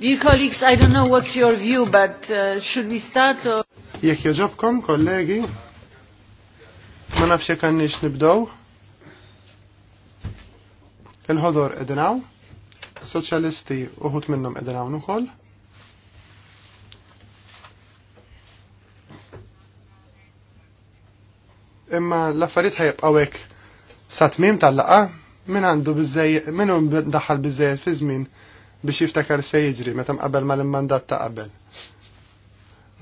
Dear colleagues, I don't know what's your view, but uh, should we start? Or... Jek joġobkom, kollegi, ma nafx kan nix nibdow. Il-ħodor edinaw, soċjalisti uħut minnum edinaw nukoll. Imma l-affarijiet ħajbqaw sa tmiem tal-laqa min għandu bizzej, min daħal bizzej fi żmien biex jiftakar se jiġri meta mqabel mal immandat ta' qabel.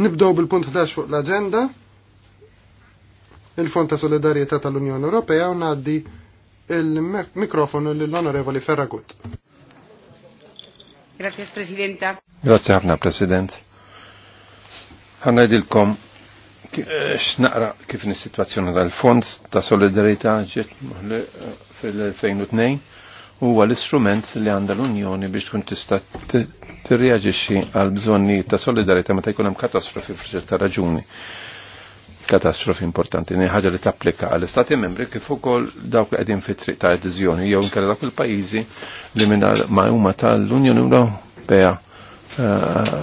Nibdew bil-punt 11 fuq l-agenda, il-Fond ta' Solidarietà tal-Unjoni Ewropea u ngħaddi il-mikrofonu lill-Onorevoli Ferragut. Grazie, Presidenta. Grazie ħafna, President. Ħanna jdilkom eh, x'naqra kif nis-sitwazzjoni tal-Fond ta' Solidarietà ġiet eh, fil-2002 huwa l-istrument li għandha l-Unjoni biex tkun tista' tirreġixxi għal bżonni ta' solidarità meta jkun hemm katastrofi f'ċerta raġuni. Katastrofi importanti, ni ħaġa li tapplika għal istati membri kif ukoll dawk li qegħdin fit-triq ta' adeżjoni jew inkella dawk il-pajjiżi li mingħajr ma huma tal-Unjoni Ewropea eh,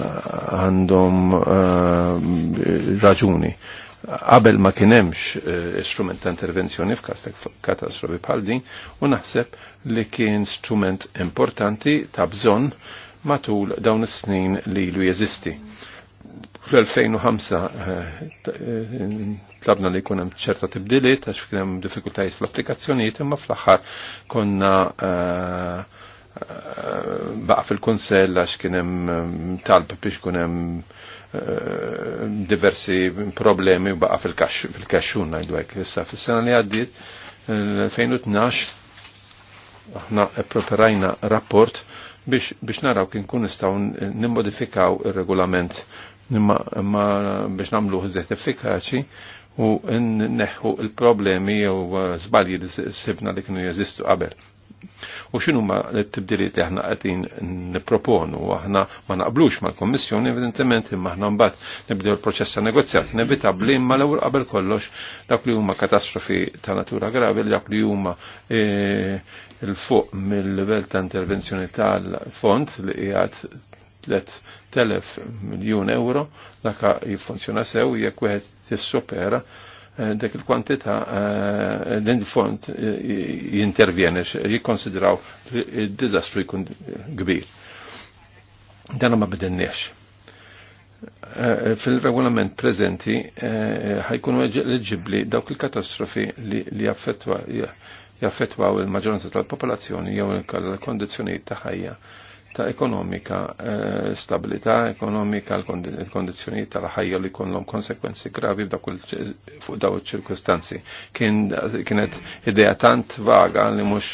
għandhom eh, raġuni qabel ma kienemx hemmx eh, istrument ta' intervenzjoni f'kastek katastrofi bħal din u naħseb li kien strument importanti ta' bżonn matul dawn is-snin li lu jeżisti fl-2005 eh, tlabna li kunem ċerta tibdiliet, għax kunem diffikultajiet fl-applikazzjoniet, imma fl-axħar konna eh, baqa fil-konsell għax kienem eh, talb biex kunem diversi problemi u baqa fil-kaxxun najdu għek. Issa fil-sena li għaddit, 2012, aħna preparajna rapport biex, biex naraw kien kun istaw nimmodifikaw il-regolament imma biex namlu zet effikaċi u neħu il-problemi u uh, zbalji li sibna li kienu jeżistu qabel. U xinu ma l-tibdiliet li aħna għatin niproponu, aħna ma naqblux ma l-Kommissjoni, evidentement, imma aħna mbagħad nibdew il-proċess ta' negozjat, nevitabli imma l-ewwel qabel kollox dak li huma katastrofi ta' natura gravi, dak li huma eh, il-fuq mill-level ta' intervenzjoni tal-fond li jgħat 3000 miljun euro laka jifunzjona sew jekk wieħed tissupera eh, dak il-kwantità eh, l-fond eh, jintervjeni jikkonsidraw li d-diżastru jkun kbir. Dan ma bidenniex. Fil-regolament prezenti ħajkunu eleġibbli dawk il-katastrofi li affettwa jaffetwaw il-maġġoranza tal-popolazzjoni jew il-kondizzjonijiet ta' ħajja ta' ekonomika, eh, stabilità ekonomika, l-kondizzjonijiet tal-ħajja li kollhom konsekwenzi gravi fuq daw il ċirkustanzi Kienet idea tant vaga li mhux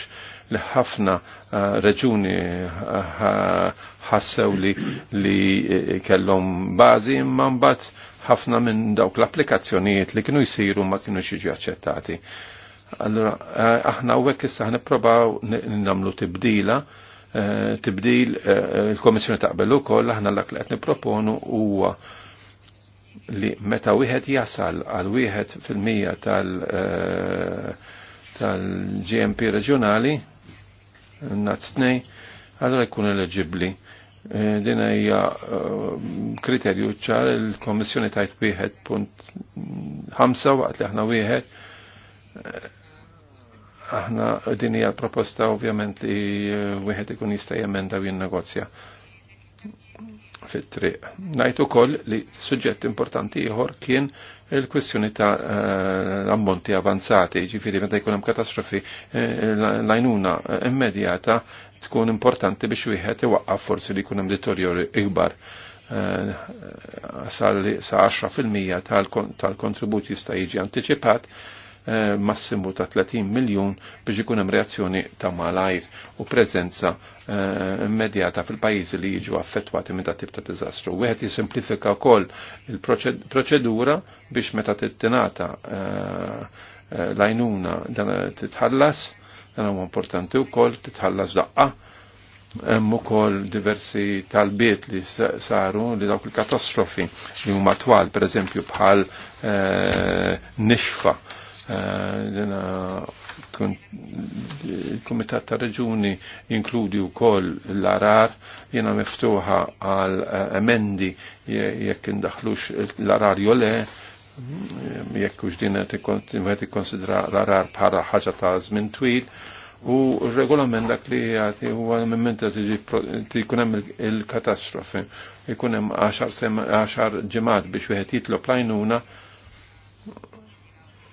li ħafna eh, reġuni eh, ħassew li li kellhom bażi imma mbagħad ħafna minn dawk l-applikazzjonijiet li kienu jsiru ma kienu jiġu aċċettati. Allora, eh, aħna u għek issa ħniprobaw namlu tibdila, eh, tibdil eh, il-Komissjoni taqbel ukoll aħna l-ak li qed nipproponu huwa li meta wieħed jasal għal wieħed fil-mija tal tal-GMP reġjonali nat snej, allora jkun eleġibbli. Din hija kriterju ċar il-Komissjoni tajt wieħed punt ħamsa waqt li aħna wieħed aħna din hija proposta ovvjament li eh, wieħed ikun jista' jemenda u jinnegozja fit-triq. Ngħid ukoll li suġġett importanti ieħor kien il-kwestjoni ta' uh, ammonti avanzati, ġifieri meta jkun hemm katastrofi eh, l-għajnuna immedjata tkun importanti biex wieħed iwaqqaf forsi li jkun hemm deterjori ikbar sa 10% tal-kontribut jista' jiġi antiċipat Eh, massimu ta' 30 miljon biex ikun hemm reazzjoni ta' malajr u preżenza eh, immedjata fil-pajjiżi li jiġu affettwati minn tip ta' diżastru. Wieħed jisimplifika wkoll il-proċedura biex meta tittinata eh, lajnuna titħallas, dan huwa importanti wkoll titħallas daqqa hemm ukoll diversi talbiet li saru li dawk il-katastrofi li huma twal pereżempju bħal nixfa Eh, il-Kumitat ta' Reġuni u wkoll l-arar jiena miftuħa għal eh, emendi jekk indaħlux l-arar jole jekk hux din qed ikkonsidra l-arar bħala ħaġa ta' żmien twil u r-regolament dak li jagħti huwa minn meta jkun hemm il-katastrofi jkun hemm 10 ġimgħat biex wieħed jitlob lajnuna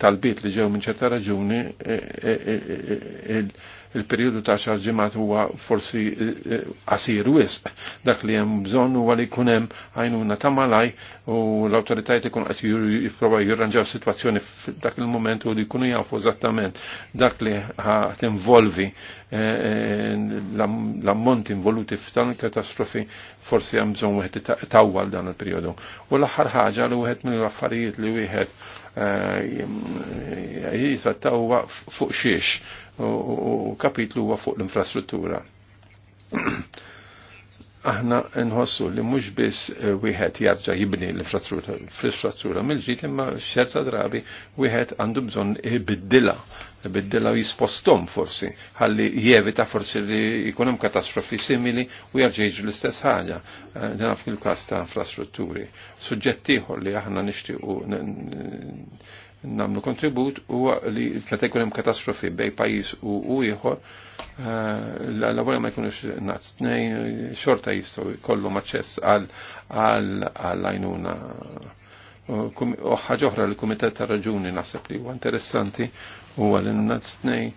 tal-bit li ġew minn ċerta raġuni e, e, e, il-periodu ta' ġimat huwa forsi qasir wisq. Dak li hemm bżonn huwa li jkun hemm għajnuna ta' malaj u l-awtoritajiet ikun qed jipprova jirranġaw sitwazzjoni f'dak il-moment u li jkunu jafu eżattament dak li ħat involvi l-ammont involuti f'dan il-katastrofi forsi hemm bżonn wieħed tawwal dan il-perjodu. U l-aħħar ħaġa li wieħed mill-affarijiet li wieħed jitrattaw huwa fuq xiex u kapitlu huwa fuq l-infrastruttura. Aħna nħossu li mhux biss eh, wieħed jarġa' jibni l-infrastruttura mill ġid imma xerta drabi wieħed għandu bżonn ibiddilha biddilla u jispostom forsi, ħalli jevita forsi li jkun hemm katastrofi simili u jarġa l-istess ħaġa. Eh, naf il-każ ta' infrastrutturi. Suġġettiħor li aħna nixtiequ namlu kontribut u li meta jkun hemm katastrofi bej pajjiż u ieħor, eh, l-ewwel ma jkunux naqs tnejn xorta jistgħu jkollhom aċċess għal għajnuna ħaġa oħra l-Kumitat ta' Raġuni naħseb li huwa interessanti u għal-innat snej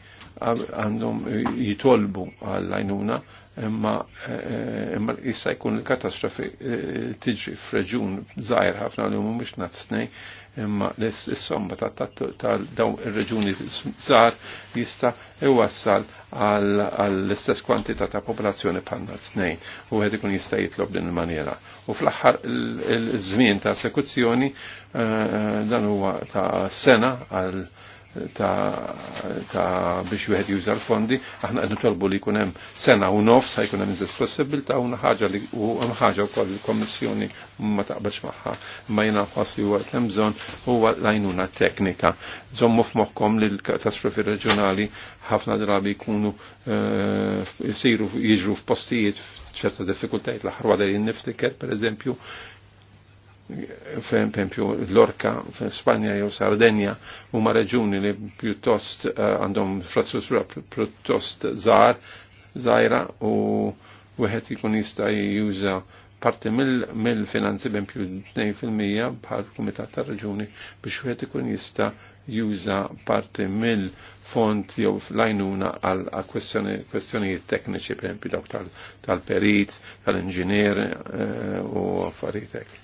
għandhom jitolbu għall-għajnuna imma eh, eh, imma issa jkun il-katastrofi eh, tiġi f-reġun zaħir ħafna li mhumiex mux snej imma l somba ta' dawn ir-reġuni zaħir jista' iwassal għall-istess kwantità ta' popolazzjoni bħal nazznej u għed ikun jista' jitlob din il-maniera. U fl-aħħar il-żmien ta' sekuzzjoni dan huwa ta' sena għal ta' biex wieħed juża l-fondi, aħna qed nitolbu li jkun hemm sena u nofs jkun hemm iżid flessibilità u ħaġa li u hemm ħaġa wkoll il-Kommissjoni ma taqbadx magħha. Ma jiena nħoss li huwa hemm bżonn huwa l-għajnuna teknika. Żommu f'moħħkom li l-katastrofi reġjonali ħafna drabi jkunu eh, jsiru jiġru f'postijiet f'ċerta diffikultajiet l-aħħar wara niftiker pereżempju fejn pempju l-Lorka Spanja jew Sardenja u ma reġuni li pjuttost eh, għandhom infrastruttura pjuttost żgħar żgħira u wieħed ikun jista' juża parti mill-finanzi mil pempju 2% bħal kumitat ta' reġuni biex wieħed ikun jista' juża parti mill font jew lajnuna għal kwestjoni tekniċi, per tal-perit, tal-inġinier eh, u affarijiet hekk.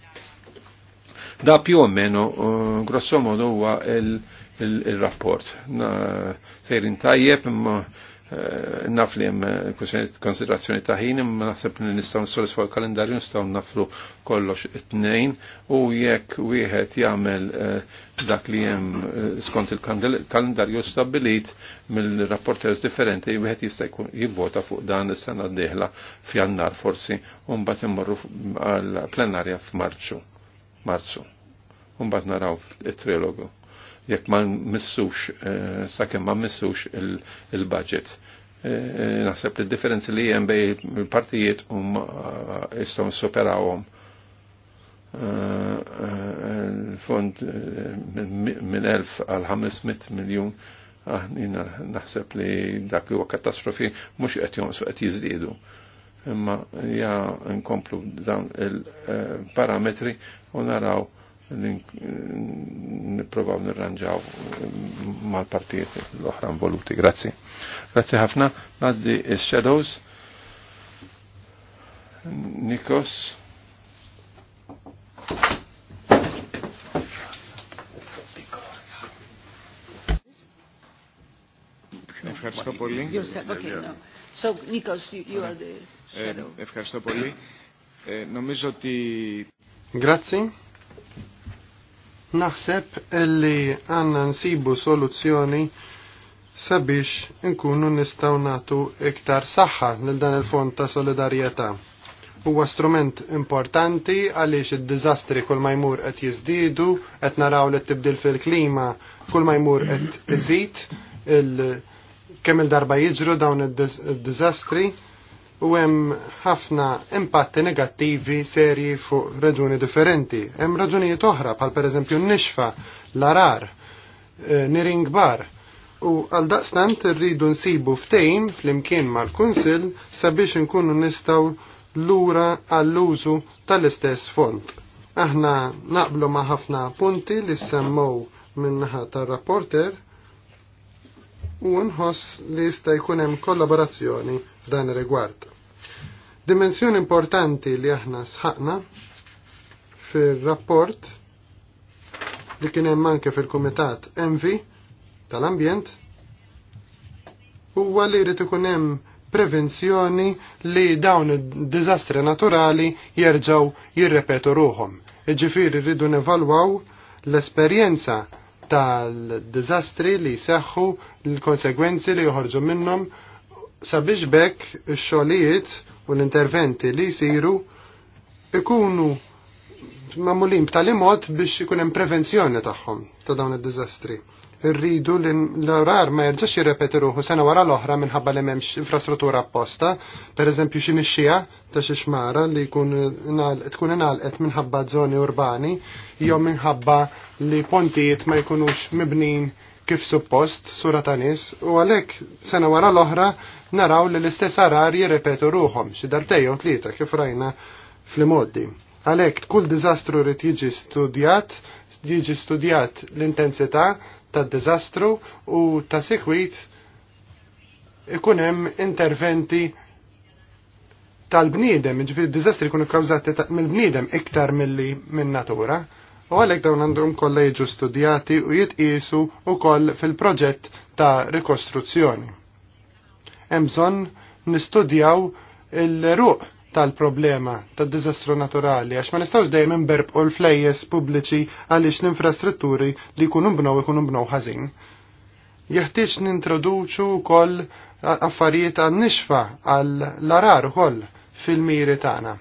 Da più o meno, eh, grosso modo, huwa il-rapport. Sejrin tajjeb, imma eh, naf li jem eh, konsiderazzjoni taħin, imma naħseb li nistaw nsolisfaw il-kalendarju, nistaw naflu kollox it-nejn, u jekk wieħed jagħmel dak li jem skont il-kalendarju stabilit mill-rapporters differenti, wieħed jista' jkun jivvota fuq dan is-sena d-dieħla f'jannar forsi, u mbagħad immorru għal plenarja f'Marzu Marzu. Umbat naraw il-trilogu. Jekk ma missux, eh, sakemm ma missux il-budget. Eh, eh, naħseb li differenzi li jem bej partijiet um istom superawom fond minn 1000 għal 500 miljon aħna ah, naħseb li dak li huwa katastrofi mhux qed jonqsu qed jiżdiedu. Imma ja nkomplu dawn il-parametri u naraw niprovaw nirranġaw mal-partijiet l-oħra involuti. Grazzi. Grazzi ħafna. Nazdi Shadows. Nikos. Ευχαριστώ πολύ. Ευχαριστώ πολύ. Νομίζω ότι... Grazie. Naħseb illi għanna nsibu soluzzjoni sabiex nkunu nistaw natu iktar saħħa lil dan il-fond ta' solidarjetà. Huwa strument importanti għaliex id-diżastri kull ma jmur qed jiżdiedu, qed naraw li tibdil fil-klima kull ma jmur qed iżid il kemm il-darba jiġru dawn id il diżastri u hemm ħafna impatti negattivi serji fuq raġuni differenti. Hemm raġunijiet oħra per eżempju n-nixfa, l-arar, eh, nirin kbar. U għal daqstant rridu nsibu ftejn flimkien mal-Kunsil sabiex nkunu nistaw lura għall-użu tal-istess font. Aħna naqblu ma' ħafna punti li semmow minnaħa tar-rapporter u nħoss li jista' jkun hemm kollaborazzjoni f'dan ir-rigward. Dimensjoni importanti li aħna sħaqna fir-rapport li kien hemm anke fil-Kumitat Envi tal-Ambjent huwa li jrid ikun hemm prevenzjoni li dawn id-diżastri naturali jerġgħu jirrepetu ruhom. Iġifieri rridu nevalwaw l-esperjenza tal-diżastri li jseħħu l-konsegwenzi li joħorġu minnhom sabiex bekk ix-xogħlijiet u l-interventi li jsiru ikunu mamulim b'tali mod biex ikun hemm prevenzjoni tagħhom ta' dawn id-diżastri. Irridu li l-orar ma jerġax jirrepeti ruħu sena wara l-oħra minħabba li m'hemmx infrastruttura apposta, pereżempju xi mixxija ta' xi xmara li tkun inalqet minħabba zoni urbani jew minħabba li pontijiet ma jkunux mibnin kif suppost sura ta' nies u għalhekk sena wara l-oħra naraw li l-istess arar jirrepetu ruhom xi darbtejja u tlieta kif rajna fl-imoddi. Għalhekk kull diżastru rrid jiġi studjat, jiġi studjat l-intensità tad-diżastru u ta' sikwit ikun hemm interventi tal-bniedem, ġifir diżastri jkunu kawzati mill-bniedem iktar mill-li minn natura u għalhekk dawn għandhom kollha jiġu studjati u jitqisu wkoll fil-proġett ta' rikostruzzjoni. Hemm bżonn nistudjaw il-ruq tal-problema tad-diżastru naturali għax ma nistgħux dejjem imberbqu l-flejjes pubbliċi għaliex l-infrastrutturi li jkunu mbnew ikunu mbnew ħażin jeħtieġ nintroduċu wkoll affarijiet għan nixfa għal l-arar ukoll fil-miri tagħna.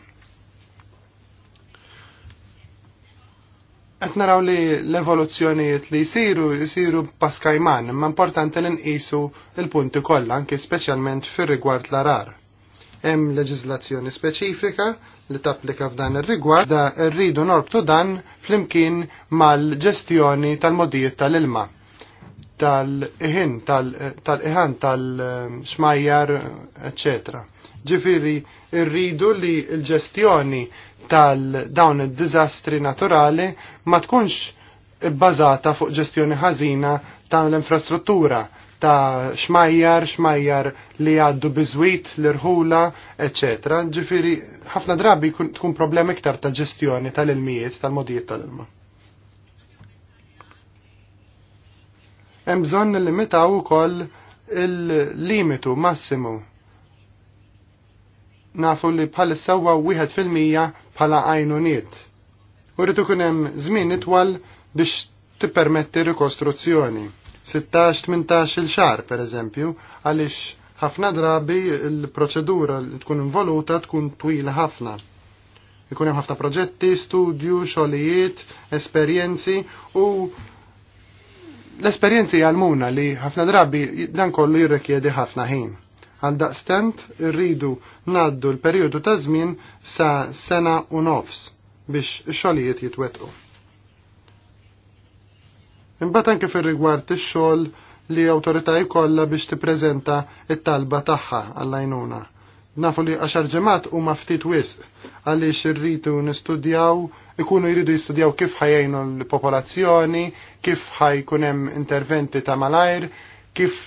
Qed naraw li l-evoluzzjonijiet li jsiru jsiru paskajman, imma importanti li nqisu l-punti kollha anke speċjalment fir-rigward l-arar. Hemm leġiżlazzjoni speċifika li tapplika f'dan ir-rigward da rridu norbtu dan flimkien mal-ġestjoni tal-modijiet tal-ilma tal-iħin, tal-iħan, tal-xmajjar, eccetera Ġifiri, rridu li l-ġestjoni tal-dawn il-dizastri naturali ma tkunx bazata fuq ġestjoni ħażina tal-infrastruttura ta' xmajjar, xmajjar li għaddu bizwit, l-irħula, ecc. Ġifiri, ħafna drabi tkun problemi iktar ta' ġestjoni tal-ilmijiet, tal-modijiet tal-ilma. Hemm bżonn nillimitaw ukoll il-limitu massimu nafu li bħalissa huwa wieħed fil-mija bħala għajnuniet. U rritu kunem żmien itwal biex tippermetti rikostruzzjoni. 16-18 il-xar, per eżempju, għaliex ħafna drabi il-proċedura li tkun involuta tkun twila ħafna. Ikun hemm ħafna proġetti, studju, xogħlijiet, esperjenzi u l-esperjenzi għalmuna li ħafna drabi dan kollu jirrikjedi ħafna ħin. Għal irridu rridu naddu l-periodu ta' żmien sa' sena u nofs biex xolijiet jitwetqu. Imbagħad anke fir-rigward ix-xogħol li awtorità jkollha biex tippreżenta it-talba tagħha għall-għajnuna. Nafu li għaxar ġemat u maftit wisq għaliex irritu nistudjaw, ikunu jridu jistudjaw kif ħajajnu l-popolazzjoni, kif ħajkun hemm interventi ta' malajr, kif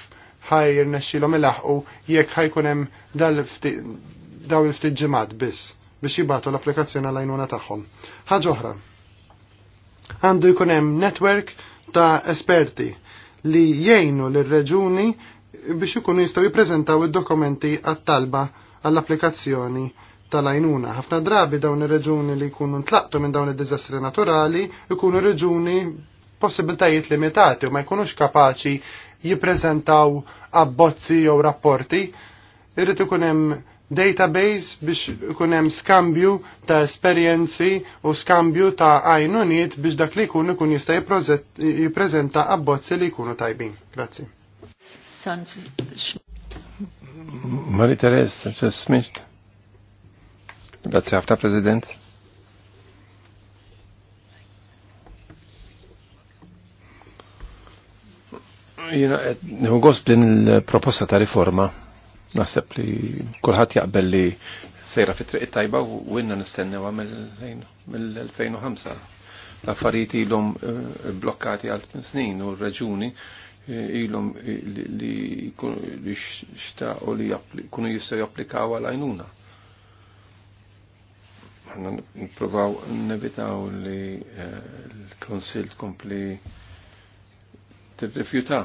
ħajr jirnexxilhom ilaħqu jekk ħajkun hemm dawn il-ftit ġimgħat biss biex jibatu l-applikazzjoni għal-għajnuna tagħhom. Ħaġa oħra. Għandu jkun hemm netwerk ta' esperti li jgħinu lir-reġuni biex ikunu jistgħu jippreżentaw id-dokumenti għat-talba għall-applikazzjoni tal-għajnuna. ħafna drabi dawn ir-reġuni li jkunu ntlaqtu minn dawn id-diżastri naturali jkunu reġuni possibiltajiet limitati u ma jkunux kapaċi jipprezentaw abbozzi jew rapporti, irrid ikun hemm database biex ikun hemm skambju ta' esperjenzi u skambju ta' għajnuniet biex dak li jkun ikun jista' jippreżenta abbozzi li jkunu tajbin. Grazzi. Marie Sanchez Smith. Grazie Afta President. Jina, nħu din il-proposta ta' riforma, naħseb li kullħat jaqbel li sejra fit triq tajba u inna nistennewa mill-2005. L-affarijiet ilhom blokkati għal snin u r-raġuni ilhom li xtaqu li kunu jistgħu japplikaw għal għajnuna. Għanna nipprovaw nevitaw li l-Konsil kompli t-rifjuta.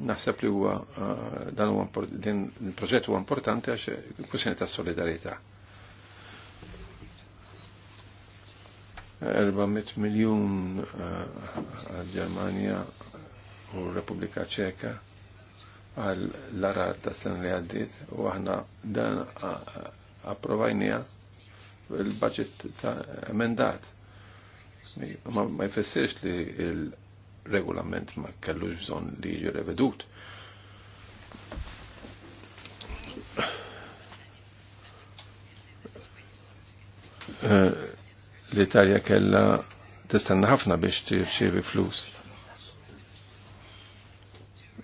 Naħseb li huwa eh, dan huwa il-proġett huwa importanti għax kwistjoni ta' solidarità. 400 miljun eh, għal germania u Repubblika Ċeka għal l-arar ta' sen li għaddit u għahna dan eh, approvajnija il-budget ta' emendat. Ma jfessirx li il- regolament ma kellux bżon li jiġi revedut. Eh, L-Italja kella tistenna ħafna biex tirċievi flus.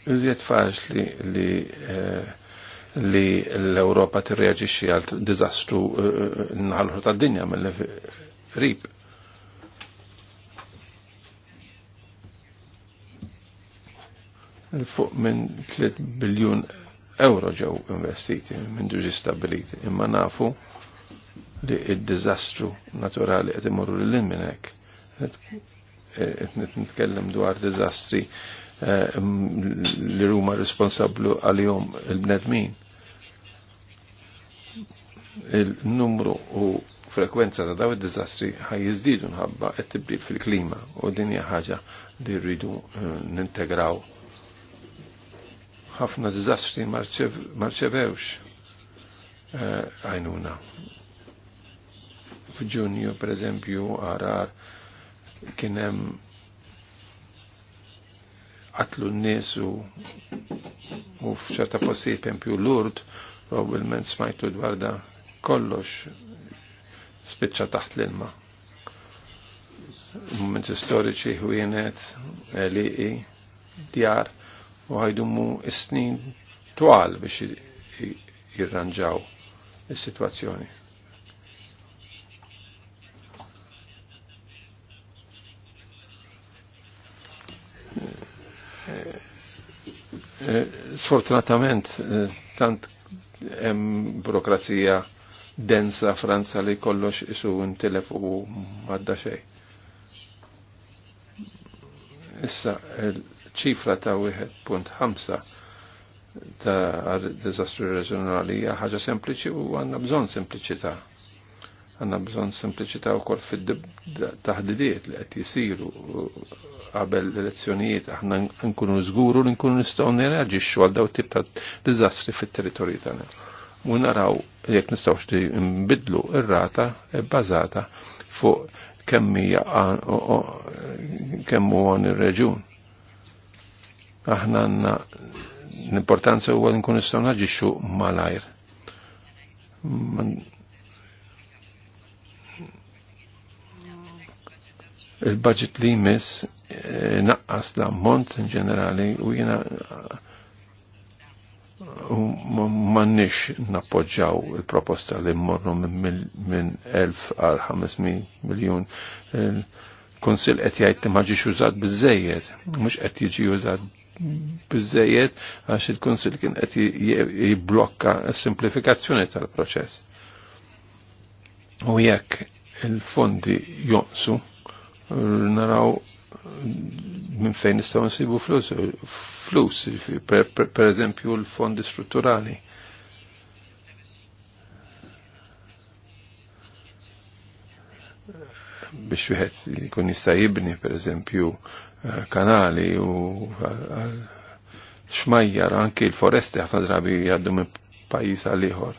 Iżjed faċli li eh, li l-Europa tirreaġixxi għal diżastru eh, nħalħu tad-dinja mill-rib fuq minn 3 biljun euro ġew investiti minn duġi stabiliti imma nafu li il dizastru naturali qed imorru lil minn hekk. nitkellem dwar dizastri eh, li responsablu għal-jom il-bnedmin. Il-numru u frekwenza ta' daw id-dizastri ħaj jizdidu nħabba qed tibdil fil-klima u din hija ħaġa li rridu eh, nintegraw ħafna dizastri marċevewx eh, għajnuna. F'Ġunju, per eżempju, għarar kienem għatlu n-nies u f'ċerta postijiet pempju l-urd, probabbilment smajtu dwarda kollox spiċċa taħt l-ilma. Momenti storiċi ħwienet, eliqi, djar, u ħajdumu snin twal biex jirranġaw is-sitwazzjoni. Eh, eh, sfortunatament, eh, tant hemm burokrazija densa Franza li kollox isu intilef u madda xej. Issa, ċifra ta' 1.5 ta' dizastru reġjonali hija ħaġa sempliċi u għandna bżonn sempliċità. Għandna bżonn sempliċità wkoll fit-taħdidiet li qed jisiru qabel l-elezzjonijiet aħna nkunu żguru li nkunu nistgħu nirreaġixxu għal daw tip ta' diżastri fit-territorju tagħna. U naraw jekk nistgħux nbidlu r-rata e bbażata fuq kemm hija kemm huwa ir-reġjun aħna għanna l-importanza huwa li nkunu nistgħu naġixxu malajr. Il-budget li jmiss eh, naqqas l-ammont in ġenerali u jiena mannix nappoġġaw il-proposta li mmorru minn 1000 għal 500 miljon konsil qed jgħid ma ġiex bizzejiet, mux mhux qed jiġi bizzejiet għax il-Kunsil kien qed jibblokka s-simplifikazzjoni tal-proċess. U jekk il-fondi jonsu naraw minn fejn nistgħu nsibu flus, flus jiġifieri, per eżempju l-fondi strutturali. biex wieħed jkun jista' jibni eżempju, kanali u xmajjar anki l-foresti ħafna drabi jaddu minn pajis għal-ieħor.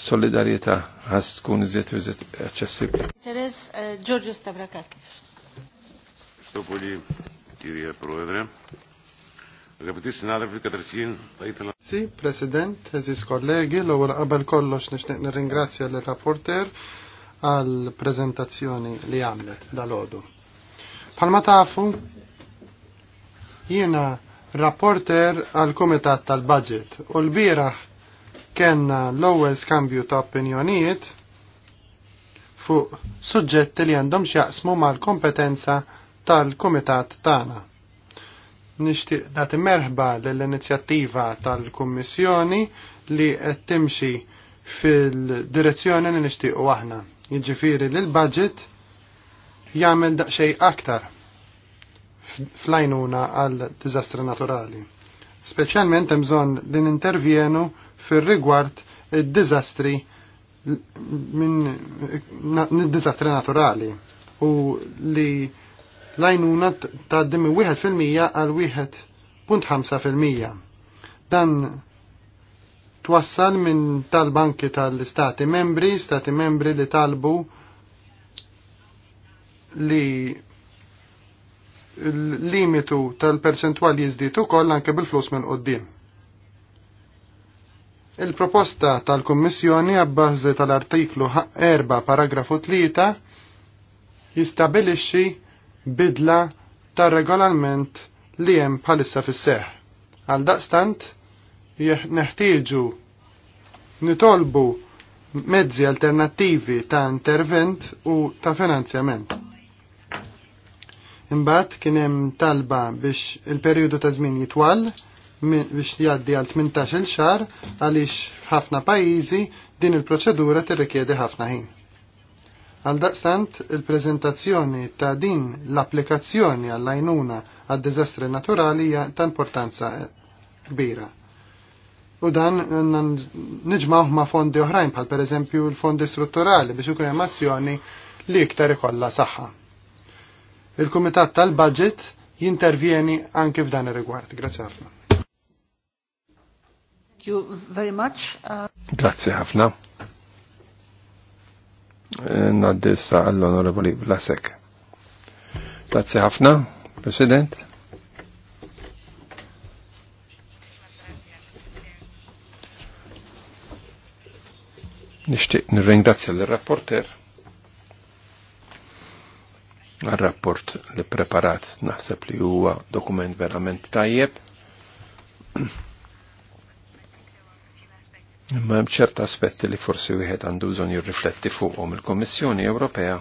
Solidarieta ħas tkun u iżiet aċċessibbli. Teres eh, Giorgio Stavrakakis. Stopoli, għal Proedre. Għabitis naraf il katraċin tajtana. Si, President, eżis kollegi, l-għol għabel kollox nixtieq nirringrazzja l-rapporter għal prezentazzjoni li għamlet dal-ħodu. Palma tafu, jiena rapporter għal komitat tal-budget u l-biraħ kena l-ewwel skambju ta' opinjonijiet fuq suġġetti li għandhom x'jaqsmu mal-kompetenza tal-kumitat tagħna. Nixtieq nagħti merħba lill-inizjattiva tal-Kummissjoni li qed timxi fil-direzzjoni li nixtiequ aħna. Jiġifieri li l-budget jagħmel daqsxejn aktar flajnuna għal diżastri naturali. Speċjalment hemm bżonn li nintervjenu fir-rigward id-diżastri minn diżastri naturali u li lajnuna wieħed fil 1% għal 1.5%. Dan twassal minn tal-banki tal-stati membri, stati membri li talbu li l-limitu tal percentual jizdit ukoll anke bil-flus minn qoddim. Il-proposta tal-Kommissjoni għabbażi tal-artiklu 4 paragrafu 3 jistabilixxi bidla tar-regolament li hemm bħalissa fis-seħ. Għal daqstant neħtieġu nitolbu mezzi alternattivi ta' intervent u ta' finanzjament. Imbagħad kien hemm talba biex il-perjodu ta' żmien jitwal biex jgħaddi għal 18-il xahar għaliex f'ħafna pajjiżi din il-proċedura tirrikjedi ħafna ħin. Għal daqstant il-preżentazzjoni ta' din l-applikazzjoni għall-għajnuna għad-diżastri naturali hija ta' importanza kbira. U dan nġmaw ma' fondi oħrajn bħal per eżempju l-fondi strutturali biex ukrem azzjoni li iktar ikolla saħħa. Il-Kumitat tal-Budget jintervjeni anke f'dan ir-rigward. Grazzi ħafna. Thank you very much. Uh... Grazie ħafna. Eh, Naddissa għall-Onorevoli Vlasek. Grazie ħafna, President. Nishtiq nirringrazzja l-rapporter għal-rapport li preparat naħseb li huwa dokument verament tajjeb. Imma hemm ċerta aspetti li forsi wieħed għandu bżonn jirrifletti fuqhom il-Kommissjoni Ewropea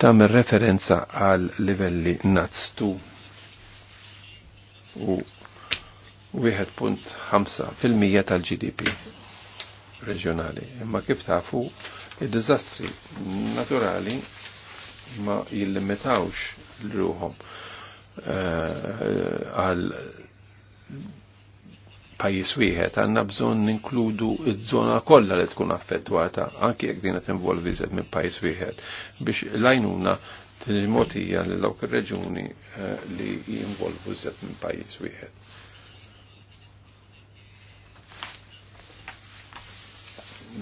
tagħmel referenza għal livelli NATS 2 u ħamsa fil-mija tal-GDP reġjonali. Imma kif tafu Il-dizastri naturali ma jillimitawx l-ruħom eh, għal pajis wieħed għandna bżonn ninkludu ż-żona kollha li tkun affettwata anke jekk din qed involvi minn pajis wieħed biex lajnuna timotija li dawk ir-reġuni eh, li jinvolvu żed minn pajis wieħed.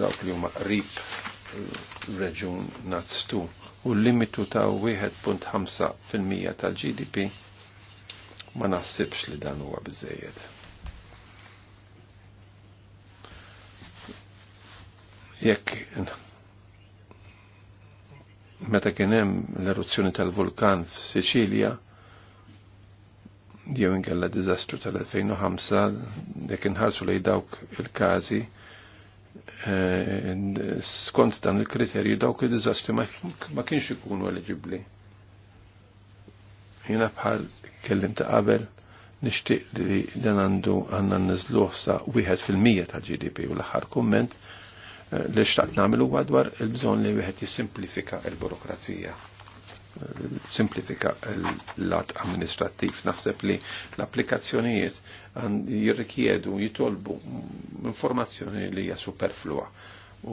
Dawk li huma qrib reġun nazz u l-limitu ta' 1.5% tal-GDP ma naħsibx li dan huwa biżejjed. Jekk meta kien hemm l-eruzzjoni tal-vulkan f'Siċilja jew inkella diżastru tal-2005 jekk inħarsu lejn dawk il-każi Eh, skont dan il-kriterju dawk il-dizastri ma kienx ikunu eligibli. Jina bħal kellim ta' qabel nishtiq li dan għandu għanna nizluħ sa' wieħed fil-mija ta' GDP u l-aħħar komment eh, li xtaqt nagħmel għadwar il-bżonn li wieħed jissimplifika l-burokrazija simplifika l-lat amministrativ. Naħseb li l-applikazzjonijiet jirrikjedu, jitolbu informazzjoni li hija superflua.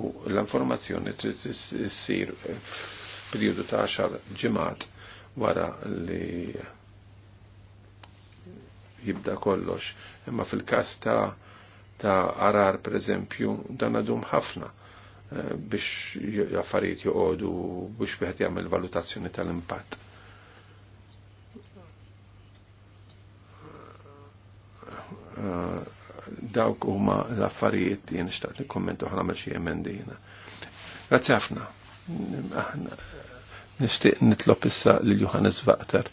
U l-informazzjoni trid issir periodu ta' 10 ġimgħat wara li jibda kollox. Imma fil-każ ta' ta' arar, per eżempju, dan għadhom ħafna biex affarijiet joqogħdu biex wieħed jagħmel valutazzjoni tal-impatt. Dawk huma l-affarijiet li nixtaq nikkommentu ħana għamel xi emendi Grazzi ħafna. Nixtieq nitlob issa lil Johannes Vaqter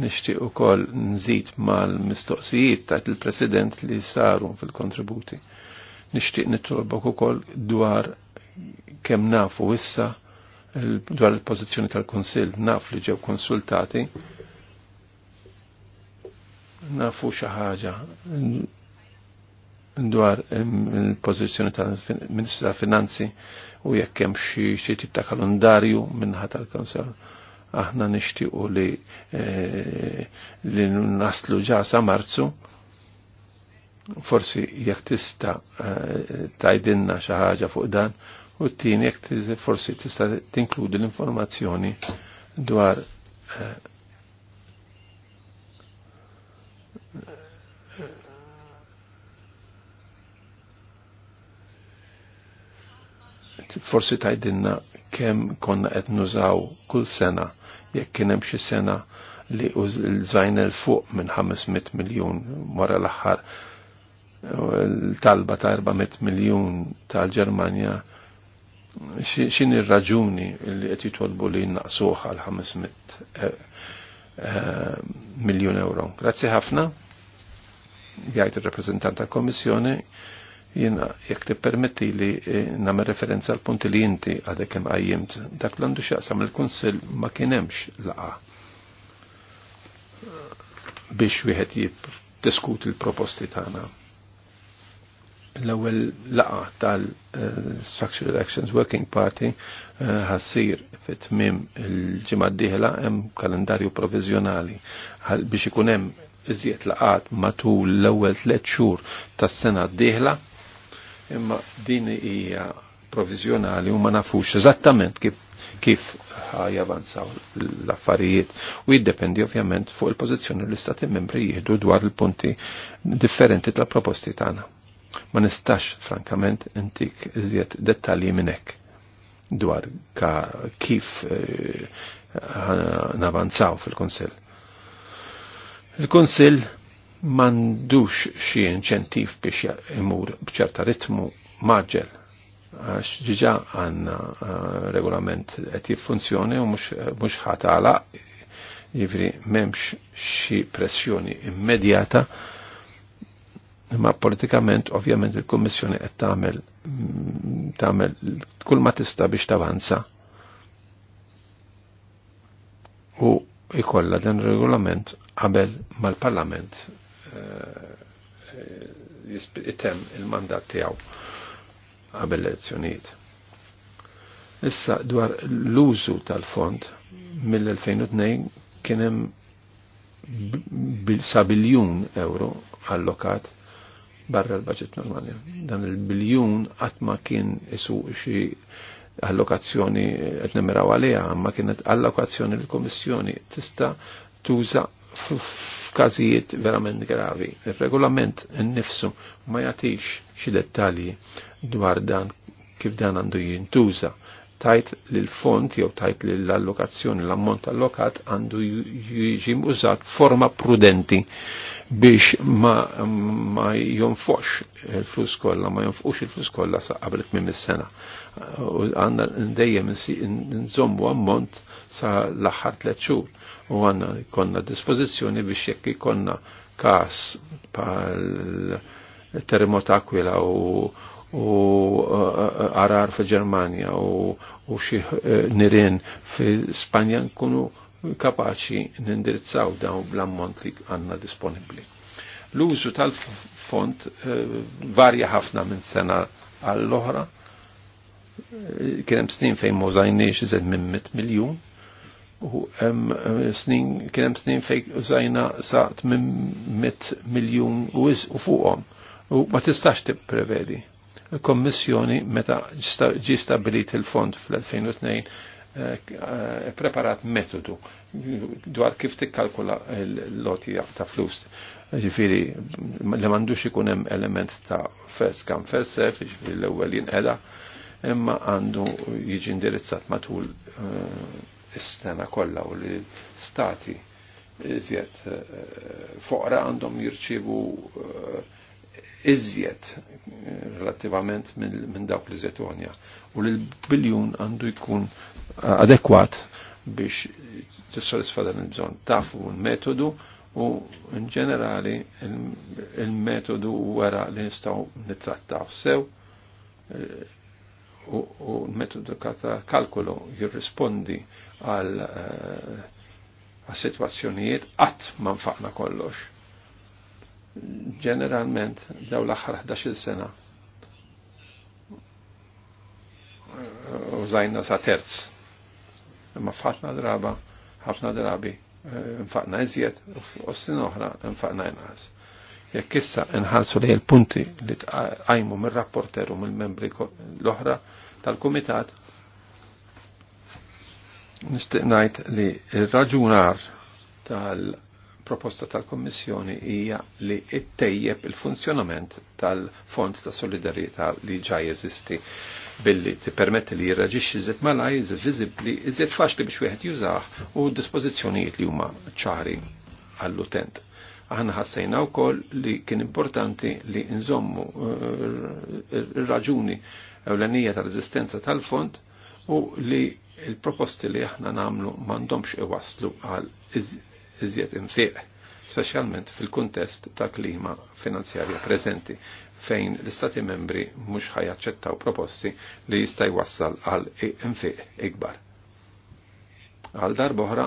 nixtieq ukoll nżid mal-mistoqsijiet tajt il-President li saru fil-kontributi. Nixtieq nitlobok ukoll dwar kemm nafu issa dwar il-pożizzjoni tal-Kunsill, naf li ġew konsultati, nafu xi ħaġa dwar il-pożizzjoni tal-Ministru tal-Finanzi u jekk hemm xi tip ta' kalendarju minnaħa tal-Kunsell aħna nixtiequ li eh, li naslu ġasa' sa Marzu forsi jekk tista' eh, tajdinna xi ħaġa fuq dan U t-tini, jek forsi tista tinkludi l-informazzjoni dwar eh, eh, forsi tajdinna kem konna qed nużaw kull sena jekk kien hemm xi sena li użajna l fuq minn 500 miljun wara l-aħħar eh, l-talba ta' 400 miljun tal-Ġermanja xin il raġuni li qed jitolbu li naqsuh għal 500 eh, eh, miljun euro. Grazzi ħafna, jgħid il-reprezentant tal-Komissjoni, jina jek ti permetti li eh, namer referenza l punti li jinti għadek kem għajjimt, dak l-għandu xaqsam il-Konsil ma kienemx laqa biex wieħed jiddiskuti l-proposti tagħna l-ewwel laqa tal-Structural Actions Working Party eh, ħassir fit-tmim il-ġimgħa d-dieħla hemm kalendarju provizjonali biex ikun hemm iżjed laqat matul l-ewwel tliet xhur tas-sena d-dieħla imma din hija provizjonali u ma nafux eżattament kif kif javanzaw l-affarijiet u jiddependi ovvjament fuq il-pożizzjoni l-istati membri jieħdu dwar il-punti differenti tal-proposti tagħna. Ma nistax, frankament, intik iżjed dettalji minnek dwar ka kif eh, navanzaw fil-Konsil. Il-Konsil mandux xie inċentiv biex imur bċerta ritmu maġġel għax ġiġa għanna eh, regolament qed jiffunzjoni u mhux għala jivri memx xi pressjoni immedjata Imma politikament ovvjament il-Kummissjoni qed tagħmel tagħmel kull ma tista' biex tavanza. U ikolla dan regolament qabel mal-Parlament eh, jitem il-mandat tiegħu qabel elezzjonijiet. Issa dwar l-użu tal-fond mill-2002 kien hemm sa biljun euro allokat barra l-budget normali. Dan il-biljun għatma kien isu xi allokazzjoni qed nimraw għaliha, ma kienet allokazzjoni l-Kummissjoni tista' tuża f'każijiet verament gravi. Ir-regolament innifsu ma jagħtix xi dettalji dwar dan kif dan għandu jintuża tajt li l-font jew tajt li l-allokazzjoni l-ammont allokat għandu jiġi użat forma prudenti biex ma, ma jonfox il-flus kolla, ma jonfux il-flus kolla sa' qabrit minn is-sena. U għanna ndejjem nżommu ammont sa' l-aħħar tliet xhur u għanna konna dispozizjoni biex jekk ikonna kas pal terremot Aquila u u uh, arar fi Germania u xi uh, nirin fi Spanja nkunu kapaċi nindirizzaw dawn l-ammont li għanna disponibli. L-użu tal-font eh, varja ħafna minn sena għall-oħra, eh, kienem snin fejn mużajniex iżed minn 100 miljon, u eh, snin, kienem snin fejn użajna saqt minn 100 miljon u fuqom, u ma tistax tipprevedi. Il-Kommissjoni meta ġi stabilit il-fond fl-2002 Eh, preparat metodu dwar kif tikkalkula l-loti ta' flus. Ġifiri, li mandux ikun hemm element ta' fess kam fessef, ġifiri l-ewwel jinqeda, imma għandu jiġi indirizzat matul eh, is-sena kollha u li stati iżjed eh, foqra għandhom jirċivu uh, iżjed relativament minn dawk li Zetonja u li l-biljun għandu jkun eh, adekwat biex tissodisfa dan il-bżon. Tafu l-metodu u in ġenerali il-metodu wara li nistaw nitrattaw sew eh, u l-metodu ta' kalkolo jirrispondi għal eh, situazzjonijiet għat man faqna kollox ġeneralment daw l-axħar 11 sena użajna sa terz. Imma fatna draba, ħafna drabi, eh, nfaqna iżjed, u s oħra nfaqna inqas. Jekk issa nħarsu li l-punti li tqajmu mill-rapporter u mill-membri l-oħra tal-kumitat, nistiqnajt li il-raġunar tal- proposta tal-Kommissjoni hija li ittejjeb il-funzjonament tal-Fond ta' Solidarietà li ġa jeżisti billi tippermetti li jirraġixxi żied malaj iżid viżibbli, iżid faċli biex wieħed jużah u dispożizzjonijiet li huma ċari għall-utent. Aħna ħassejna wkoll li kien importanti li nżommu ir-raġuni uh, ewlenija tal-eżistenza tal-fond u li il-proposti li aħna namlu mandomx iwaslu għal iżjed imfiq, speċjalment fil-kuntest ta' klima finanzjarja preżenti fejn l-istati membri mhux ħajaċċettaw proposti li jista' jwassal għal imfiq ikbar. Għal darboħra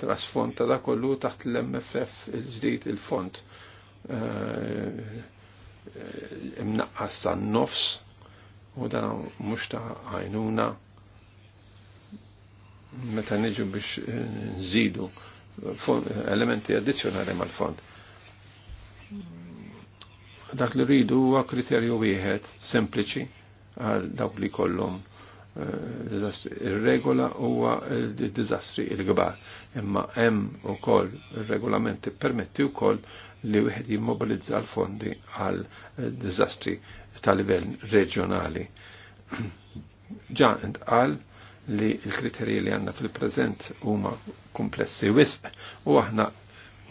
trasfond ta' da kollu taħt l-MFF il-ġdid il-fond imnaqqas eh, eh, sa' nofs u dan mhux ta' għajnuna meta niġu biex eh, nżidu elementi addizzjonali mal-fond. Dak li rridu huwa kriterju wieħed sempliċi għal dawk li kollhom eh, Ir-regola huwa d-diżastri il-kbar, imma hemm ukoll ir-regolamenti permetti wkoll li wieħed jimmobilizza l-fondi għal eh, diżastri ta' livell reġjonali. Ġa intqal li l-kriterji li għanna fil-prezent huma komplessi wisq u aħna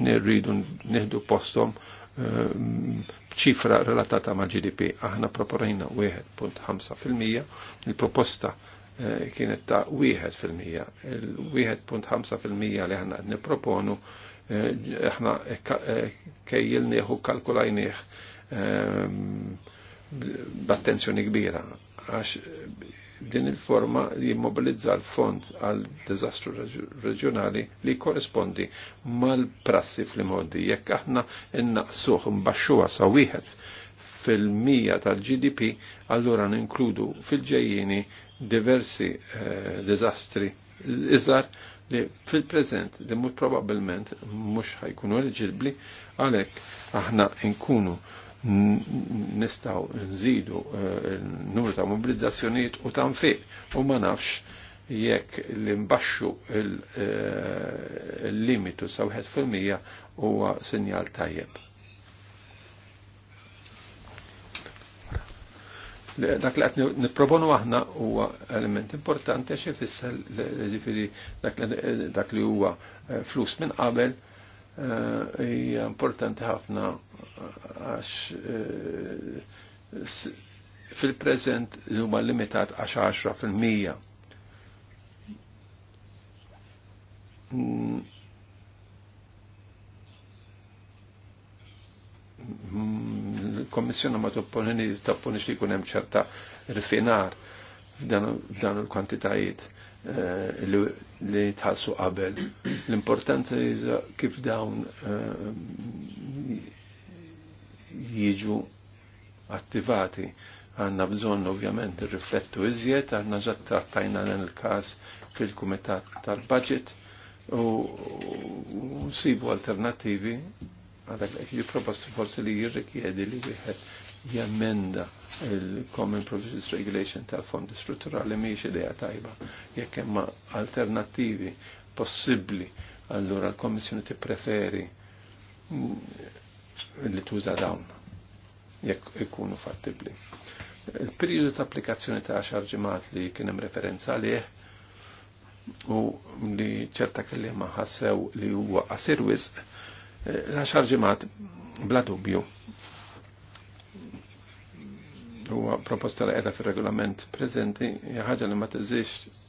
nirridu nieħdu postom eh, ċifra relatata ma' GDP. Aħna proporajna 1.5%, il-proposta eh, kienet ta' 1%. Il-1.5% li aħna niproponu eh, aħna kejjilnieħu kalkulajniħ b'attenzjoni kbira għax din il-forma li jimmobilizza l-fond għal dizastru reġjonali li korrispondi mal-prassi fl-imodi. Jekk aħna innaqsuh mbaxxuha sa wieħed fil-mija tal-GDP, allura ninkludu fil-ġejjini diversi eh, dizastri iżar li fil-prezent li mhux probabbilment mhux ħajkunu eliġibbli għalhekk aħna nkunu nistaw nżidu eh, n-numru ta' mobilizzazzjoniet u ta' nfiq u ma nafx jekk li mbaxxu eh, il-limitu sa' 1% huwa sinjal tajjeb. Dak li qed niproponu aħna huwa element importanti għax ifisser dak li huwa eh, flus minn qabel Eh, hija importanti ħafna għax eh, fil-prezent huma limitat għax 10%. Mm. Mm, Kommissjoni ma topponini li kun hemm ċerta rifinar f'dan il-kwantitajiet Eh, li tħassu qabel. L-importanti kif dawn eh, jiġu attivati għanna bżon ovvjament riflettu iżjed, għanna ġat trattajna l-kas fil-Kumitat tal-Budget u sibu alternativi għadak li proposti forsi li jirrikjedi li wieħed jemmenda il-Common Provisions Regulation tal-Fondi Strutturali miex ideja tajba. Jekk hemm alternattivi possibbli, allura l-Kommissjoni tippreferi mm, li tuża dawn jekk ikunu fattibbli. Il-periodu ta' applikazzjoni ta' xarġimat ġimgħat li kien hemm referenza għalih u li ċerta kelli ħassew li huwa qasir wisq, eh, l-għaxar ġimgħat bla dubju huwa proposta li qiegħda fir-regolament preżenti hija ħaġa li ma tiżix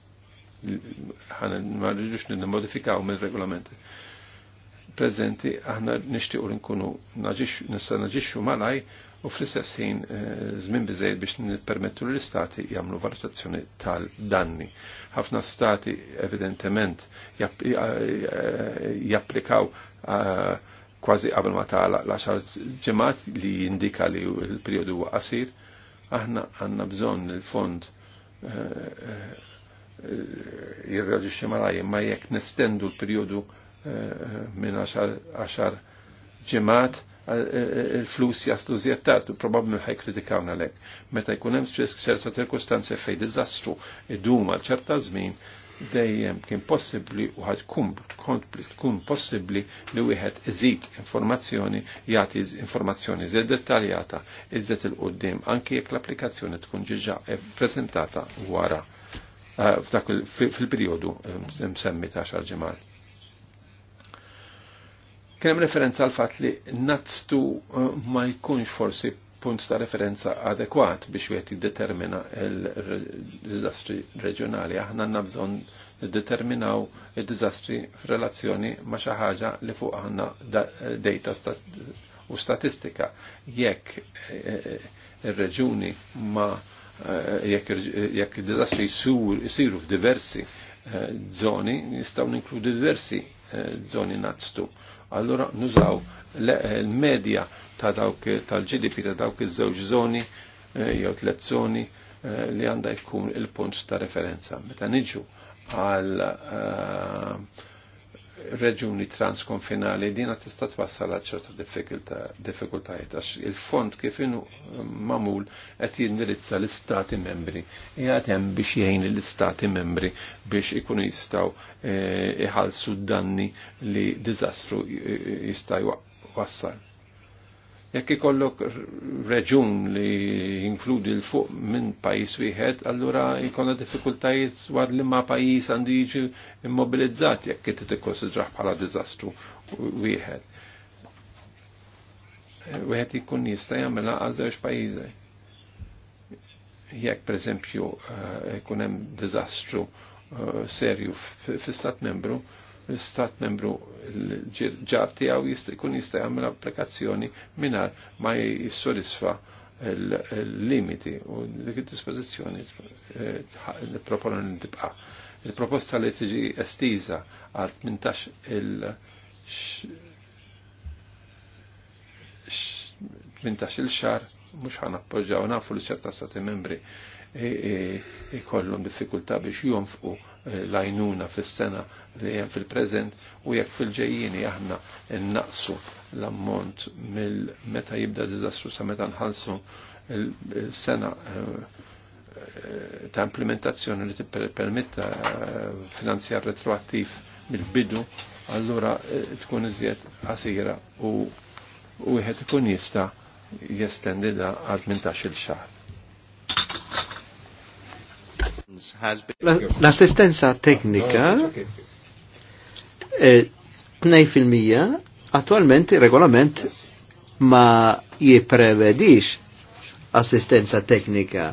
ma rridux nimmodifikaw mill-regolamenti prezenti aħna nixtiequ li nkunu nista' naġixxu malaj u fl-istess ħin eh, żmien biżejjed biex nippermettu l istati jagħmlu valutazzjoni tal-danni. Ħafna stati evidentement eh, japplikaw eh, kważi qabel ma tagħlaq l-għaxar ġimgħat li jindika li l-perjodu huwa qasir Aħna għanna bżon il-fond eh, eh, jirraġiċi maraj, ma jekk nestendu l-periodu eh, minn 10 ġemat, il-flus jaslu zjettartu, probabli ħaj kritikawna lek. Meta jkun hemm ċerta ċirkostanzi fej dizastru idum għal ċerta żmien, dejjem kien possibbli u ħad tkun possibbli li wieħed iżid informazzjoni jagħti informazzjoni żed dettaljata iżed il-qudiem anki jekk l-applikazzjoni tkun ġiġa ppreżentata wara eh, fil-perjodu eh, msemmi ta' xar Kien hemm referenza għal fatt li naztu eh, ma jkunx forsi punt ta' referenza adekwat biex wieħed jiddetermina il-dizastri reġjonali. Aħna għandna bżonn determinaw id dizastri f'relazzjoni ma' xi ħaġa li fuq għandna data u statistika. Jekk eh, eh, ir-reġuni ma eh, jekk id dizastri jsiru f'diversi zoni, jistgħu ninkludi diversi zoni nazzu allura nużaw l-medja eh, ta' dawk tal-GDP ta' dawk iż-żewġ zoni eh, jew tliet zoni eh, li għandha jkun il-punt ta' referenza. Meta niġu għal reġuni transkonfinali dina tista' twassal għal ċerta diffikultajiet għax il-fond kif inu eh, mamul qed jindirizza l-istati membri. għad hemm biex jgħin l-istati membri biex ikunu jistgħu eh, iħallsu danni li diżastru eh, jista' wassal. Jekk ikollok reġun li jinkludi l-fuq minn pajis wieħed, allura jkollna diffikultajiet dwar li ma pajis għandi jiġi immobilizzat jekk qed tikkonsidrah bħala diżastru wieħed. Wieħed ikun jista' jagħmilha għal żewġ pajjiżi. Jekk pereżempju jkun eh, hemm diżastru eh, serju fis-stat membru, l-istat membru ġarti għaw jkun jista' jagħmel applikazzjoni mingħajr ma jissodisfa l-limiti u dik id-dispożizzjoni nipproponu eh, l tibqa'. Il-proposta li tiġi estiza għal 18 il 18 il xar mhux ħanappoġġaw nafu li ċerta stati membri ikollhom e, e, e diffikultà biex jonfqu lajnuna fis-sena li hemm fil-preżent u jekk fil-ġejjieni aħna innaqsu l-ammont mill meta jibda diżastru sa meta nħallsu l-sena ta' implementazzjoni li tippermetta finanzjar retroattiv mill-bidu, allura tkun iżjed għasira u wieħed ikun jista' jestendida għal 18-il xahar. L-assistenza teknika eh, fil-mija attualment il-regolament ma jiprevedix assistenza teknika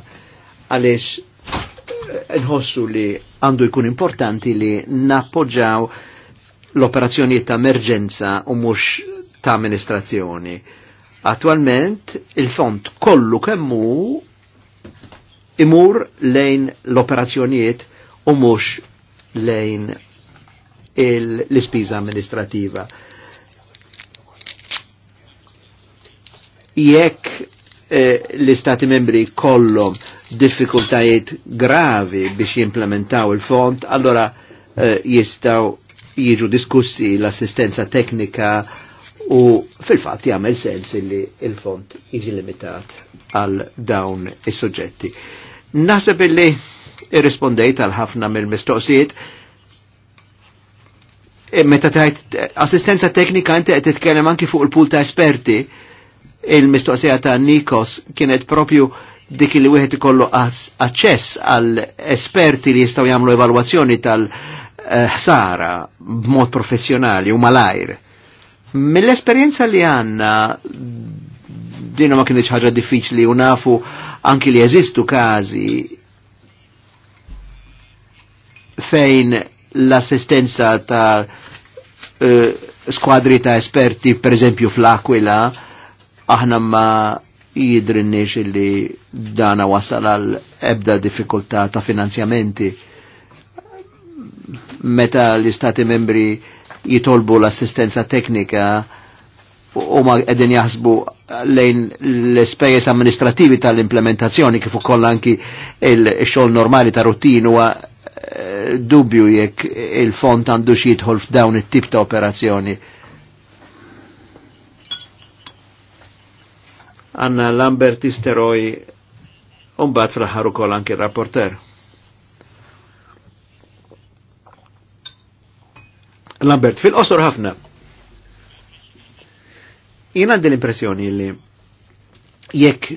għaliex eh, nħossu li għandu jkun importanti li nappoġġaw l-operazzjonijiet ta' emerġenza u mhux ta' amministrazzjoni. Attualment il-fond kollu kemmu imur lejn l-operazzjonijiet u mux lejn l-ispiża amministrativa. Jekk eh, l-istati membri kollhom diffikultajiet gravi biex jimplementaw il-font, allora eh, jistaw jiġu diskussi l-assistenza teknika u fil fatt jagħmel sens li il-font jiġi limitat għal dawn is-soġġetti. Nasib illi irrispondejt għal ħafna mill-mistoqsijiet. E meta tajt assistenza teknika inti qed titkellem anki fuq il pul ta' esperti, il-mistoqsija ta' Nikos kienet propju dik li wieħed ikollu aċċess għal esperti li jistgħu jagħmlu evalwazzjoni tal-ħsara b'mod professjonali u malajr. Mill-esperjenza li għanna dinu ma kienieċ ħaġa diffiċli u nafu anki li jeżistu każi fejn l-assistenza ta' uh, eh, skwadri ta' esperti, per eżempju fl-Aquila, aħna ma jidrinniex li dana wasal għal ebda diffikultà ta' finanzjamenti. Meta l-Istati membri jitolbu l-assistenza teknika, u ma edin jaħsbu lejn l-spejjeż amministrativi tal-implementazzjoni kif ukoll anki il-xogħol normali ta' rutin huwa eh, dubju jekk il-font għandu jidħol f'dawn it-tip ta' operazzjoni. Anna Lambert Isteroj Umbat fl-ħar ukoll anki rapporter. Lambert, fil-qosor ħafna, Jien għandi l-impressjoni li jekk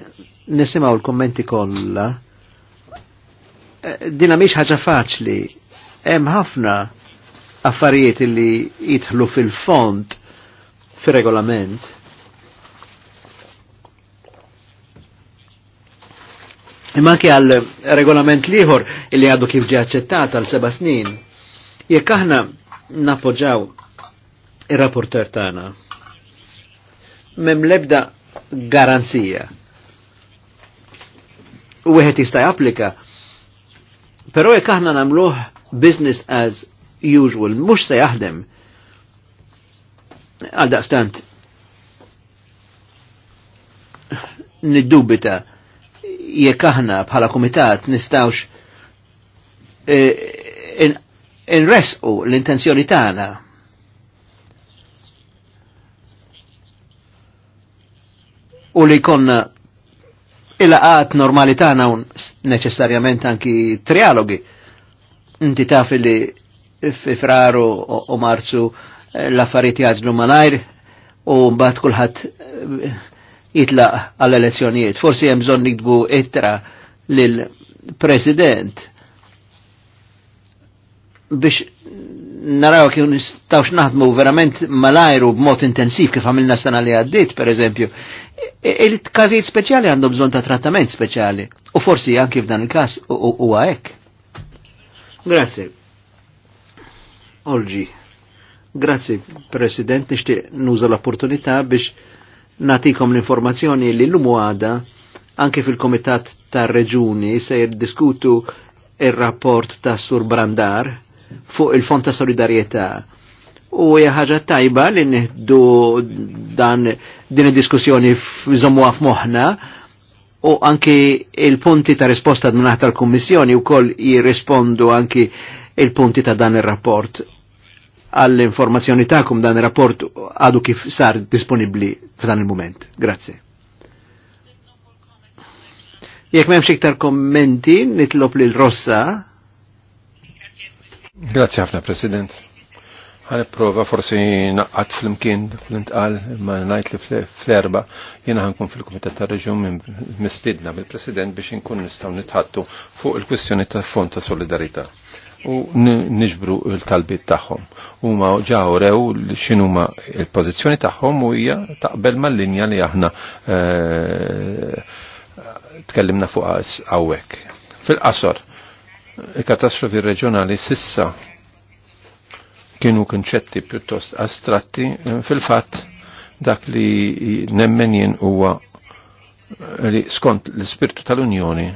nisimaw l-kommenti kollha eh, dina miex ħaġa faċli. Hemm ħafna affarijiet li jidħlu fil-font fir-regolament. Imma anke għal regolament liħor li għadu kif ġie aċċettat għal seba' snin. Jekk aħna nappoġġaw ir-rapporter tagħna mem lebda garanzija. U għet jista' japplika. Pero jek aħna namluħ business as usual, mux se jaħdem. Għal daqstant, niddubita jekk aħna bħala komitat nistawx eh, in, in l-intenzjoni tagħna u li konna eh, il-għat normali un neċessarjament anki trialogi. Inti taf li fifraru u marzu eh, l-affarijiet jaġlu malajr u mbagħad kulħadd eh, jitlaq għall-elezzjonijiet. Forsi hemm bżonn nikdbu ittra lil president biex naraw kif nistawx naħdmu verament malajru b'mod intensiv kif għamilna sena li għaddit, per eżempju, e, e, il-każijiet speċjali għandhom bżon ta' trattament speċjali. U forsi anki f'dan il-każ u għajek. Grazie. Olġi. Grazie, President, Nixtieq nuża l-opportunità biex natikom l-informazzjoni li l lumu għada anke fil-Komitat tar reġuni se jiddiskutu il-rapport ta' Sur Brandar fuq il-Fond ta' Solidarieta. U ħaġa tajba li nieħdu dan din id-diskussjoni f'żommu f'moħħna u anki il-punti ta' risposta d aħtar tal-Kommissjoni u koll jirrispondu anki il-punti ta' dan il-rapport għall-informazzjoni ta'kum dan il-rapport għadu kif sar disponibli f'dan il-moment. Grazie. Jekk memx iktar kommenti, nitlob lil Rossa Grazie ħafna, President. Għan prova forsi naqqat fl-imkien fl-intqal ma najt li fl-erba jena ħankun fil komitet ta' Reġjun minn mistidna mill-President biex inkun nistaw nitħattu fuq il-kwistjoni ta' Fond ta' Solidarita u niġbru l talbit tagħhom. Huma ġaw rew x'inhuma l-pożizzjoni tagħhom u hija taqbel mal-linja li aħna eh, tkellimna fuq hawnhekk. Fil-qasor, katastrofi reġjonali sissa kienu konċetti pjuttost astratti, fil-fatt dak li jien huwa li skont l-spirtu tal-Unjoni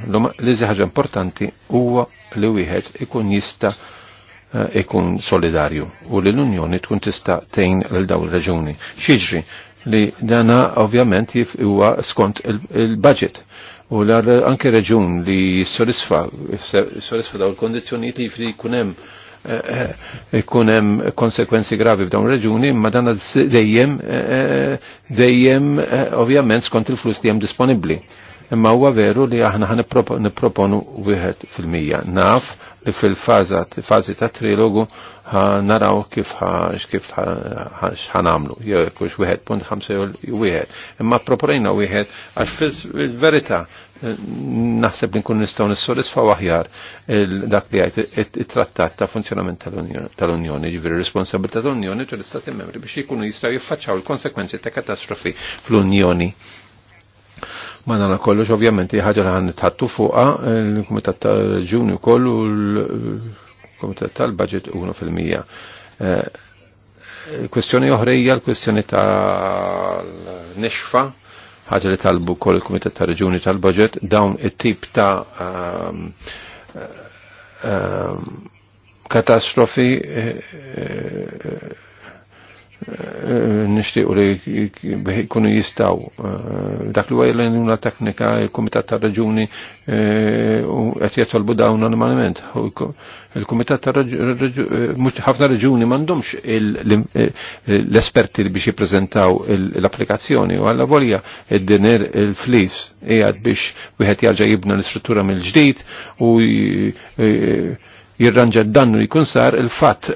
li ħaġa importanti huwa li wieħed ikun jista eh, ikun solidarju u li l-Unjoni tkun tista' tgħin lil dawn ir-reġuni. Xiġri li dana ovvjament huwa skont il-budget. U l għar anke reġun li jissolisfa, jissolisfa daw l-kondizjoniet li jifri kunem eh, eh, kunem konsekwenzi gravi f'dawn reġuni, ma dan dejjem, eh, dejjem ovvjament skont il-flus li jem disponibli imma huwa veru li aħna ħan nipproponu wieħed fil-mija. Naf li fil-faza fażi ta' trilogu naraw kif kif ħanamlu, jew kux wieħed punt ħamsa jew wieħed. Imma proponejna wieħed għax fil-verità naħseb li nkun nistgħu nissodisfaw aħjar dak li għajt it-trattat ta' funzjonament tal-Unjoni, ġifieri responsabilità tal-Unjoni tal istati membri biex jkunu jistgħu jiffaċċaw il-konsekwenzi ta' katastrofi fl-Unjoni Ma nana kollox ovvjament ħaġa li ħan tħattu fuqa l kumitat tal ġunju kollu l-Kumitat tal-Budget 1%. Eh, kwestjoni oħrejja l-kwestjoni tal-nexfa ħagġa li talbu kol il-Kumitat tal-Ġunju tal-Budget dawn it-tip ta' ehm, ehm, katastrofi eh, eh, nishtiqu li kunu jistaw. Eh, dak li għajla njuna teknika, il-Komitat ta' Raġuni għet eh, jatolbu dawn normalment. Il-Komitat ta' Raġuni, eh, ħafna Raġuni mandomx l-esperti li biex jiprezentaw l-applikazzjoni u għalla volja id-diner il-flis jgħad biex wieħed jarġa jibna l-istruttura mill-ġdid u jirranġa dannu jkun sar il-fatt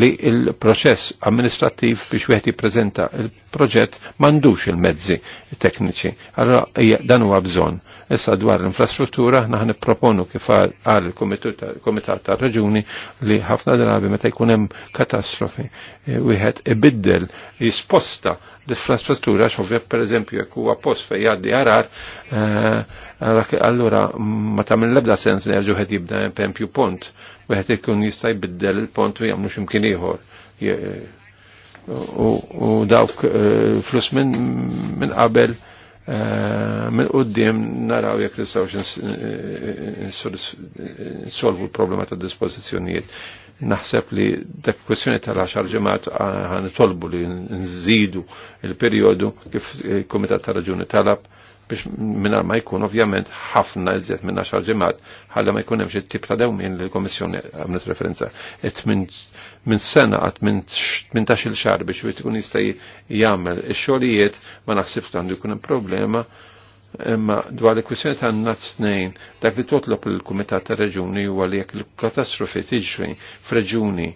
li il-proċess amministrattiv biex wieħed jippreżenta il-proġett m'għandux il-mezzi tekniċi. Allora dan huwa bżonn. Issa dwar l-infrastruttura aħna nipproponu kif għal il-Kumitat tar Raġuni li ħafna drabi meta jkun hemm katastrofi e, wieħed ibiddel jisposta l-infrastruttura x'ovvja pereżempju jekk huwa post fejn jgħaddi arar e, allura ma ta' l-ebda sens li għarġu qed jibda pempju pont, wieħed ikun jista' jbiddel il-pont u jgħamlu x'imkien ieħor. U dawk eh, flus minn qabel eh, minn qoddim naraw jekk nistgħux eh, solvu l-problema ta' dispożizzjonijiet. Naħseb li dak kwestjoni tal-10 ġemat għan tolbu li nżidu il-perjodu kif il-Komitat ta' Raġuni talab biex minnar ma jkun ovvjament ħafna iżjed minna xar ġimgħat ħalla ma jkun hemm xi tip ta' dewmien li l-Kommissjoni għamlet referenza Et minn sena qatt minn tmintax il xar biex wieħed ikun jista' jagħmel ix-xogħlijiet ma naħsibx għandu jkun hemm problema imma dwar il-kwissjoni ta' nazz snejn dak li totlob il-Kumitat ta' Reġuni huwa li jekk il-katastrofi tiġri f-Reġuni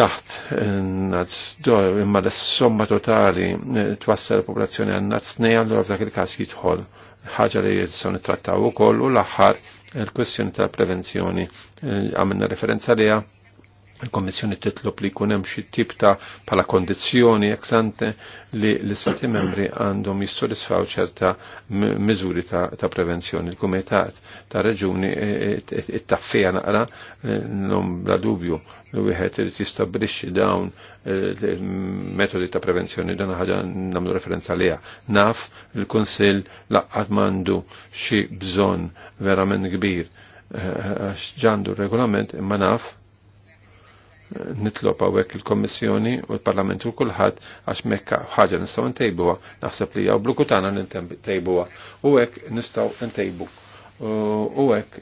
taħt eh, nazz imma l-somma totali eh, twassal l-popolazzjoni għan nazz nejja l f'dak il-kas jitħol ħaġa li jitson trattaw u koll u l-axħar il-kwestjoni tal-prevenzjoni eh, għamilna referenza lija Il-Kommissjoni titlob li jkun hemm xi tip ta' bħala kondizzjoni eksante li l-Istati membri għandhom jissodisfaw ċerta miżuri ta', prevenzjoni. Il-Kumitat ta' Reġuni it-taffija e, e, e, naqra non bla dubju li wieħed irid jistabbilixxi dawn metodi ta' prevenzjoni dan ħaġa nagħmlu referenza liha. Naf il-Kunsill laqgħad m'għandu xi bżonn verament kbir għax ġandu regolament imma naf nitlob għawek il-Kommissjoni u l-Parlament u kullħat għax mekka ħaġa nistaw n-tejbuwa, naħseb li għaw blukutana n-tejbuwa, u għek nistaw ntejbu. U għek,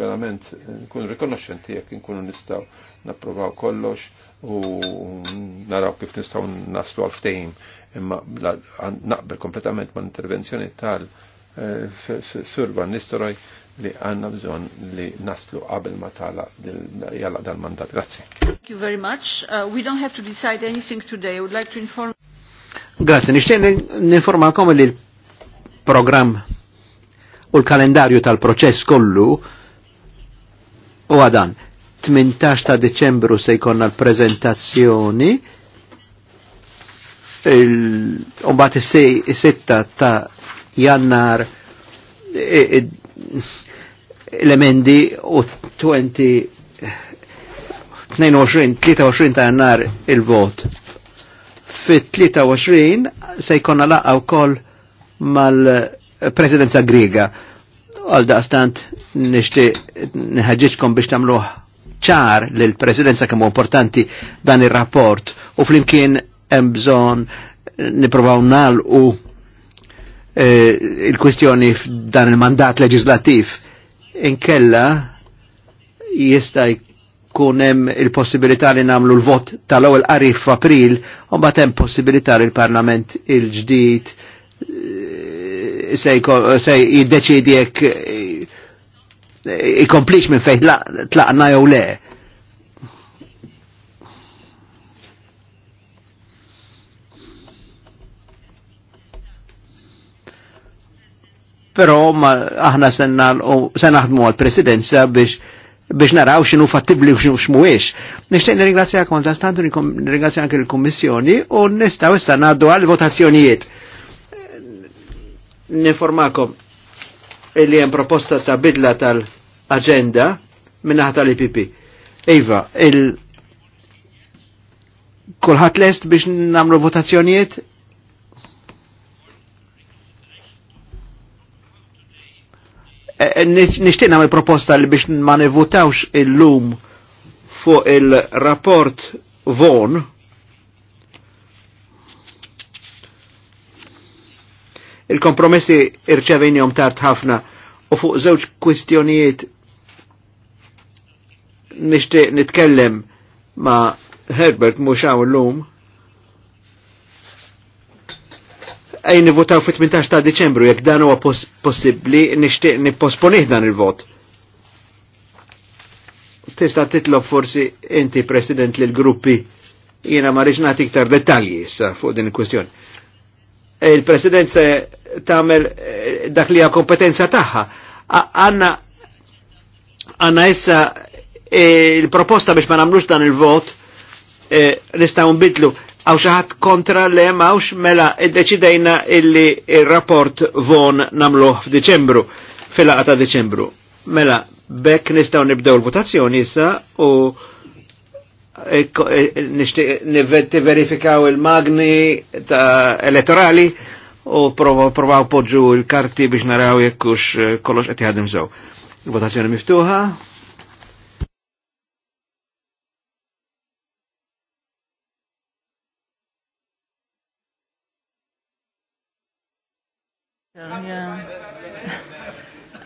verament, nkun rikonoxenti għek nkunu nistaw napprovaw kollox u naraw kif nistaw naslu għal-ftejn, imma naqbel kompletament ma' intervenzjoni tal- eh, Surban Nistoroj li għanna bżon li naslu qabel ma tala jalla dal-mandat. Grazie. Thank you very much. Uh, we don't have to decide anything today. I would like to inform... Grazie, nishtiq ninformakom li l-program u l-kalendarju tal-proċess kollu u għadan 18 ta' Deċembru se jkonna l-prezentazzjoni il 6 ta' jannar e, e, l-emendi u 20 22-23 ta' nar il-vot. Fit 23 se jkonna laqgħu wkoll mal-presidenza griega. Għal daqstant nixtieq nħagġiċkom biex tagħmluh ċar lill presidenza kemm importanti dan ir-rapport u flimkien hemm bżonn nippruvaw nagħlqu eh, il-kwistjoni f'dan il-mandat leġislattiv inkella jista' jkun hemm il-possibilità li nagħmlu l-vot tal-ewwel qarif f'April u mbagħad hemm possibilità li l-Parlament il-ġdid eh, se jiddeċidi jekk eh, ikomplix minn fejn tlaqna jew le. Però ma aħna senna naħdmu għal-presidenza biex biex naraw xinu fattibli u xinu xmuwiex. Nishtiq nirringrazzja għakom ta' stantu, nirringrazzja anke l-Kommissjoni u nistaw issa għaddu għal-votazzjonijiet. Ninformakom li hemm proposta ta' bidla tal-agenda minnaħ tal-IPP. Iva, il kulħadd lest biex namlu votazzjonijiet Eh, eh, Nishtina me proposta li biex ma nevutawx il-lum fuq il-rapport Von il-kompromessi jom tard ħafna u fuq żewġ kwistjonijiet nishtiq nitkellem ma Herbert mhux hawn lum. ejn nivotaw fit-18 ta' Deċembru, jekk dan huwa possibbli nixtieq nipposponih dan il-vot. Tista' titlob forsi inti President lil gruppi jiena ma rridx iktar dettalji issa fuq din il-kwestjoni. E Il-President se tagħmel eh, dak li hija kompetenza tagħha. Għanna għanna issa eh, il-proposta biex ma nagħmlux dan il-vot eh, nistgħu nbidlu għaw xaħat kontra le mawx mela id-deċidejna illi il-rapport von namluħ f'Deċembru, fil laqata ta' Deċembru. Mela, bekk nistaw nibdew l-votazzjoni issa u e, e, verifikaw il-magni ta' elettorali u provaw poġġu il-karti biex naraw jekkux kollox għetiħadim jaħdem sew. Il-votazzjoni miftuħa.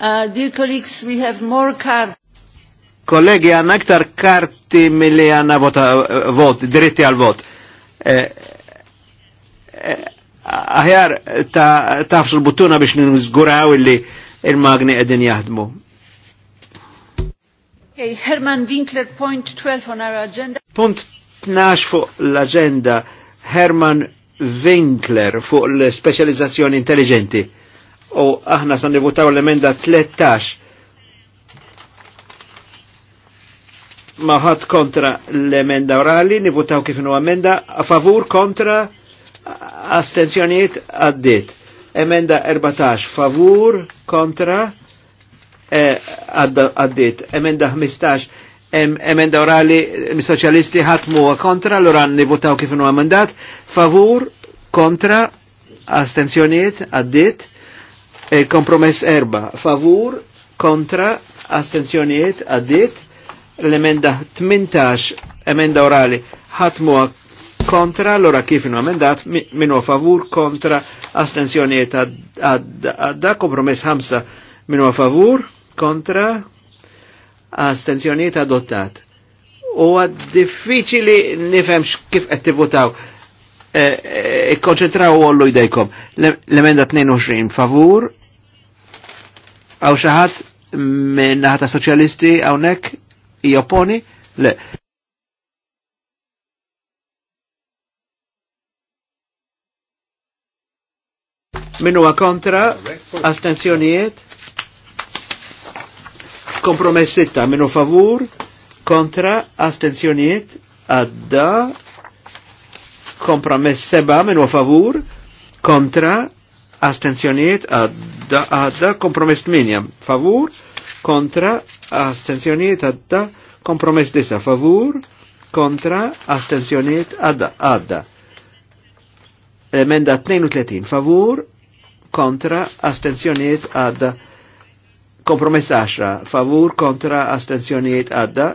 Uh, dear colleagues, we have more cards. Kollegi, għanna aktar karti mill-li għanna vot, dritti għal vot. Eh, eh, aħjar tafx l buttuna biex nizguraw illi il-magni għedin jahdmu. Okay, Herman Winkler, point 12 on our agenda. Punt 12 fuq l-agenda, Herman Winkler fuq l-specializzazzjoni intelligenti u aħna san nivutaw l-emenda 13 maħat kontra l-emenda orali, nivutaw kif nu emenda, a favur kontra astenzjoniet għaddit. Emenda 14, favur kontra e, għaddit. Eh, emenda 15, em, emenda orali mis-soċjalisti ħatmu kontra, l-ora nivutaw kif nu emendat, favur kontra astenzjoniet għaddit kompromess erba, favur, kontra, astenzjonijiet, għaddit, l-emenda 18, emenda orali, ħatmu kontra, l-ora kif inu emendat, minu favur, kontra, astenzjoniet, għadda, kompromess 5, minu favur, kontra, astenzjoniet, adottat. U għad diffiċili nifem kif qed tivutaw. Eh, eh, ikkonċentraw u għollu jdejkom. L-emenda 22 favur, għaw xaħat minn naħata soċjalisti nek, jopponi, le. Minu kontra, astenzjonijiet, kompromess sitta, minu favur, kontra, astenzjonijiet, għadda, Kompromess seba minn favur kontra astenzjoniet għadda kompromess 8 favur kontra astenzjoniet għadda kompromess disa favur kontra astenzjoniet għadda għadda. Emenda 32 favur kontra astenzjoniet għadda kompromess 10 favur kontra astenzjoniet għadda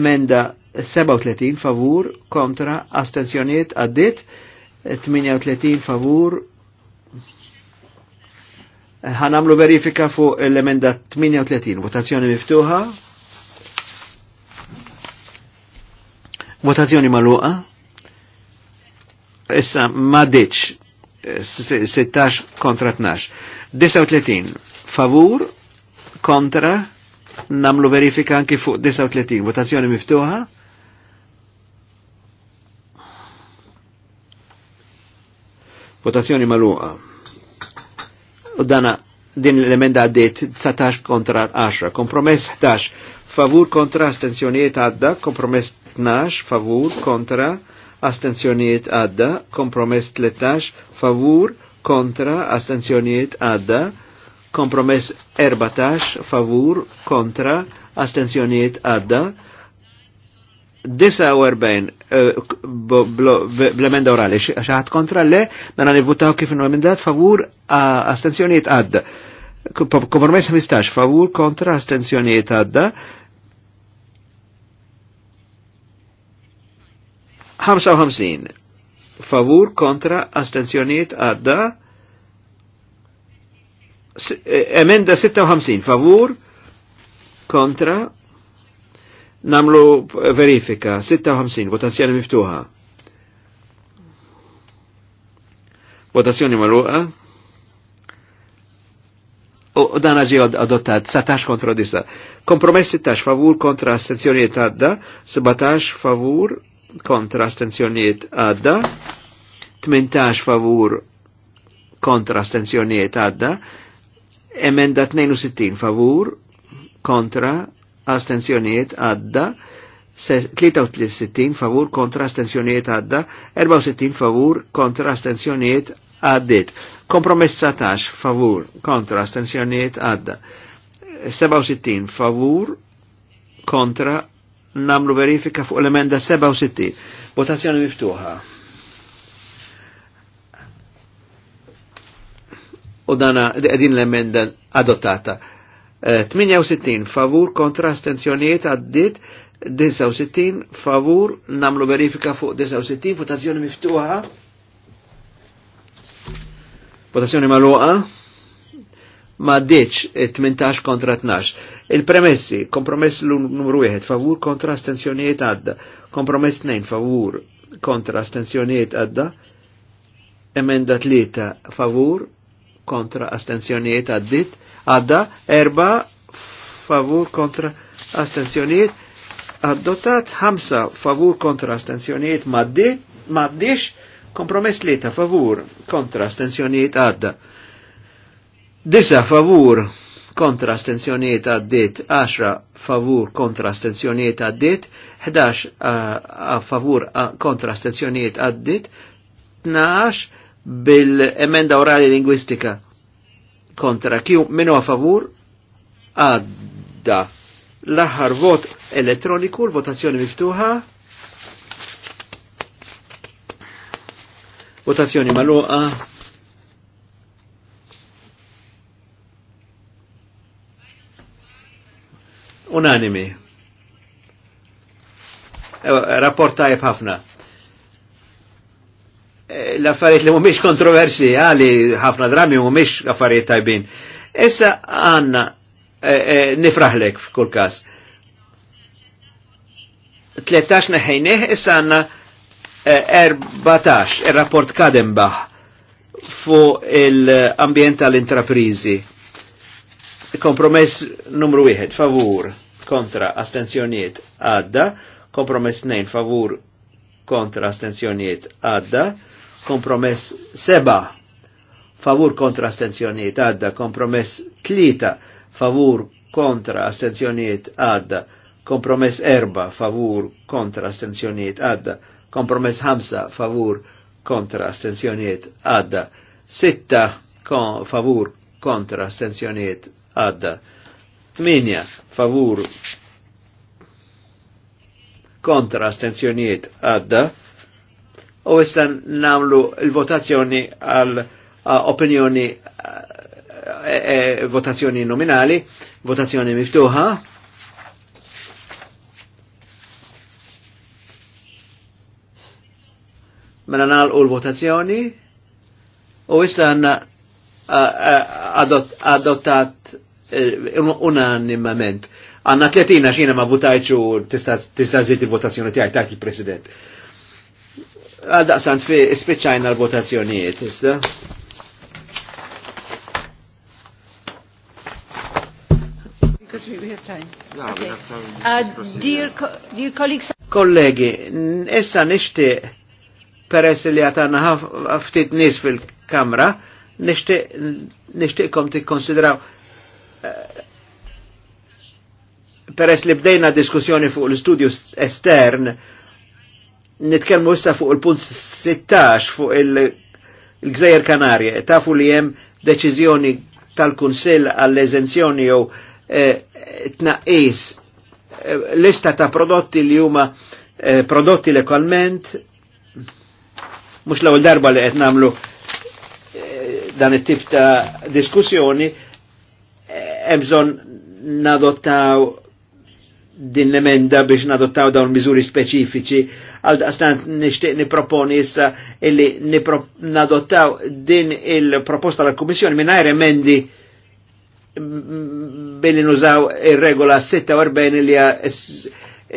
emenda 37 favur kontra astenzjoniet għaddit 38 favur ħanamlu verifika fuq l-emenda 38 votazzjoni miftuħa votazzjoni maluqa issa ma ditx 16 kontra 12 39 favur kontra namlu verifika anki fuq 39 votazzjoni miftuħa Votazzjoni maluqa. U dana din l-emenda għaddit 19 kontra 10. Kompromess 11. Favur kontra astenzjonijiet għadda. Kompromess 12. Favur kontra astenzjonijiet għadda. Kompromess 13. Favur kontra astenzjonijiet għadda. Kompromess 14. Favur kontra astenzjonijiet għadda 49 eh, bl-emenda orali, xaħat kontra le, mena nivvutaw kif n-emendat favur astenzjoniet għadda. Kompromess 15, favur kontra astenzjoniet għadda. 55, favur kontra astenzjoniet għadda. Eh, emenda 56, favur kontra namlu verifika, 56, votazzjoni miftuħa. Votazzjoni maluqa. U dan ġi adottat, 17 kontra 10. Kompromess 16, favur kontra astenzjoniet għadda, 17 favur kontra astenzjoniet għadda, 18 favur kontra astenzjoniet għadda, emenda 62 favur kontra astenzjoniet għadda, 63 favur kontra astenzjoniet għadda, 64 favur kontra astenzjoniet għaddit. Kompromess 17 favur kontra astenzjoniet għadda. 67 favur kontra namlu verifika fuq l-emenda 67. Votazzjoni miftuħa. U dana din l-emenda adottata. 68 eh, favur kontra astenzjonijiet għaddit 69 favur namlu verifika fuq 69 votazzjoni miftuħa votazzjoni maluqa ma ditx 18 eh, kontra 12. Il-premessi, kompromess numru 1, favur kontra astenzjonijiet għadda, kompromess 2, favur kontra astenzjonijiet għadda, emenda 3, favur kontra astenzjonijiet għaddit, għadda, erba favur kontra astenzjoniet, għaddotat ħamsa favur kontra astenzjoniet, maddi, maddix, kompromess li ta' favur kontra astenzjoniet għadda. Disa favur kontra astenzjoniet għaddit, 10 favur kontra astenzjoniet għaddit, 11 a favur kontra astenzjoniet għaddit, 12 bil-emenda orali lingwistika kontra Kiu minu a favur għadda l-aħħar vot elettroniku, l-votazzjoni miftuħa. Votazzjoni maluqa. Unanimi. Eh, rapport tajb ħafna. Eh, l-affarijiet li mhumiex kontroversjali ah, ħafna drammi mhumiex affarijiet tajbin. Issa għanna eh, eh, nifraħlek f'kull każ. 13 neħejnieh, issa għanna 14 ir-rapport Kadenbach fuq l-ambiental intraprizi Kompromess numru 1, favur, kontra, astenzjoniet, għadda. Kompromess 2, favur, kontra, astenzjoniet, għadda kompromess seba favur kontra astenzjoniet għadda, kompromess tlita favur kontra astenzjoniet għadda, kompromess erba favur kontra astenzjoniet għadda, kompromess ħamsa favur kontra astenzjoniet għadda, sitta kon, favur kontra astenzjoniet għadda, tminja favur kontra astenzjoniet għadda, u issa namlu il-votazzjoni għal uh, opinjoni uh, e, e, votazzjoni nominali, votazzjoni miftuħa. Mela u l-votazzjoni u issa għanna uh, adottat unanimament. Għanna tletina xina ma votajċu tista' zit il-votazzjoni tiegħek tajt il-President għal daqsant fi spiċajna l-votazzjonijiet, isda? Uh, Kollegi, issa nishti peress li għatana ftit nis fil-kamra, nishtiqkom tikkonsidraw eh, peress li bdejna diskussjoni fuq l-studju estern, nitkellmu issa fuq il-punt 16 fuq il-Gżejjer Kanarje, tafu li hemm deċiżjoni tal-Kunsill għall-eżenzjoni jew eh, tnaqqis eh, lista ta' prodotti li huma eh, prodotti lokalment mhux l-ewwel darba li qed nagħmlu dan it-tip ta' diskussjoni hemm bżonn nadottaw din l-emenda biex nadottaw dawn miżuri speċifiċi għal daqstant nishtiq niproponi issa illi nadottaw din il-proposta tal kummissjoni minn emendi billi nużaw il-regola 46 li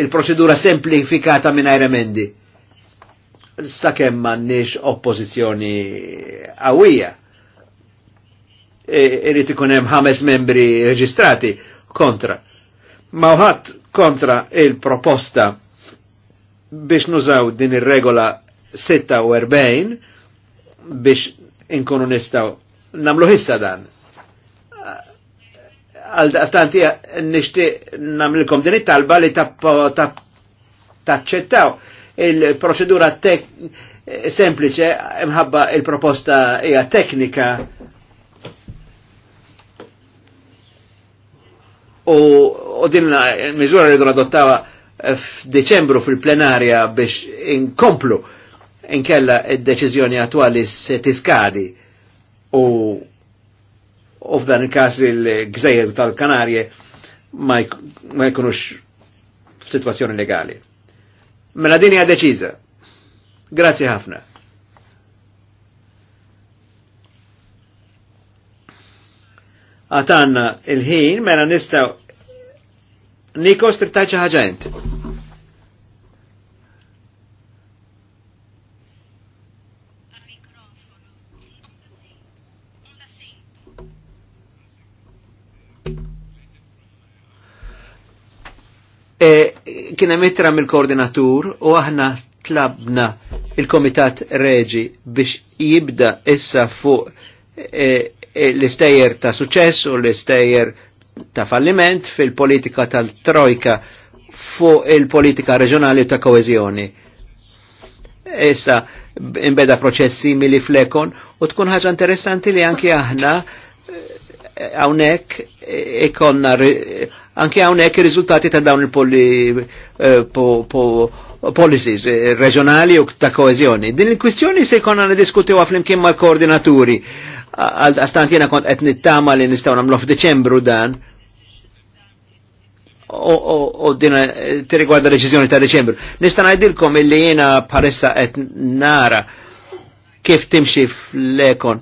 il procedura semplifikata minn emendi. Sakemm m'għandniex oppożizzjoni qawwija. E, Irid ikun hemm ħames membri reġistrati kontra. Ma kontra il-proposta biex nużaw din ir-regola 46 biex inkunu nistaw namlu hissa dan. Għal daqstanti nishti namlikom din it-talba li taċċettaw il-proċedura sempliċe imħabba il-proposta hija teknika u din il mizura li adottawa f'Deċembru fil-plenarja biex inkomplu inkella id-deċiżjoni attwali se tiskadi u u f'dan il-każ il-gżejjer tal-Kanarje ma jkunux f'sitwazzjoni legali. Mela din hija deċiża. Grazzi ħafna. Għatanna il-ħin mela nistaw Nikos tribtajċa ħaġa jent. E, kien hemm ittra mill-koordinatur u aħna tlabna il-Komitat Reġi biex jibda issa fuq e, e, l-istejjer ta' suċess u l-istejjer ta' falliment fil-politika tal-trojka fuq il-politika reġjonali ta' koezjoni. Issa imbeda proċess simili flekon u tkun ħaġa interessanti li anki aħna eh, hawnhekk eh, ikonna anki hawnhekk ir-riżultati ta' dawn il-policies eh, reġjonali u ta' koezjoni. Din il-kwistjoni se jkollna niddiskutuha flimkien mal-koordinaturi għal stant kiena kont qed nittama li nistgħu nagħmlu f'Diċembru dan u dina tirrigwarda deċiżjoni ta' Deċembru. Nista' ngħidilkom illi jiena paressa qed nara kif timxi f'lekon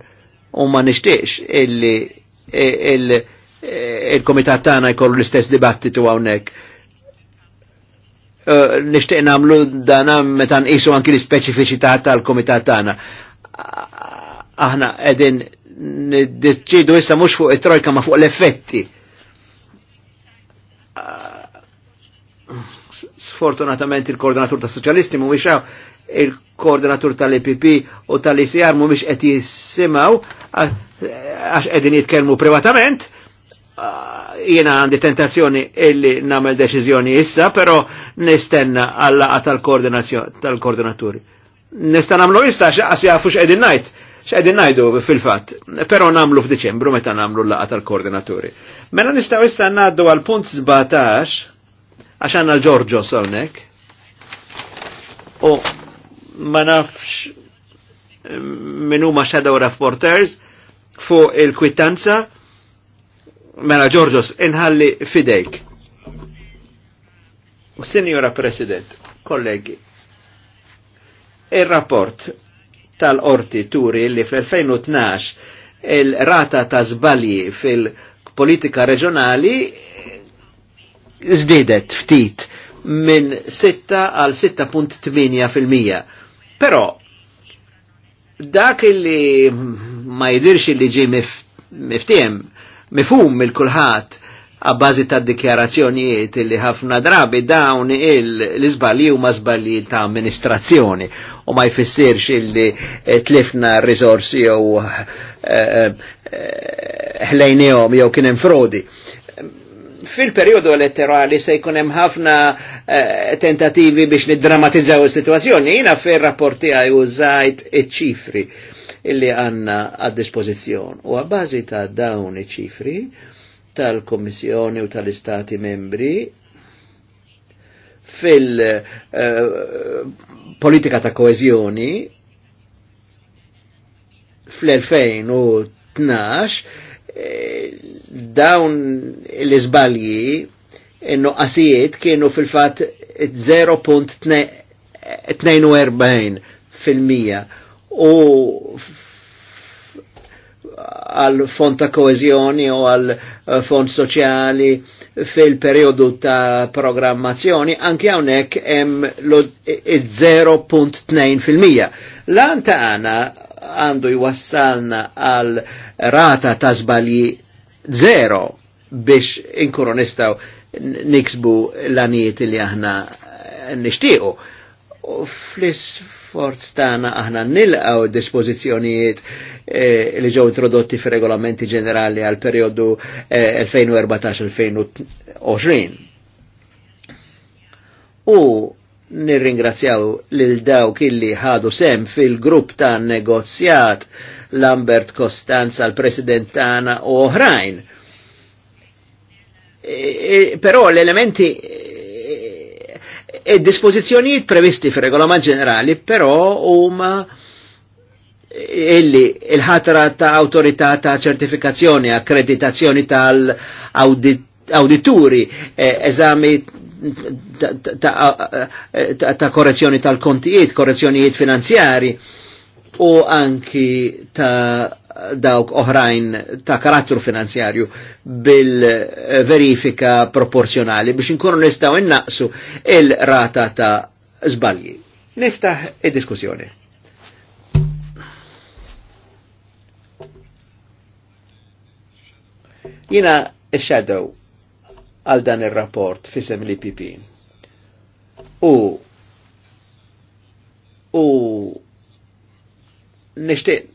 u ma nixtieqx illi il-komitat tagħna jkollu l-istess dibattitu hawnhekk. Eh, nixtieq nagħmlu dana meta nqisu anki l-ispeċifiċità tal-komitat tagħna aħna edin niddeċidu issa mhux fuq it-trojka ma fuq l-effetti. Sfortunatament il-koordinatur ta' soċjalisti mu hawn, il-koordinatur tal-EPP u tal-ICR mhumiex qed jisimgħu għax qegħdin jitkellmu privatament. Jiena għandi tentazzjoni illi nagħmel deċiżjoni issa, però nistenna għall-laqa tal-koordinaturi. Tal Nista' nagħmlu issa x'aqas jafux qegħdin ngħid ċedin ngħidu fil-fatt, però namlu f'Diċembru meta namlu l-laqa tal-koordinaturi. Mela nistaw issa naddu għal punt 17 għax għandna l-Ġorġo hawnhekk. U ma nafx minu huma shadow rapporters fuq il-kwittanza mela Giorgio, inħalli fidejk. Signora President, kollegi, il-rapport tal orti turi li fl-2012 il-rata ta' zbalji fil-politika reġjonali zdidet ftit minn 6 għal 6.8%. fil-100. Però dak li ma jidirx li ġi mif, miftiem mifhum mill-kulħadd għabbażi ta' dikjarazzjonijiet li ħafna drabi dawn l-izbalji u mażbalji ta' amministrazzjoni u ma jfissirx illi eh, tlifna risorsi jew eh, eh, ħlejnijom jew kien hemm frodi. Fil-periodu elettorali se jkun hemm ħafna tentativi biex niddramatizzaw is-sitwazzjoni, jiena fir-rapporti għaj użajt iċ-ċifri illi għanna għad dispożizzjon U għabbażi ta' dawn iċ-ċifri, tal kommissjoni u tal-Istati membri fil-politika eh, ta' koezjoni fl-2012 eh, dawn l-izbalji n qasijiet kienu fil-fat 0.42 fil-mija u għal font ta' koezjoni u għal eh, fond soċjali fil-periodu ta' programmazzjoni, anki hawnhekk hemm l 02 Lan għana għandu jwassalna għal rata ta' zbali zero biex inkunu nistaw niksbu l-anijiet li aħna nixtiequ Flis forz isforz tagħna aħna nilqgħu dispożizzjonijiet eh, li ġew introdotti fir-regolamenti ġenerali għal perjodu eh, 2014-2020. U nirringrazzjaw lil dawk illi ħadu sem fil-grupp ta' negozjat Lambert Costanza, l-President Tana u oħrajn. E, e, però l-elementi il-dispozizjonijiet e previsti fir-regolament ġenerali, però huma illi il-ħatra ta' autorità ta' ċertifikazzjoni, akkreditazzjoni tal audituri e, eżami ta' korrezzjoni tal-kontijiet, korrezzjonijiet finanzjari u anki ta' dawk oħrajn ta' karattru finanzjarju bil-verifika proporzjonali biex inkunu nistaw innaqsu il-rata ta' zbalji. Niftaħ id-diskussjoni. Jina il-shadow għal dan il-rapport fissem l-IPP. U u nishtiq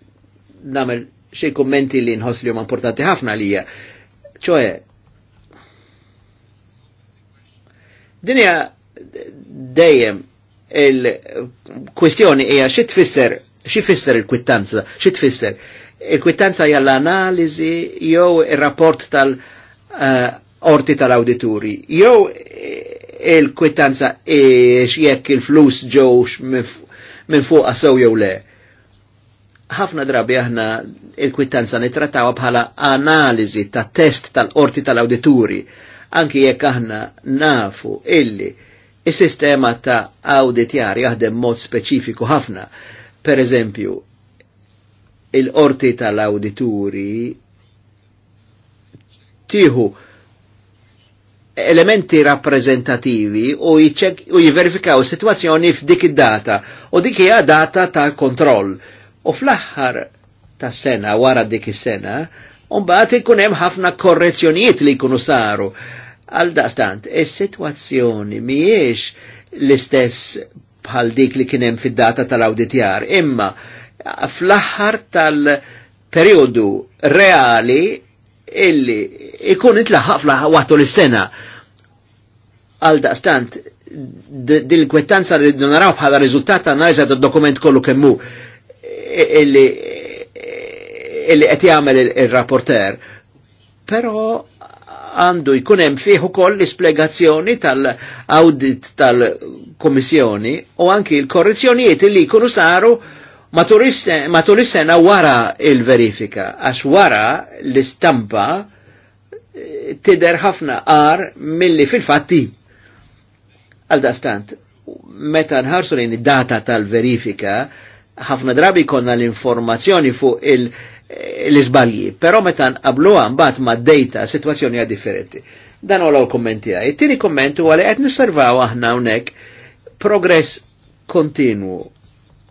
namel xej kommenti li nħoss li huma importanti ħafna lija. ċoe, dinja dejjem il-kwestjoni hija xi tfisser xi fisser il-kwittanza, xi tfisser. Il-kwittanza hija l-analiżi jew ir-rapport tal- eh, orti tal-awdituri. Jew eh, il-kwittanza jekk il-flus ġewx minn fuq sew jew le ħafna drabi aħna il-kwittanza nitrataw bħala analiżi ta' test tal-qorti tal-awdituri, anki jekk aħna nafu illi is-sistema ta' awditjar jaħdem mod speċifiku ħafna. Per eżempju, il-qorti tal-awdituri tiħu elementi rappresentativi u, u jiverifikaw situazzjoni f'dik id-data u dik hija data ta' kontroll U fl-aħħar ta' sena, wara dik is-sena, Umbaħt ikun hemm ħafna korrezzjonijiet li jkunu saru. Għal daqstant, is-sitwazzjoni mhijiex l-istess bħal dik li kien hemm fid-data tal-awditjar, imma fl-aħħar tal-perjodu reali illi ikun itlaħħaq fl-aħħar waqtu l-sena. Għal daqstant, dil-kwettanza li naraw bħala riżultat ta' analiza tad-dokument kollu kemmu illi illi qed jagħmel ir-rapporter. Però għandu jkun hemm fih ukoll l isplegazzjoni tal-audit tal-Kummissjoni u anki l-korrezzjonijiet li jkunu saru matul is-sena wara il-verifika, għax wara l-istampa eh, tider ħafna qar milli fil-fatti. Għal dastant, meta nħarsu lejn id-data tal-verifika, ħafna drabi konna l-informazzjoni fuq eh, l-izbalji, però meta nqablu mbagħad ma' data situazzjoni għad differenti. Dan l kommenti għaj. Tini kommentu huwa li qed nisservaw aħna hawnhekk progress kontinwu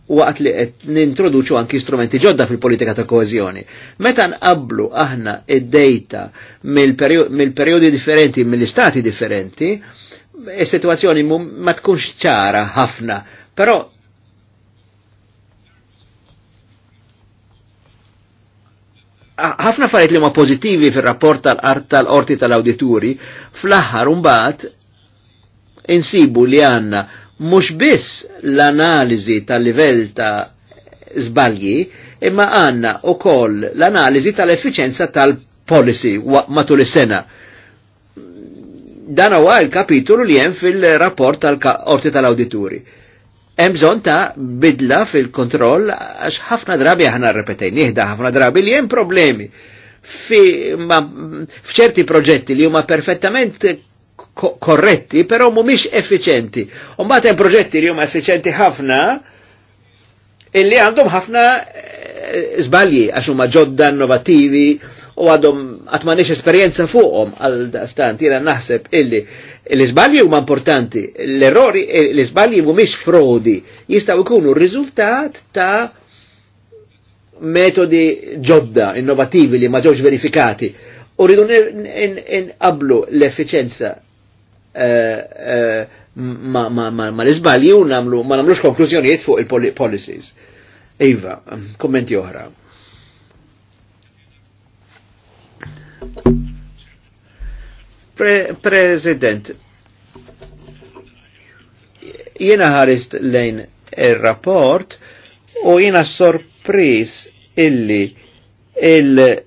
waqt li qed nintroduċu anki strumenti ġodda fil-politika ta' koeżjoni. Meta nqablu aħna id-dejta mill-perjodi differenti, mill-istati differenti, is-sitwazzjoni ma tkunx ċara ħafna, però ħafna affarijiet li huma pożittivi fir-rapport tal-art tal-orti tal-awdituri fl-aħħar imbagħad insibu li għandna mhux biss l-analiżi tal-livell ta' żbalji imma għandna ukoll l-analiżi tal effiċjenza tal-policy matul is-sena. Dan huwa l-kapitolu li hemm fil-rapport tal-orti tal-awdituri. tal orti tal awdituri tal tal awdituri Hemm bżonn ta' bidla fil-kontroll għax ħafna drabi aħna rrepetejn nieħda ħafna drabi li hemm problemi f'ċerti proġetti li huma perfettament korretti, però mhumiex effiċenti. U mbagħad hemm proġetti li huma effiċenti ħafna illi għandhom ħafna żbalji eh, għax huma ġodda innovattivi u għadhom għatmanix esperienza fuqhom għal stant jiena naħseb illi L-izbalji huma importanti, l-errori, eh, l-izbalji mhumiex frodi, jistaw jkunu rizultat ta' metodi ġodda, innovativi li ma ġewx verifikati. U rridu inqablu l efficienza eh, eh, ma l-izbalji u namlu, ma namlux konklużjonijiet fuq il-policies. Iva, mm, kommenti oħra. Pre President, jena ħarist lejn il-rapport u jena sorpris illi il-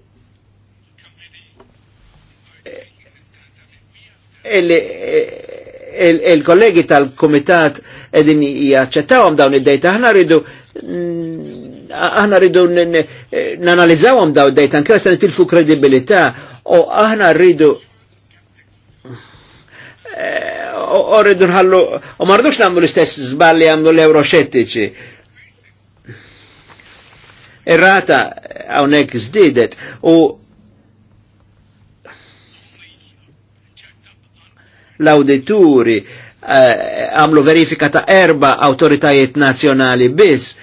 il-kollegi tal-komitat edin għam dawn id-dejta, ħna rridu aħna rridu għam dawn id-dejta, anke tilfu kredibilita, u ħna rridu orridu nħallu, u marridux namlu l-istess zballi għamlu l-euroxettiċi. ir għonek zdidet u l-awdituri eh, għamlu verifika ta' erba autoritajiet nazjonali biss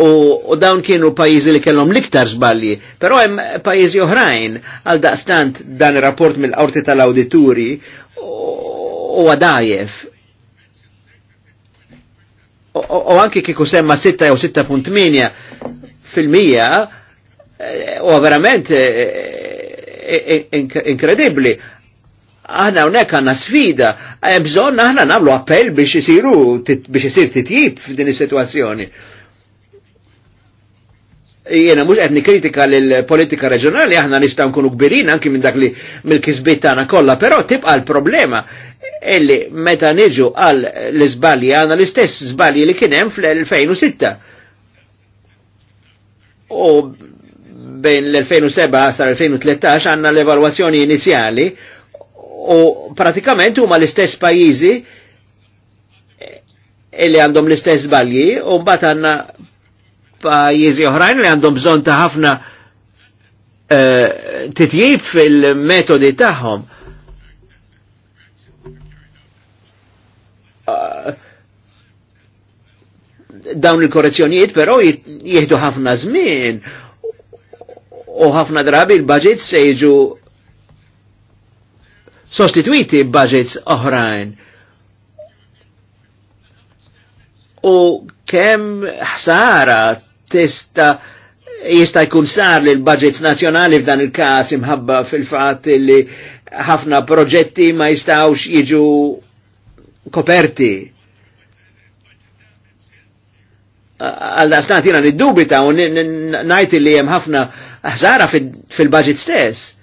u, dawn kienu pajizi li kellhom liktar żbalji, però hemm pajjiżi oħrajn għal daqstant dan rapport mill-qorti tal-awdituri u għadajef. U anki kiku semma 6 jew 6.8 fil-mija eh, u verament eh, eh, inkredibli. Aħna hawnhekk għandna sfida, bżon bżonn aħna nagħmlu appell biex isiru biex isir titjib f'din is-sitwazzjoni. Jiena mhux qed kritika lill-politika reġjonali aħna nistgħu nkunu kbirin anki minn dak li mill-kisbiet tagħna kollha, però tibqa' l-problema illi meta niġu għal l-iżbalji għana l-istess żbalji li kien hemm fl-2006. U bejn l-2007 sa l-2013 għandna l-evalwazzjoni inizjali u pratikament huma l-istess pajjiżi illi għandhom l-istess żbalji u mbagħad għandna pajjiżi oħrajn li għandhom bżon ta' ħafna eh, titjib fil-metodi tagħhom. Ah, dawn il-korrezzjonijiet però jieħdu ħafna żmien u ħafna drabi l budgets se jiġu sostituiti budgets oħrajn. U kem ħsara tista jista jkun sar li l-budgets nazjonali f'dan il-kas imħabba fil-fat li ħafna proġetti ma jistawx jiġu koperti. Għal-dastant jina niddubita u najti li jem ħafna ħsara fil-budget stess.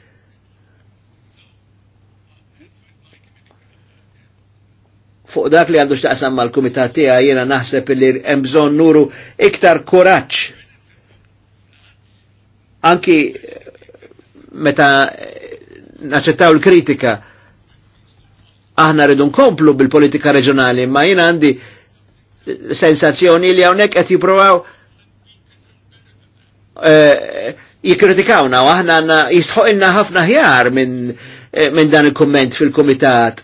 fuq dak li għandu xtaqsam mal-kumitat tiegħi jiena naħseb li hemm bżonn nuru iktar kuraġġ. Anki eh, meta eh, naċċettaw l-kritika aħna rridu nkomplu bil-politika reġjonali, ma jiena għandi eh, sensazzjoni li hawnhekk qed jippruvaw jikritikawna u aħna għanna ilna ħafna ħjar minn min dan il-komment fil-komitat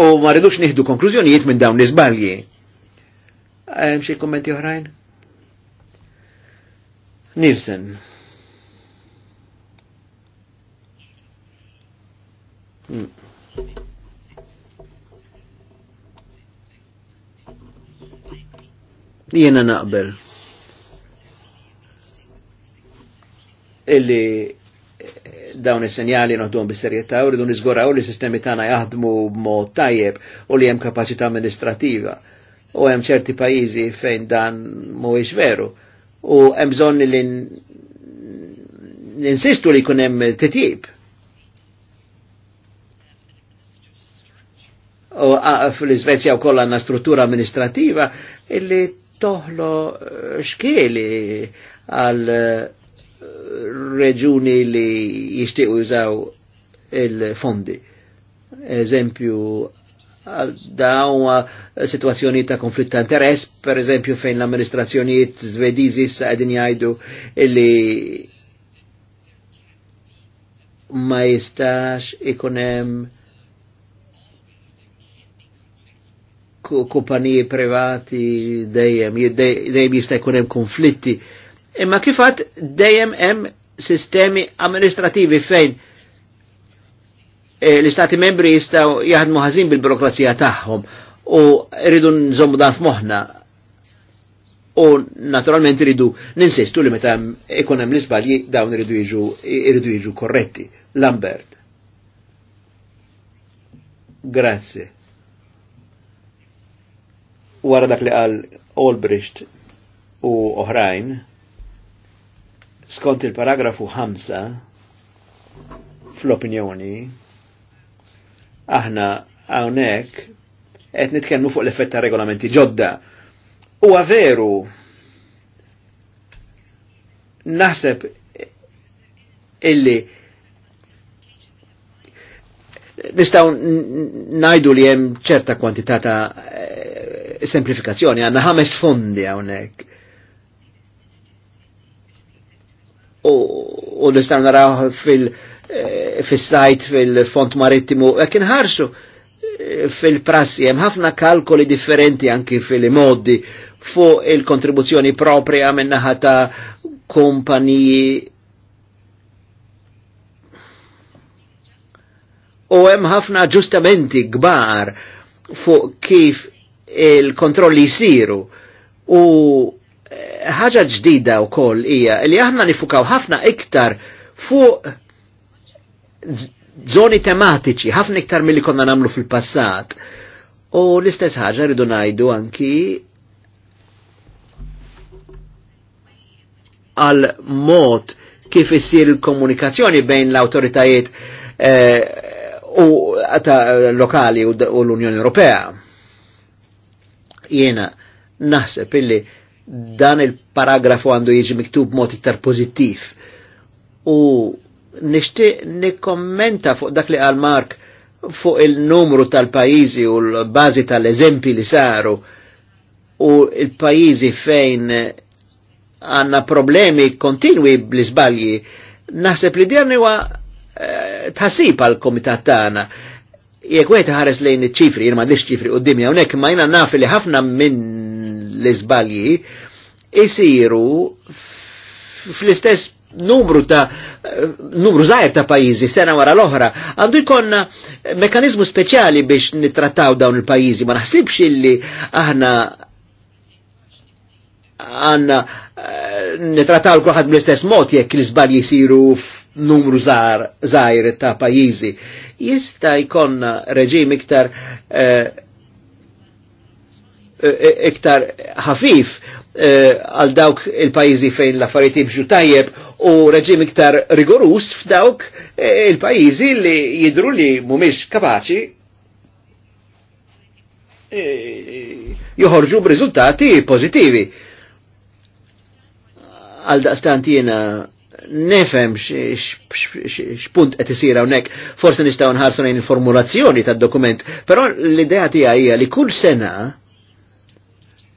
u ma rridux nieħdu konklużjonijiet minn dawn l-iżbalji. Hemm xi kummenti oħrajn? Nielsen. Hmm. Jiena naqbel illi dawn is-senjali noħduhom bis-serjetà u rridu niżguraw li s sistemi tagħna jaħdmu b'mod tajjeb u li hemm kapaċità amministrativa. U hemm ċerti pajjiżi fejn dan mhuwiex veru. U hemm bżonn li ninsistu li jkun hemm titjib. U fl-Iżvezja wkoll għandna struttura amministrativa illi toħlo eh, xkieli għal eh, reġuni li jishtiqu jużaw il-fondi. Eżempju, dawn situazzjoni ta' konflitt ta' interess, per eżempju fejn l-amministrazzjonijiet svedizi sa' edin jajdu illi ma jistax ikonem kumpaniji privati dejjem, dejjem jistaj jkunem konflitti Imma kifat dejjem hemm sistemi amministrativi fejn eh, l-istati membri jistaw jaħdmu ħażin bil-burokrazija tagħhom u rridu nżommu dan f'moħħna u naturalment rridu ninsistu li meta ikun hemm l-isbalji dawn iridu jiġu iridu jiġu korretti. Lambert. Grazzi. Wara dak li qal Olbricht u oħrajn, Skont il-paragrafu 5 fl-opinjoni aħna hawnhekk qed nitkellmu fuq l effetta ta' regolamenti ġodda. Huwa veru naħseb illi nistaw najdu li hemm ċerta kwantità ta' eh, semplifikazzjoni, għanna ħames fondi hawnhekk. u nistaw naraw fil-sajt eh, fil-font marittimu, e kien ħarxu eh, fil-prassi, hemm ħafna kalkoli differenti anki fil-modi Fu il-kontribuzzjoni propria minnaħa ta' kompaniji. u hemm ħafna ġustamenti kbar fuq kif il-kontrolli jisiru u ħaġa ġdida u koll hija li aħna nifukaw ħafna iktar fuq zoni tematiċi, ħafna iktar mill-li konna namlu fil-passat. U l-istess ħaġa rridu najdu anki għal mod kif isir il-komunikazzjoni bejn l-autoritajiet eh, u lokali u l-Unjoni Ewropea. Jena naħseb illi dan il-paragrafu għandu jiġi miktub mod iktar pozittiv. U nixtieq nikkommenta fuq dak li għal Mark fuq il-numru tal-pajizi u l-bazi tal-eżempi li saru u il-pajizi fejn għanna problemi kontinwi bl-izbalji, naħseb li dirni wa eh, tħassib għal komitat tagħna. Jekk wieħed ħares lejn iċ-ċifri, jien m'għandix ċifri d-dimja, unek ma jina naf li ħafna minn l-iżbalji isiru fl-istess numru ta' numru zaħir ta' pajizi sena wara l-oħra, għandu jkonna mekanizmu speċjali biex nittrattaw dawn il-pajizi, ma naħsibx illi aħna għanna eh, nitrattaw l-kulħad bl-istess mod jekk l-izbal jisiru numru zaħir ta' pajizi. Jista' jkonna reġim iktar eh, eh, iktar ħafif Eh, għal dawk il-pajizi fejn l-affarijiet bġu tajjeb u reġim iktar rigorus f'dawk eh, il-pajizi li jidru li mumiex kapaċi eh, joħorġu b'riżultati pozitivi. Għal daqstant jena nefem x'punt qed isir hawnhekk forsi nistgħu nħarsu lejn il-formulazzjoni tad-dokument, però l-idea tiegħi hija li kull sena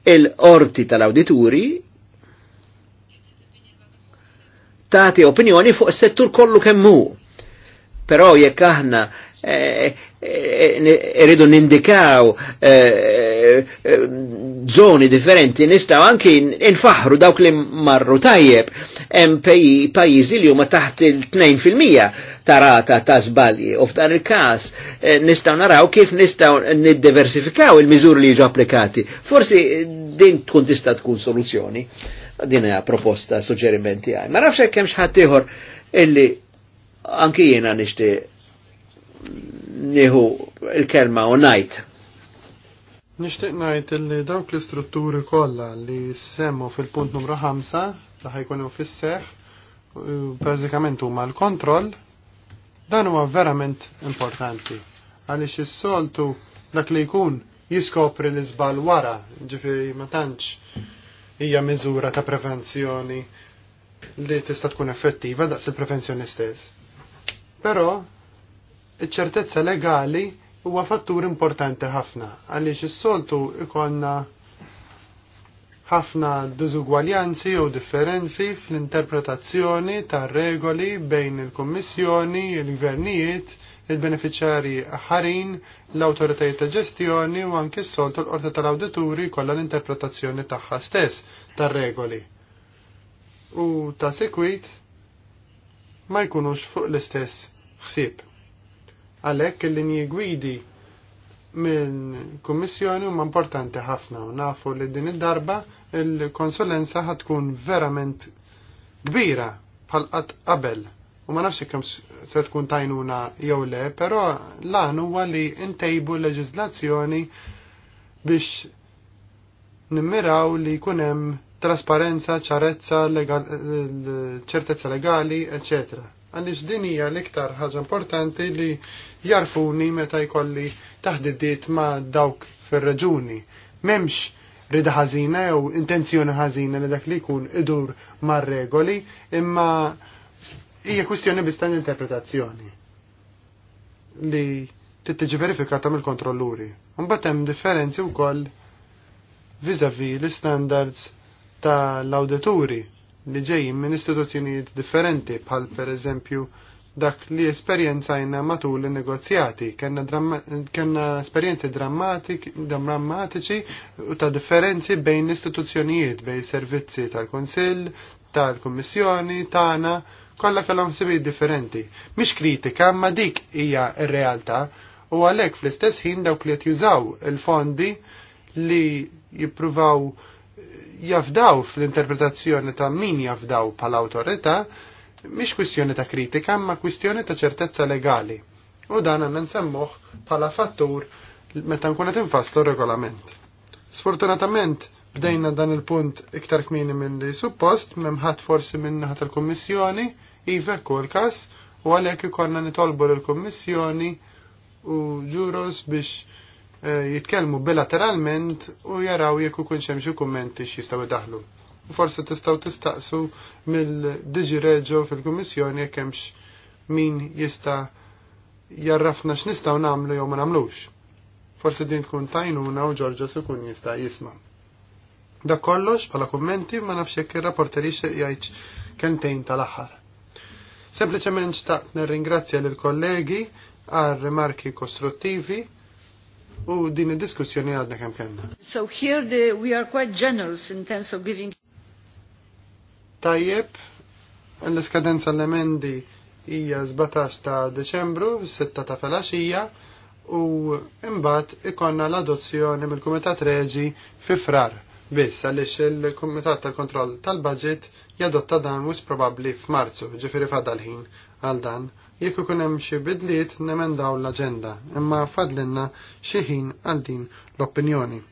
il-orti tal-awdituri tati opinjoni fuq settur kollu kemmu. Però jekk aħna eh, eh, eh, irridu nindikaw zoni differenti nistaw anki infaħru dawk li marru tajjeb hemm pajjiżi li huma taħt il-2 tarata ta' zbalji. U f'dan il-kas eh, nistaw naraw kif nistaw niddiversifikaw il mizur li jiġu applikati. Forsi eh, din tkun tista' tkun soluzzjoni. Din hija proposta, suġġerimenti għaj. Ma nafx hekk hemm x'ħadd ieħor illi anki jiena nixtieq nieħu il-kelma u najt. Nishtiq najt li dawk l-istrutturi kollha li semmu fil-punt numru 5 li ħajkunu fis-seħ eh, bażikament huma l-kontroll Dan huwa verament importanti għaliex is-soltu dak li jkun jiskopri l iżbal wara, ġifiri ma tantx hija miżura ta' prevenzjoni li tista' tkun effettiva daqs il-prevenzjoni stess. Però iċ-ċertezza legali huwa fattur importanti ħafna għaliex is-soltu ikonna ħafna dizugwaljanzi u differenzi fl-interpretazzjoni tar regoli bejn il-Kommissjoni, il-Gvernijiet, il-beneficjari ħarin, l-autoritajiet ta' ġestjoni u anke s-soltu l-qorti tal-awdituri kollha l-interpretazzjoni tagħha stess tar regoli. U ta' sekwit ma jkunux fuq l-istess ħsieb. Għalhekk il-linji gwidi minn kummissjoni huma importanti ħafna u nafu li din id-darba il-konsulenza ħatkun verament kbira bħal qatt qabel. U ma nafx kemm se tkun tajnuna jew le, però lan huwa li ntejbu leġislazzjoni leġiżlazzjoni biex nimmiraw li jkun hemm trasparenza, ċarezza, ċertezza legali, ecc. Għaliex din hija l-iktar ħaġa importanti li jarfuni meta jkolli taħdidiet ma' dawk fir-reġuni. Memx rida ħażina jew intenzjoni ħażina li dak li jkun idur mar-regoli, imma hija kwistjoni biss tal-interpretazzjoni li tittiġi verifikata mill-kontrolluri. Mbagħad hemm differenzi wkoll vis a vis l-standards tal-awdituri li ġejjin minn istituzzjonijiet differenti bħal pereżempju eżempju dak li esperienzajna matul il-negozjati. kena, dramma, esperienzi drammatiċi u ta' differenzi bejn l-istituzzjonijiet, bejn servizzi tal-Konsil, tal-Kommissjoni, tagħna, kollha kellhom sibi differenti. Mhix kritika, ma dik hija r-realtà u għalhekk fl-istess ħin dawk li jużaw il-fondi li jippruvaw jafdaw fl-interpretazzjoni ta' min jafdaw pal-awtorità mhix kwistjoni ta' kritika, ma kwistjoni ta' ċertezza legali. U dan għanna nsemmuh bħala fattur meta nkun qed infasslu regolament. Sfortunatament bdejna dan il-punt iktar kmini minn li suppost, ħadd forsi minn ħadd il kummissjoni iva kol kas, u għalhekk ikollna nitolbu l kummissjoni u ġuros biex eh, jitkellmu bilateralment u jaraw jekk ikun xemxu kummenti x'jistgħu daħlu u forsi tistgħu tistaqsu mill-Diġi Reġo fil-Kummissjoni jekk hemmx min jista' jarrafna x'nistgħu nagħmlu jew ma nagħmlux. Forsi din tkun tajnuna u Ġorġo Sukun jista' jisma'. Da kollox bħala kummenti ma nafx jekk ir-rapporter jgħid kentejn tal-aħħar. Sempliċement xtaqt nirringrazzja lil kollegi għal rimarki kostruttivi u din id-diskussjoni għadna kemm kellna. So here the, we are quite generous in terms of giving tajjeb, l-iskadenza l-emendi hija 17 ta' Deċembru, 6 ta' felaxija, u imbagħad ikonna l-adozzjoni mill-Kumitat Reġi fi frar. Biss għaliex il-Kumitat tal-Kontroll tal-Budget jadotta dan wis probabbli f'Marzu, ġifieri fadal ħin għal dan. Jekk ikun hemm xi bidliet nemendaw l-aġenda, imma fadlinna xi ħin għal din l-opinjoni.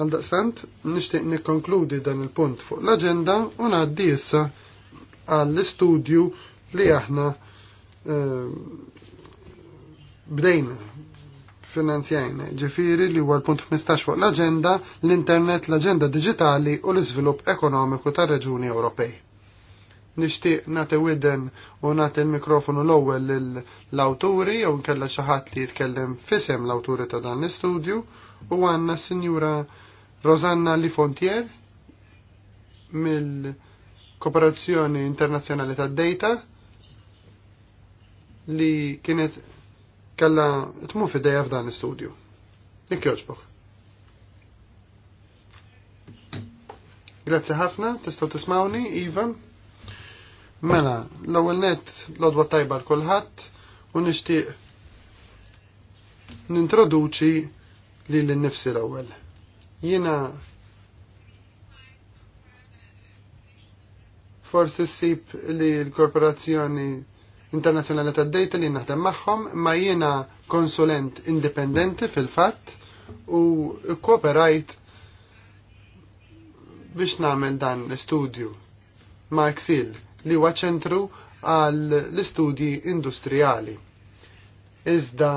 Għaldaqstant, nixtieq nikkonkludi dan il-punt fuq l-aġenda u ngħaddi issa għall-istudju li aħna eh, bdejna finanzjajna, ġifiri li huwa l-punt 15 fuq l-agenda, l-internet, l-agenda digitali u l-iżvilupp ekonomiku tar-Reġuni Ewropej. Nixtieq nagħti widen u nagħti l-mikrofonu l-ewwel lill-awturi jew nkella xi ħadd li jitkellem fisem l-awturi ta' dan l-istudju u għanna Signora Rosanna Lifontier mill-Kooperazzjoni Internazzjonali tad data li kienet kalla tmu fideja f'dan l studio Nik joġbok. Grazzi ħafna, tistgħu tismawni, Iva. Mela, l-ewwel net l-odwa tajba l kulħadd u nixtieq nintroduċi li l-nifsi l-ewwel. Jiena forsi ssib li l-Korporazzjoni Internazzjonali tad-Dejta li naħdem magħhom, ma jiena konsulent indipendenti fil-fatt u kooperajt biex nagħmel dan l-istudju ma' Xil li huwa ċentru għall l-istudji industrijali. Iżda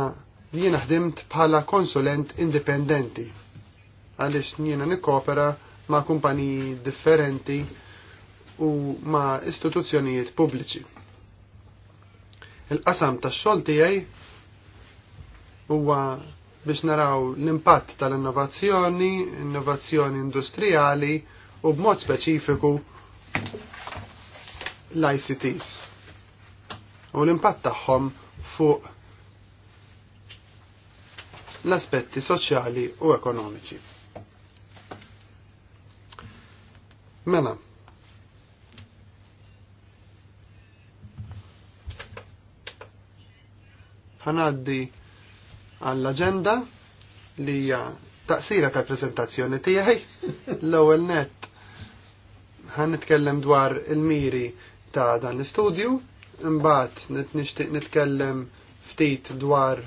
li jiena ħdimt bħala konsulent indipendenti għaliex jiena nikkopera ma' kumpaniji differenti u ma' istituzzjonijiet pubbliċi. Il-qasam tax-xogħol tiegħi huwa biex naraw l-impatt tal-innovazzjoni, innovazzjoni industrijali u b'mod speċifiku l-ICTs u l-impatt tagħhom fuq l-aspetti soċjali u ekonomiċi. Mela, ħanaddi għall-agenda li hija taqsira tal-prezentazzjoni tiegħi. L-ewwel net ħan nitkellem dwar il-miri ta' dan l-istudju, imbagħad nixtieq nitkellem ftit dwar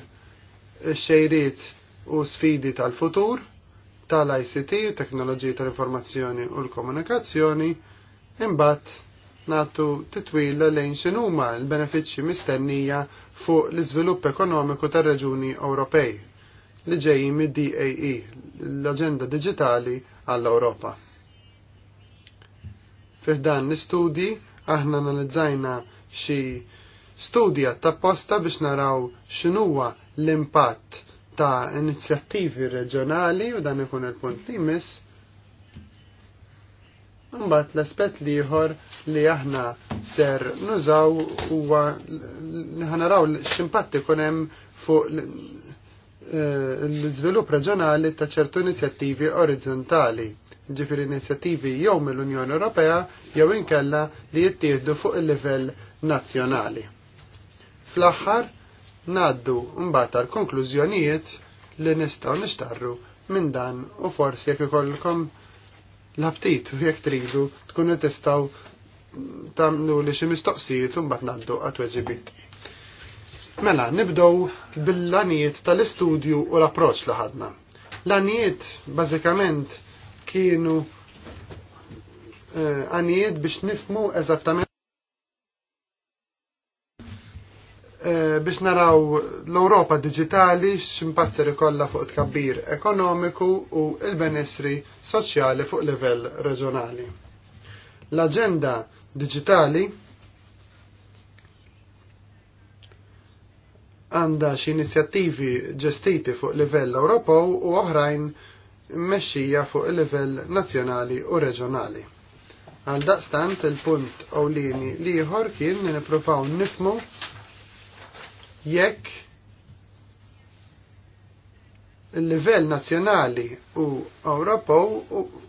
xejriet u sfidi tal-futur tal-ICT, teknoloġiji tal-informazzjoni u l-komunikazzjoni, imbagħad nagħtu titwila lejn x'inhuma l-benefiċċji mistennija fuq l-iżvilupp ekonomiku tar-Reġuni Ewropej li ġejjin mid-DAE, l-Aġenda Digitali għall-Ewropa. Fiħdan l-istudji aħna analizzajna xi studja tapposta biex naraw x'inhuwa l-impatt ta' inizjattivi reġjonali u dan ikun il-punt li jmiss. Mbagħad l-aspett li ieħor li aħna ser nużaw huwa li ħanaraw x'impatt ikun hemm fuq eh, l-iżvilupp reġjonali ta' ċertu inizjattivi orizzontali, ġifieri inizjattivi jew mill-Unjoni Ewropea jew inkella li jittieħdu fuq il-livell nazzjonali. Fl-aħħar naddu mbagħad tal-konklużjonijiet li nistgħu nixtarru minn dan u forsi jekk ikollkom l-aptit u jekk tridu tkunu tistgħu tagħmlu li xi mistoqsijiet u mbagħad ngħaddu għat-weġibiet. Mela, nibdow bil-lanijiet tal-istudju u l-approċ li ħadna. Lanijiet bażikament kienu għanijiet eh, biex nifmu eżattament Eh, biex naraw l-Europa digitali x'impazzer ikollha fuq tkabbir ekonomiku u l-benessri soċjali fuq livell reġjonali. L-aġenda digitali għandha xi inizjattivi ġestiti fuq livell Ewropew u oħrajn mmexxija fuq il-livell nazzjonali u reġjonali. Għal daqstant il-punt ewlieni liħor kien li nifmu jekk il-livell nazjonali u Ewropew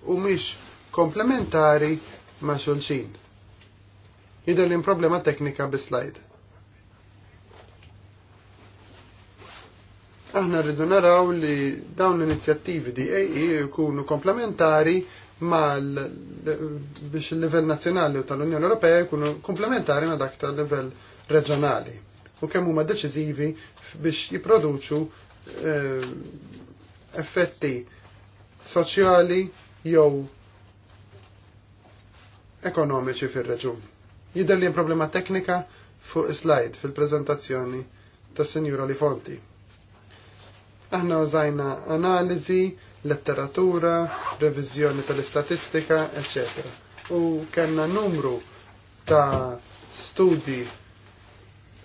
u mhix komplementari ma' xulxin. Jidher li problema teknika bi slide. Aħna rridu naraw li dawn l-inizjattivi di EI jkunu komplementari mal biex il-livell nazzjonali u tal-Unjoni Ewropea jkunu komplementari ma' dak tal-livell reġjonali u kemm huma deċiżivi biex jipproduċu eh, effetti soċjali jew ekonomiċi fir-reġun. Jidher li problema teknika fuq slide fil-preżentazzjoni tas-Sinjura Li Fonti. Aħna użajna analiżi, letteratura, reviżjoni tal-istatistika, eċċetera. U kellna numru ta' studi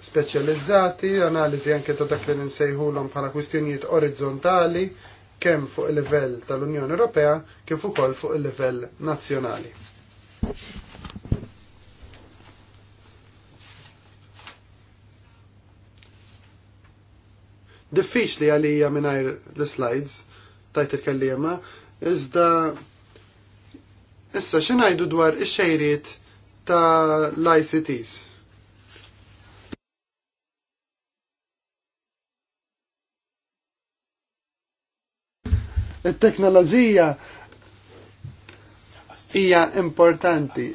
speċjalizzati, analiżi anke ta' dak li nsejħulhom bħala kwistjonijiet orizzontali kemm fuq il-livell tal-Unjoni Ewropea kif ukoll fuq il-livell nazzjonali. Diffiċli għalija mingħajr l-slides tajt il-kellima, iżda issa xi ngħidu dwar ix-xejriet ta' l-ICTs Il-teknoloġija hija importanti.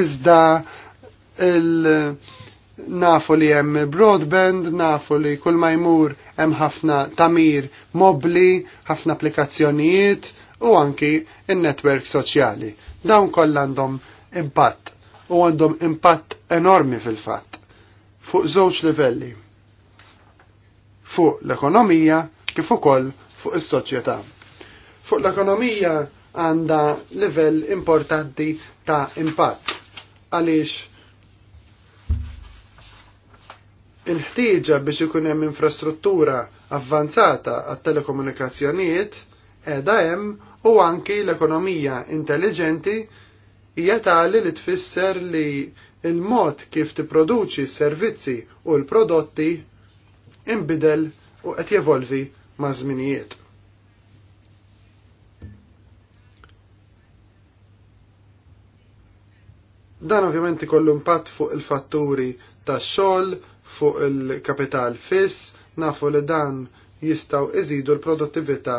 Iżda il- nafu li hemm broadband, nafu li kull ma jmur hemm ħafna tamir mobli, ħafna applikazzjonijiet u anki in-netwerk soċjali. Dawn kollha għandhom impatt u għandhom impatt enormi fil-fatt fuq żewġ livelli. Fuq l-ekonomija kif ukoll fuq is-soċjetà. Fuq l-ekonomija għandha livell importanti ta' impatt għaliex il-ħtieġa biex ikun hemm infrastruttura avvanzata għat-telekomunikazzjonijiet qiegħda hemm u anki l-ekonomija intelligenti hija tali li tfisser li il-mod kif tipproduċi s-servizzi u l-prodotti imbidel u qed jevolvi ma' żminijiet. Dan ovvjament ikollu impatt fuq il-fatturi tax-xogħol, fuq il-kapital fiss, nafu li dan jistgħu iżidu l-produttività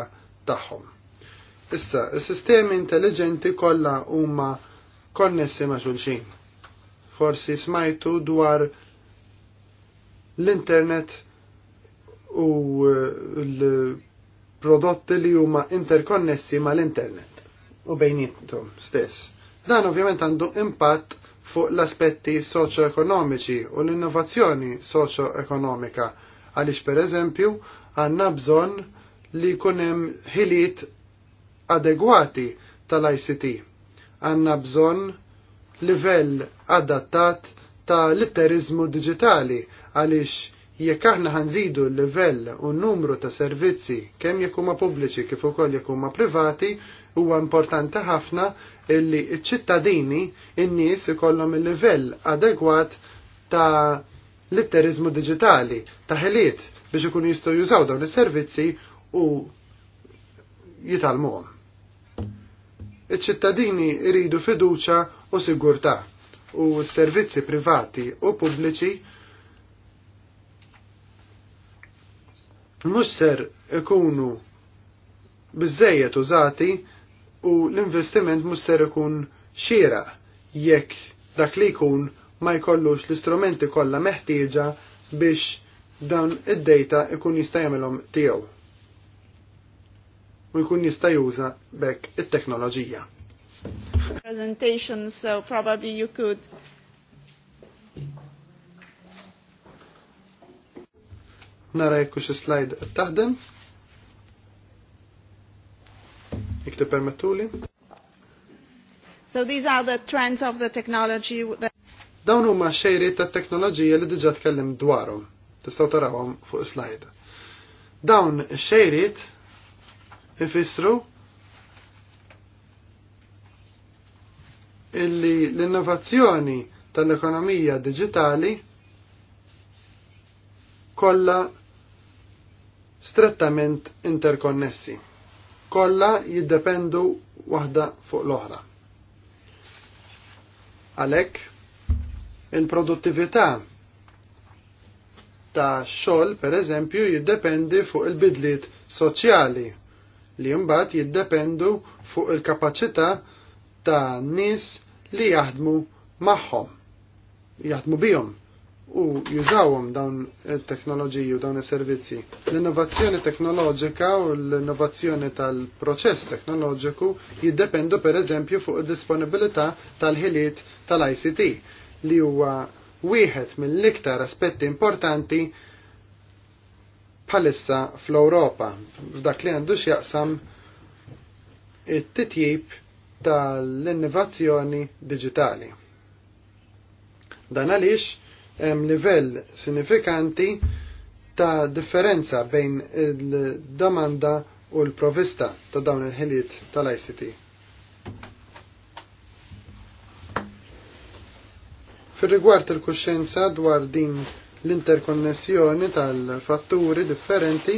tagħhom. Issa, is-sistemi intelligenti kollha huma konnessi ma' xulxin. Forsi smajtu dwar l-internet u eh, l-prodotti li huma interkonnessi mal-internet u bejnietom stess. Dan ovvjament għandu impatt fuq l-aspetti soċo-ekonomiċi u l-innovazzjoni soċo-ekonomika għaliex per eżempju għanna bżon li kunem ħiliet adegwati tal-ICT. Għanna bżon livell adattat ta' litterizmu digitali għaliex Jekk aħna ħanżidu l-livell u n-numru ta' servizzi kemm jekk huma pubbliċi kif ukoll jekk huma privati, huwa importanti ħafna illi ċ-ċittadini in-nies ikollhom il-livell adegwat ta' litterizmu diġitali, ta' ħiliet biex ikunu jistgħu jużaw dawn is-servizzi u jitalmuhom. Iċ-ċittadini iridu fiduċa u sigurtà u s-servizzi privati u pubbliċi mhux ser ikunu biżejjed użati u l-investiment musser ikun xira jekk dak li jkun ma jkollux l-istrumenti kollha meħtieġa biex dan id-data ikun jista' jagħmelhom tiegħu u jkun jista' juża bekk it-teknoloġija. Presentation, so probably you could Nara jekku xi slide taħdem. Jekk permettuli. So these are the trends of the technology that Dawn huma xejriet tat-teknoloġija li diġà tkellim dwarhom. Tistgħu tarawhom fuq slide. Dawn xejriet ifissru illi l-innovazzjoni tal-ekonomija digitali kollha strettament interkonnessi. Kolla jiddependu waħda fuq l-oħra. Alek, il-produttività ta' xol, per eżempju, jiddependi fuq il-bidliet soċjali li mbagħad jiddependu fuq il-kapaċità ta' nies li jaħdmu magħhom, jaħdmu bijom u jużawhom dawn it-teknoloġiji u dawn is-servizzi. L-innovazzjoni teknoloġika u l-innovazzjoni tal-proċess teknoloġiku jiddependu pereżempju fuq id-disponibilità tal-ħiliet tal-ICT li huwa wieħed mill-iktar aspetti importanti bħalissa fl-Ewropa f'dak li għandux jaqsam it-titjib tal-innovazzjoni digitali. Dan għaliex hemm livell sinifikanti ta' differenza bejn il-domanda u l-provista ta' dawn il-ħiliet tal-ICT. fir rigward il-kuxenza dwar din l-interkonnessjoni tal-fatturi differenti,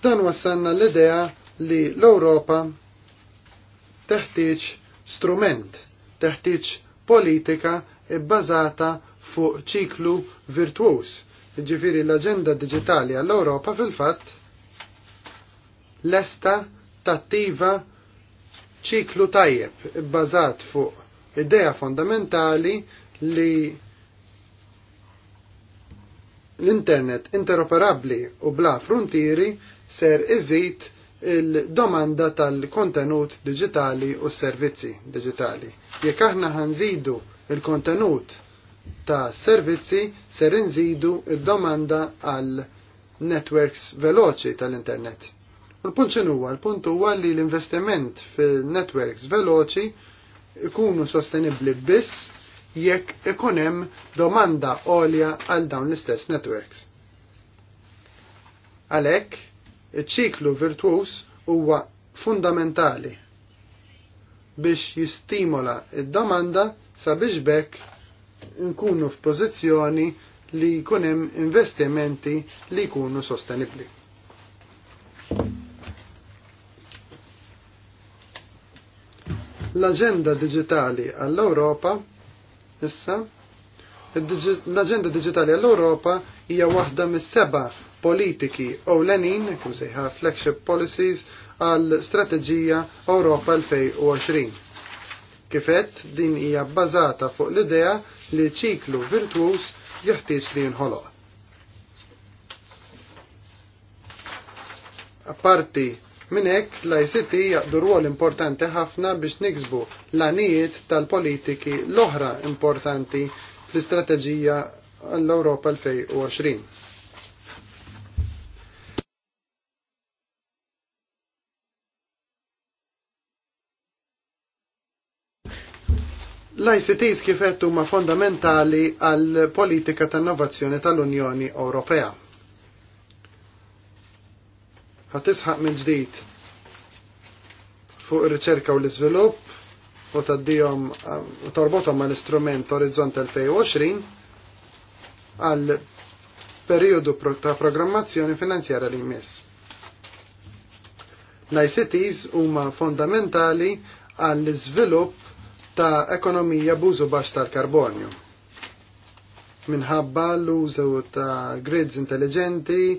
dan wassanna l-idea li l-Europa teħtieġ strument, teħtieġ politika bbażata fuq ċiklu virtuos. Ġifiri l-Aġenda Digitali għall-Ewropa fil-fatt lesta tattiva ċiklu tajjeb bbażat fuq idea fondamentali li l-internet interoperabli u bla frontieri ser iżid il-domanda tal-kontenut digitali u s servizzi digitali. Jekk aħna ħanżidu il-kontenut ta' servizzi ser inżidu id-domanda għal networks veloċi tal-internet. U l-punt huwa, l-punt huwa li l-investiment fil-networks veloċi ikunu sostenibli biss jekk ikun hemm domanda għolja għal dawn l-istess networks. Għalhekk, iċ-ċiklu virtuż huwa fundamentali biex jistimola id-domanda sabiex bekk nkunu f'pożizzjoni li kunem investimenti li jkunu sostenibli. L-Aġenda Digitali għall-Ewropa issa l-Aġenda Digitali għall europa hija waħda mis-seba' politiki ewlenin, kif sejħa flagship policies, għal strateġija Ewropa 2020. Kifet din hija bbażata fuq l-idea li ċiklu virtuos jeħtieġ li jinħoloq. Apparti minn hekk l-ICT jaqdu rwol importanti ħafna biex niksbu l-anijiet tal-politiki l-oħra importanti fl-istrateġija l-Europa 2020 L-ICTs kifet huma fondamentali għal politika ta' innovazzjoni tal-Unjoni Ewropea. Ħatisħaq minn ġdid fuq ir-riċerka u l-iżvilupp u taddihom u torbothom mal-istrument Orizzont 2020 għal periodu ta' programmazzjoni finanzjara li jmiss. L-ICTs huma fondamentali għall-iżvilupp ta' ekonomija b'użu baxx tal-karbonju. Minħabba l-użu ta' grids intelligenti,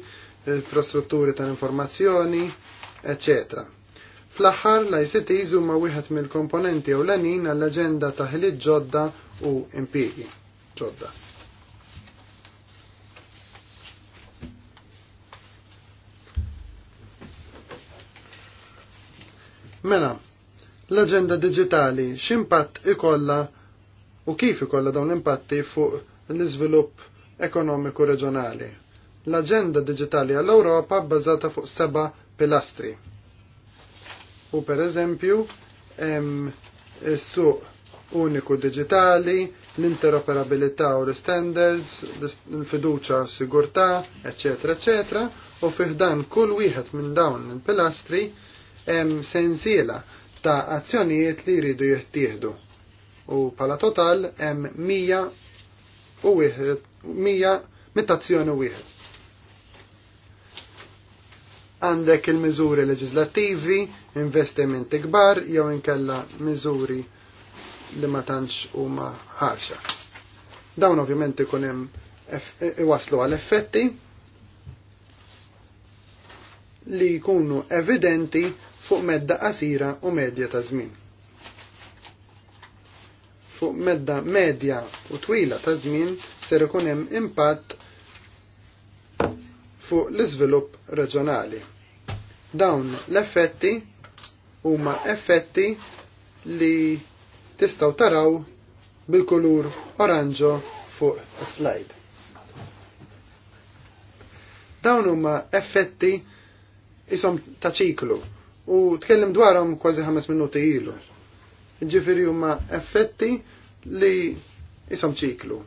infrastrutturi tal-informazzjoni, eccetera. Fl-aħħar l-ICT ma wieħed mill-komponenti ewlenin għall-aġenda ta' ħilid ġodda u impiegi. ġodda. Mela, l-agenda digitali x'impatt ikolla u kif ikolla dawn l-impatti fuq l-iżvilupp ekonomiku reġjonali. L-agenda digitali għall-Ewropa bbażata fuq seba' pilastri. U per eżempju, is-suq uniku digitali, l-interoperabilità u l-standards, l-fiduċa u sigurtà, eccetera, ecc. u fiħdan kull wieħed minn dawn il-pilastri hemm sensiela ta' azzjonijiet li jridu jittieħdu. U pala total hemm 100 u wieħed 100 mitazzjoni wieħed. Għandek il-miżuri leġislattivi, investimenti kbar jew inkella miżuri li ma tantx huma ħarxa. Dawn ovvjament ikun hemm iwaslu għal effetti li jkunu evidenti fuq medda qasira u medja ta' żmien. Fuq medda medja u twila ta' żmien ser ikun hemm impatt fuq l-iżvilupp reġjonali. Dawn l-effetti huma effetti li tistgħu taraw bil-kulur oranġo fuq slide. Dawn huma effetti isom ta' ċiklu u tkellim dwarhom kważi ħames minuti ilu. Ġifiri huma effetti li ishom ċiklu.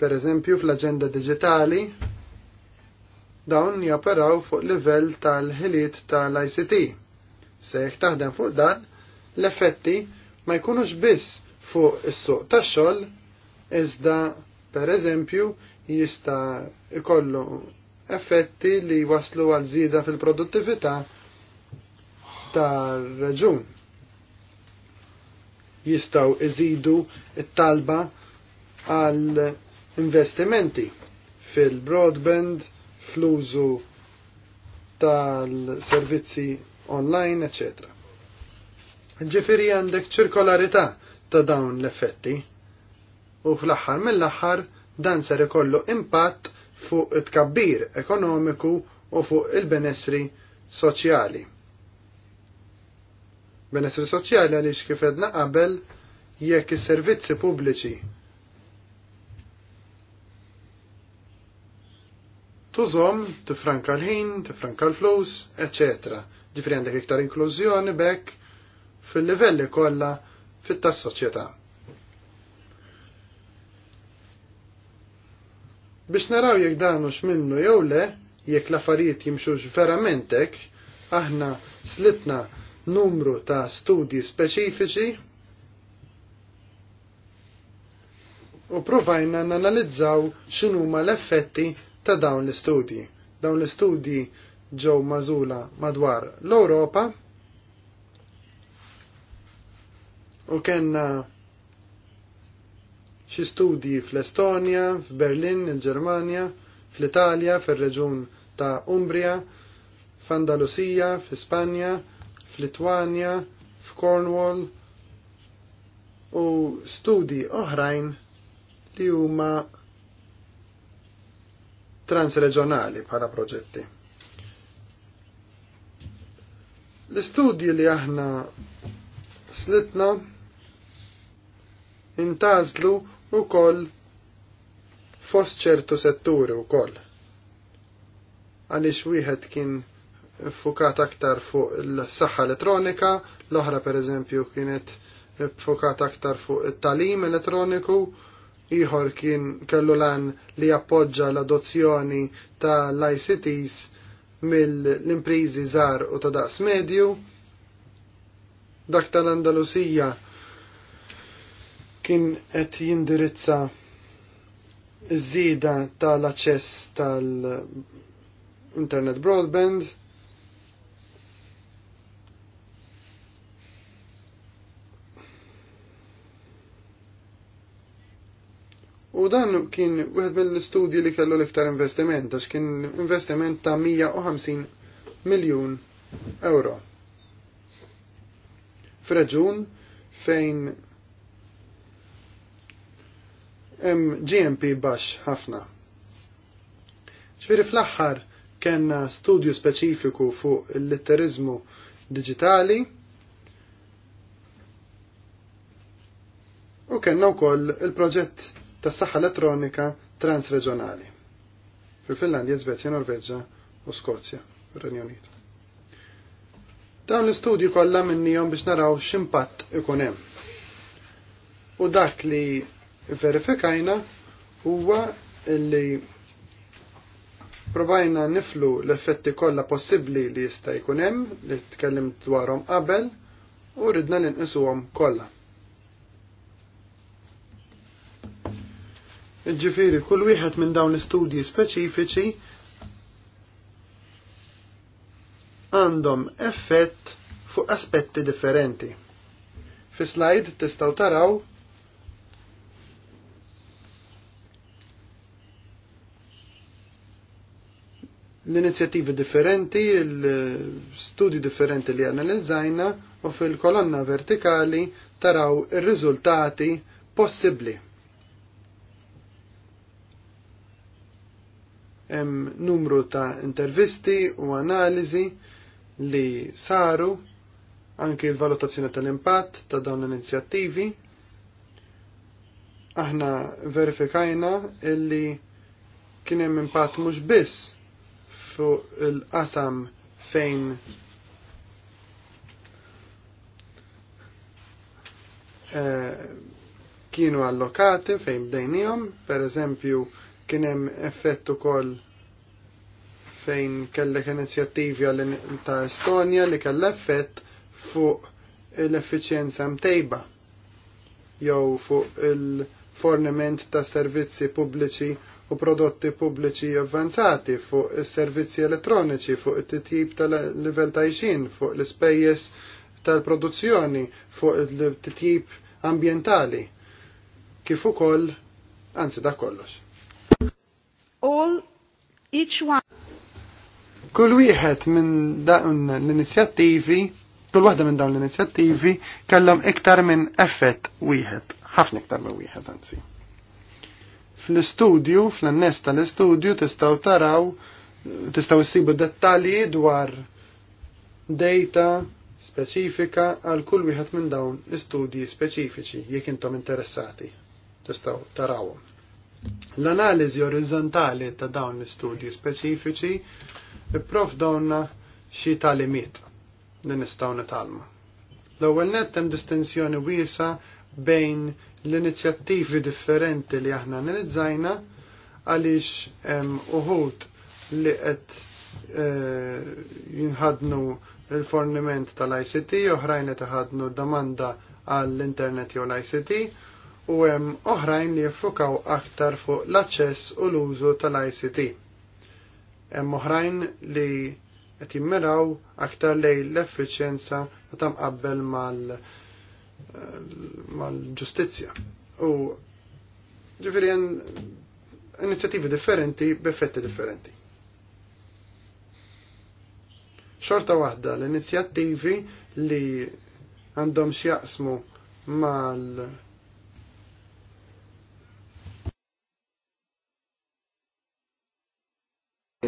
Per eżempju fl-aġenda digitali dawn japeraw fuq livell tal-ħiliet tal-ICT. Se jekk taħdem fuq dan, l-effetti ma jkunux biss fuq is-suq tax-xogħol iżda per eżempju jista' ikollu effetti li waslu għal żieda fil-produttività tar-raġun jistaw iżidu it-talba għal investimenti fil-broadband, fl-użu tal-servizzi online, etc. Ġifiri għandek ċirkolarità ta' dawn l-effetti u fl-axħar mill-axħar dan ser ikollu impatt fuq it-kabbir ekonomiku u fuq il-benessri soċjali benessri soċjali għaliex kif edna qabel jekk is-servizzi pubbliċi tużom, tifranka l-ħin, tifranka l-flus, etc. Ġifri għandek iktar inklużjoni bekk fil-livelli kollha fit-tas soċjetà. Biex naraw jekk danu minnu jew le, jekk l-affarijiet jimxux verament hekk, aħna slitna numru ta' studji speċifiċi u provajna nanalizzaw x'inhuma l-effetti ta' dawn l-istudji. Dawn l-istudji ġew mażula madwar l europa u kenna xi studji fl-Estonja, f'Berlin, il-Ġermanja, fl-Italja, fir-reġun ta' Umbria, f'Andalusija, f'Ispanja, fl f'Cornwall u studi oħrajn li huma transreġjonali bħala proġetti. L-istudji li aħna slitna intazlu u koll fost ċertu setturi u koll. Għalix wieħed kien fukat aktar fuq il-saħħa elettronika, l-oħra per eżempju kienet fukat aktar fuq il-talim elettroniku, iħor kien kellu lan li appoġġa l-adozzjoni ta' l-ICTs mill-imprizi zar u ta' daqs medju. Dak tal-Andalusija kien qed jindirizza iż żieda tal-aċċess tal-internet broadband, U dan kien wieħed mill-istudji li kellu l-iktar investiment, għax kien investiment ta' 150 miljun euro. F'reġun fejn hemm GMP baxx ħafna. Ġifieri fl-aħħar kellna studju speċifiku fuq il-litterizmu digitali u kellna wkoll il-proġett tas saħħa elettronika transreġjonali fil-Finlandja, Svezja, Norveġġa u Skozja, Renju Unit. Dawn l-istudju kollha minnihom biex naraw x'impatt ikun hemm. U dak li verifikajna huwa li provajna niflu l-effetti kollha possibbli li jista' jkun hemm li tkellimt dwarhom qabel u ridna l-inqisuhom kollha. Ġifiri, kull wieħed minn dawn l-istudji speċifiċi għandhom effett fuq aspetti differenti. Fi slide tistgħu taraw l-inizjattivi differenti, l-studi differenti li analizzajna u fil-kolonna vertikali taraw ir-riżultati possibbli. hemm numru ta' intervisti u analiżi li saru anke l-valutazzjoni tal-impatt ta' dawn l-inizjattivi. Aħna verifikajna illi kien hemm impatt mhux biss fuq il-qasam fejn eh, kienu allokati fejn bdejnijom, per eżempju Kien hemm effett ukoll fejn kellek inizjattivi ta' Estonja li kellha effett fuq l-effiċjenza mtejba jew fuq il-forniment ta' servizzi pubbliċi u prodotti pubbliċi avvanzati fuq is-servizzi elettroniċi fuq it-titjib tal-livell ta' ixin, fuq l-ispejjeż tal-produzzjoni, fuq it-titjib ambientali, kif ukoll anzi da kollox all each one. Kull wieħed minn dawn l-inizjattivi, kull waħda minn dawn l-inizjattivi kellhom iktar minn effett wieħed, ħafna iktar minn wieħed anzi. Fl-istudju, fl-annes tal-istudju tistgħu taraw tistgħu issibu dettalji dwar data speċifika għal kull wieħed minn dawn l istudji speċifiċi jekk intom interessati. Tistgħu tarawhom. L-analiżi orizzontali ta' dawn l-istudji speċifiċi prof dawna xi talimiet li nistgħu nitalma. L-ewwel nett hemm distinzjoni wiesa bejn l-inizjattivi differenti li aħna nirizzajna għaliex hemm uħud li qed eh, jinħadnu l-forniment tal-ICT, oħrajn qed iħadnu domanda għall-internet jew l-ICT, u hemm oħrajn li jiffukaw aktar fuq l-aċċess u l-użu tal-ICT. Hemm oħrajn li qed jimmiraw aktar lejn l-effiċjenza meta mqabbel mal-ġustizzja. U ġifieri hemm inizjattivi differenti b'effetti differenti. Xorta waħda l-inizjattivi li għandhom x'jaqsmu mal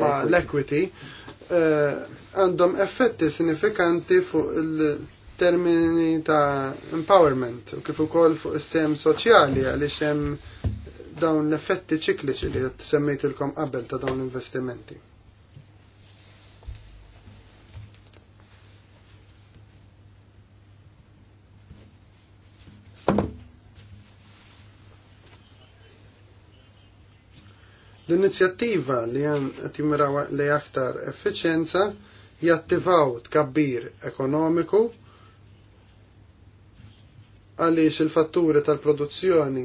ma' l-equity eh, għandhom effetti sinifikanti fuq il-termini ta' empowerment u kif ukoll fuq is-sem soċjali għaliex hemm dawn l-effetti ċikliċi li semmejtilkom qabel ta' dawn l-investimenti. L-inizjattiva li jimraw li aktar effiċenza jattivaw tkabbir ekonomiku għaliex il-fatturi tal-produzzjoni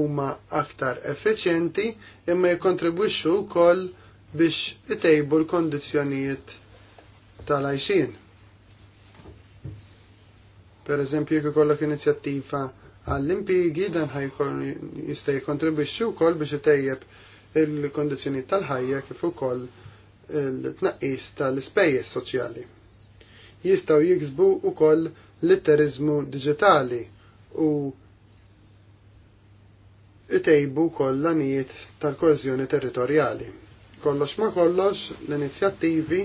huma aktar effiċenti imma jikontribwixxu wkoll biex itejbu l-kondizzjonijiet tal-għajxin. Per eżempju, jekk ikollok inizjattiva għall-impigi dan ħajkun jista' jikkontribwixxi wkoll biex itejjeb il-kondizjoni tal-ħajja kif ukoll il-tnaqqis tal-ispejjeż soċjali. Jistgħu jiksbu wkoll l-itterizmu diġitali u itejbu wkoll l-anijiet tal koeżjoni territorjali. Kollox ma kollox l-inizjattivi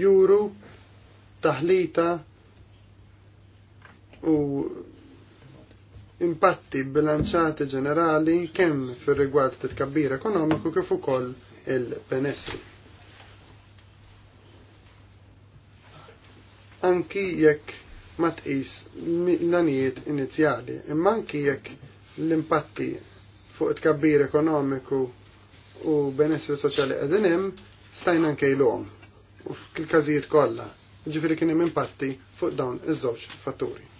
juru taħlita u impatti bilanċati ġenerali kemm fir-rigward tit-kabbir ekonomiku kif ukoll il-benessri. Anki jekk ma tqis l-anijiet inizjali, imma anki jekk l-impatti fuq it tkabbir ekonomiku u benessri soċjali qegħdin hemm stajna nkejluhom u fil-każijiet kollha. Ġifieri kien hemm impatti fuq dawn iż-żewġ fatturi.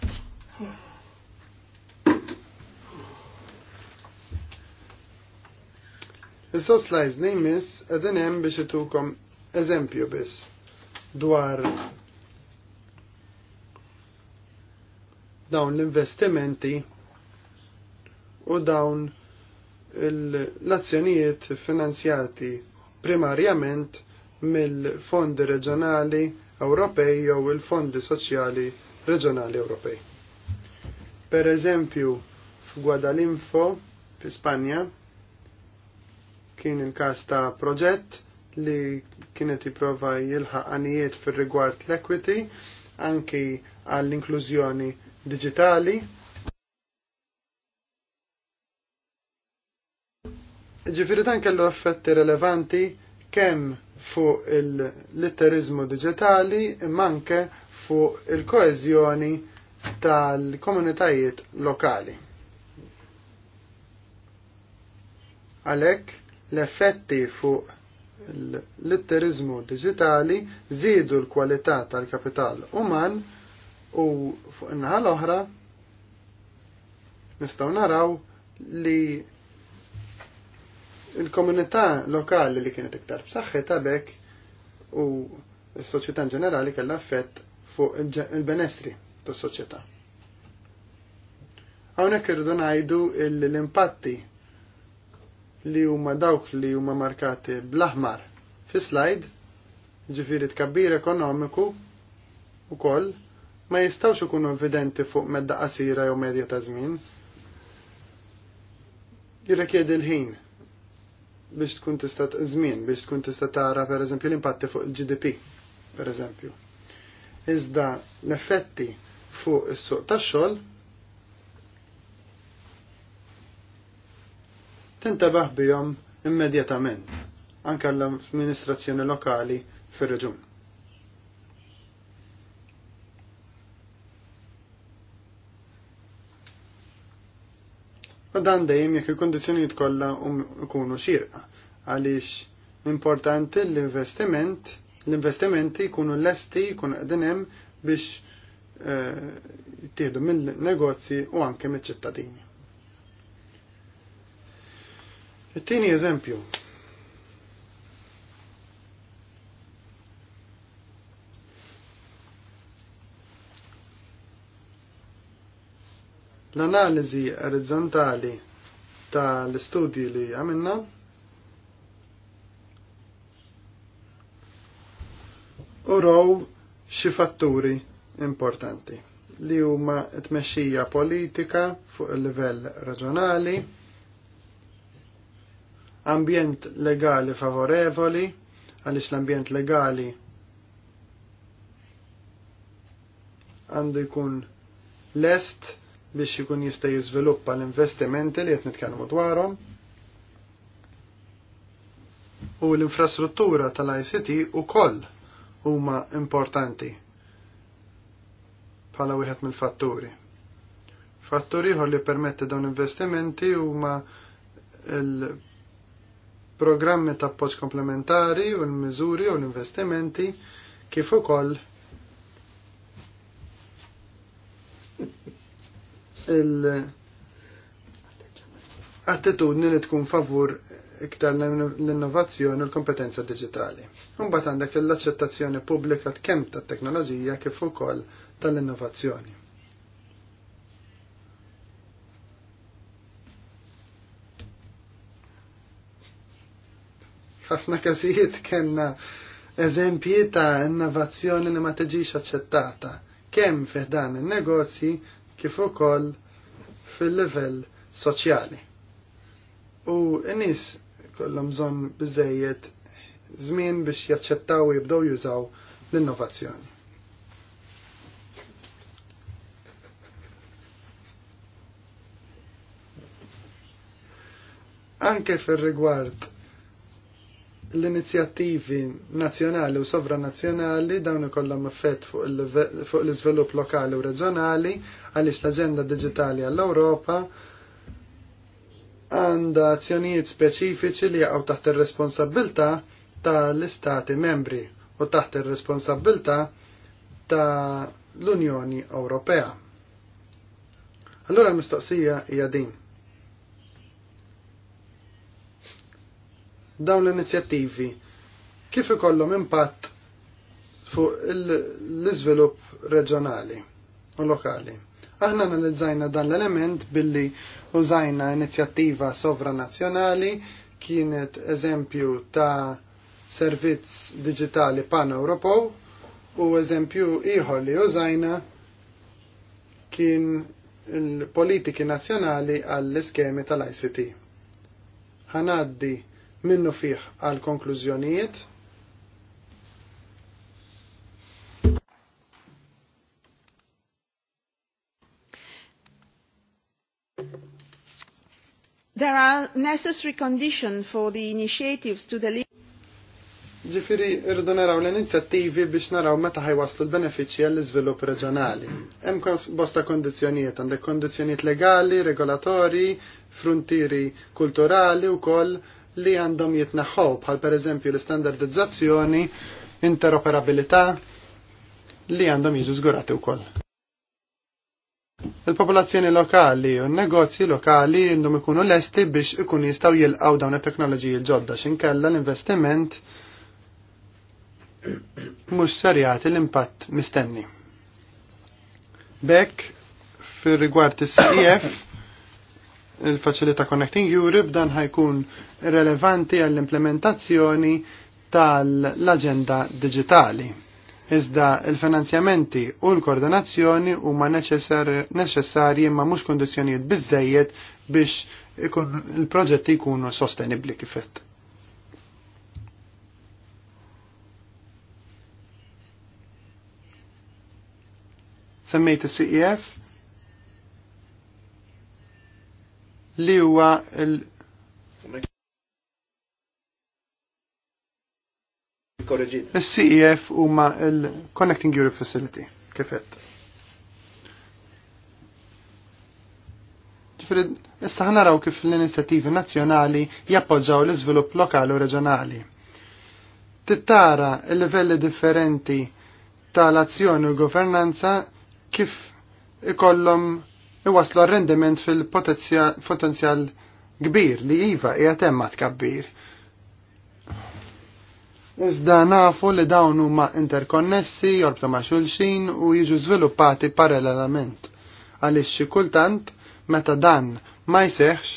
il sow slides li jmiss qegħdin hemm biex jitukom eżempju biss dwar dawn l-investimenti u dawn l-azzjonijiet finanzjati primarjament mill-fondi reġjonali Ewropej jew il-fondi soċjali reġjonali Ewropej. Per eżempju, f'Guadalinfo, f'Ispanja, Kien il ta' proġett li kienet jipprova jilħaq għanijiet fir-rigward l-equity anki għall-inklużjoni digitali. Ġifiri dan kellu effetti rilevanti kemm fuq il-litterizmu digitali manke fuq il-koezjoni tal-komunitajiet lokali. Għalek, l-effetti fuq l-litterizmu digitali zidu l-kwalità tal-kapital uman u fuq in-naħa l-oħra nistgħu naraw li il-komunità lokali li kienet iktar b'saħħitha bekk u s-soċjetà ġenerali kellha effett fuq il-benessri tas-soċjetà. Hawnhekk irridu ngħidu l-impatti li huma dawk li huma markati bl-aħmar fi slide, ġifiri tkabbir ekonomiku u koll, ma jistawx ikunu evidenti fuq medda qasira jew medja ta' żmien. Jirek l-ħin biex tkun tista' żmien biex tkun tista' tara pereżempju l-impatti fuq il-GDP, pereżempju. Iżda l-effetti fuq is-suq tax-xogħol tintabaħ bijom immedjatament, anke l-amministrazzjoni lokali fir-reġun. U dan dejjem jekk il-kondizzjonijiet kollha jkunu um-, xirqa għaliex importanti l-investiment l-investimenti jkunu lesti jkunu qegħdin hemm biex eh, jittieħdu mill-negozji u anke mill-ċittadini. It-tieni eżempju. L-analiżi orizzontali tal-istudji li għamilna uraw xi fatturi importanti li huma t tmexxija politika fuq il-livell reġjonali, ambjent legali favorevoli, għaliex l-ambjent legali għandu jkun lest biex ikun jista' jiżviluppa l-investimenti li qed nitkellmu dwarhom. U l-infrastruttura tal-ICT ukoll huma importanti bħala wieħed mill-fatturi. Fatturi ieħor li permetti dawn l investimenti huma l programmi ta' appoġġ komplementari u l-miżuri u l-investimenti kif ukoll il- attitudni li tkun favur iktar l-innovazzjoni u l-kompetenza digitali. Mbagħad għandek l-aċċettazzjoni pubblika kemm tat-teknoloġija kif ukoll tal-innovazzjoni. ħafna każijiet kellna eżempji ta' innovazzjoni li ma tiġix aċċettata kemm fiħdan in-negozji kif ukoll fil-livell soċjali. U n-nies kollhom bżonn biżejjed żmien biex jaċċettaw jibdow jibdew jużaw l-innovazzjoni. Anke fir-rigward l-inizjattivi nazzjonali u sovranazzjonali dawn ikollhom effett fuq l-iżvilupp lokali u reġjonali għaliex l-Aġenda Digitali għall-Ewropa għandha azzjonijiet speċifiċi li jaqgħu taħt ir-responsabilità tal-istati membri u taħt ir-responsabilità ta' l-Unjoni Ewropea. Allora l-mistoqsija hija din dawn l-inizjattivi kif ikollhom impatt fuq l-iżvilupp reġjonali u lokali. Aħna analizzajna dan l-element billi użajna inizjattiva sovranazzjonali kienet eżempju ta' servizz digitali pan-Ewropew u eżempju ieħor li użajna kien il-politiki nazzjonali għall-iskemi tal-ICT. Ħanaddi minnu fih għal konklużjonijiet. There are necessary conditions for the initiatives to deliver Ġifiri, irridu naraw l-inizjattivi biex naraw meta ħajwaslu l-benefiċċji għall iżvilupp reġjonali. Hemm bosta kondizzjonijiet, għandek kondizzjonijiet legali, regolatori, frontieri kulturali wkoll li għandhom jitnaħħu bħal pereżempju l-standardizzazzjoni, interoperabilità li għandhom jiġu żgurati wkoll. Il-popolazzjoni lokali u n-negozji lokali għandhom ikunu lesti biex ikun jistgħu jilqgħu dawn it-teknoloġiji l-ġodda x'inkella l-investiment mhux serjati l-impatt mistenni. Bekk fir rigward is-CEF il-Faċilità Connecting Europe dan ħajkun relevanti għall-implementazzjoni tal-Aġenda Digitali. Iżda il-finanzjamenti u l-koordinazzjoni huma neċessarji imma mhux kondizzjonijiet biżejjed biex il-proġetti jkunu sostenibbli kifett. Semmejt is-CEF li huwa l Il-CEF huma il-Connecting Europe Facility, kifet. Ġifri, issa ħnaraw kif l-inizjattivi nazzjonali jappoġġaw l-iżvilupp lokali u reġjonali. Tittara l-livelli differenti tal-azzjoni u governanza kif ikollhom iwaslu rendiment fil-potenzjal kbir li jiva hija hemm tkabbir. Iżda nafu li dawn huma interkonnessi, jorbtu ma' xulxin u jiġu żviluppati parallelament. Għaliex xi kultant meta dan ma jseħħx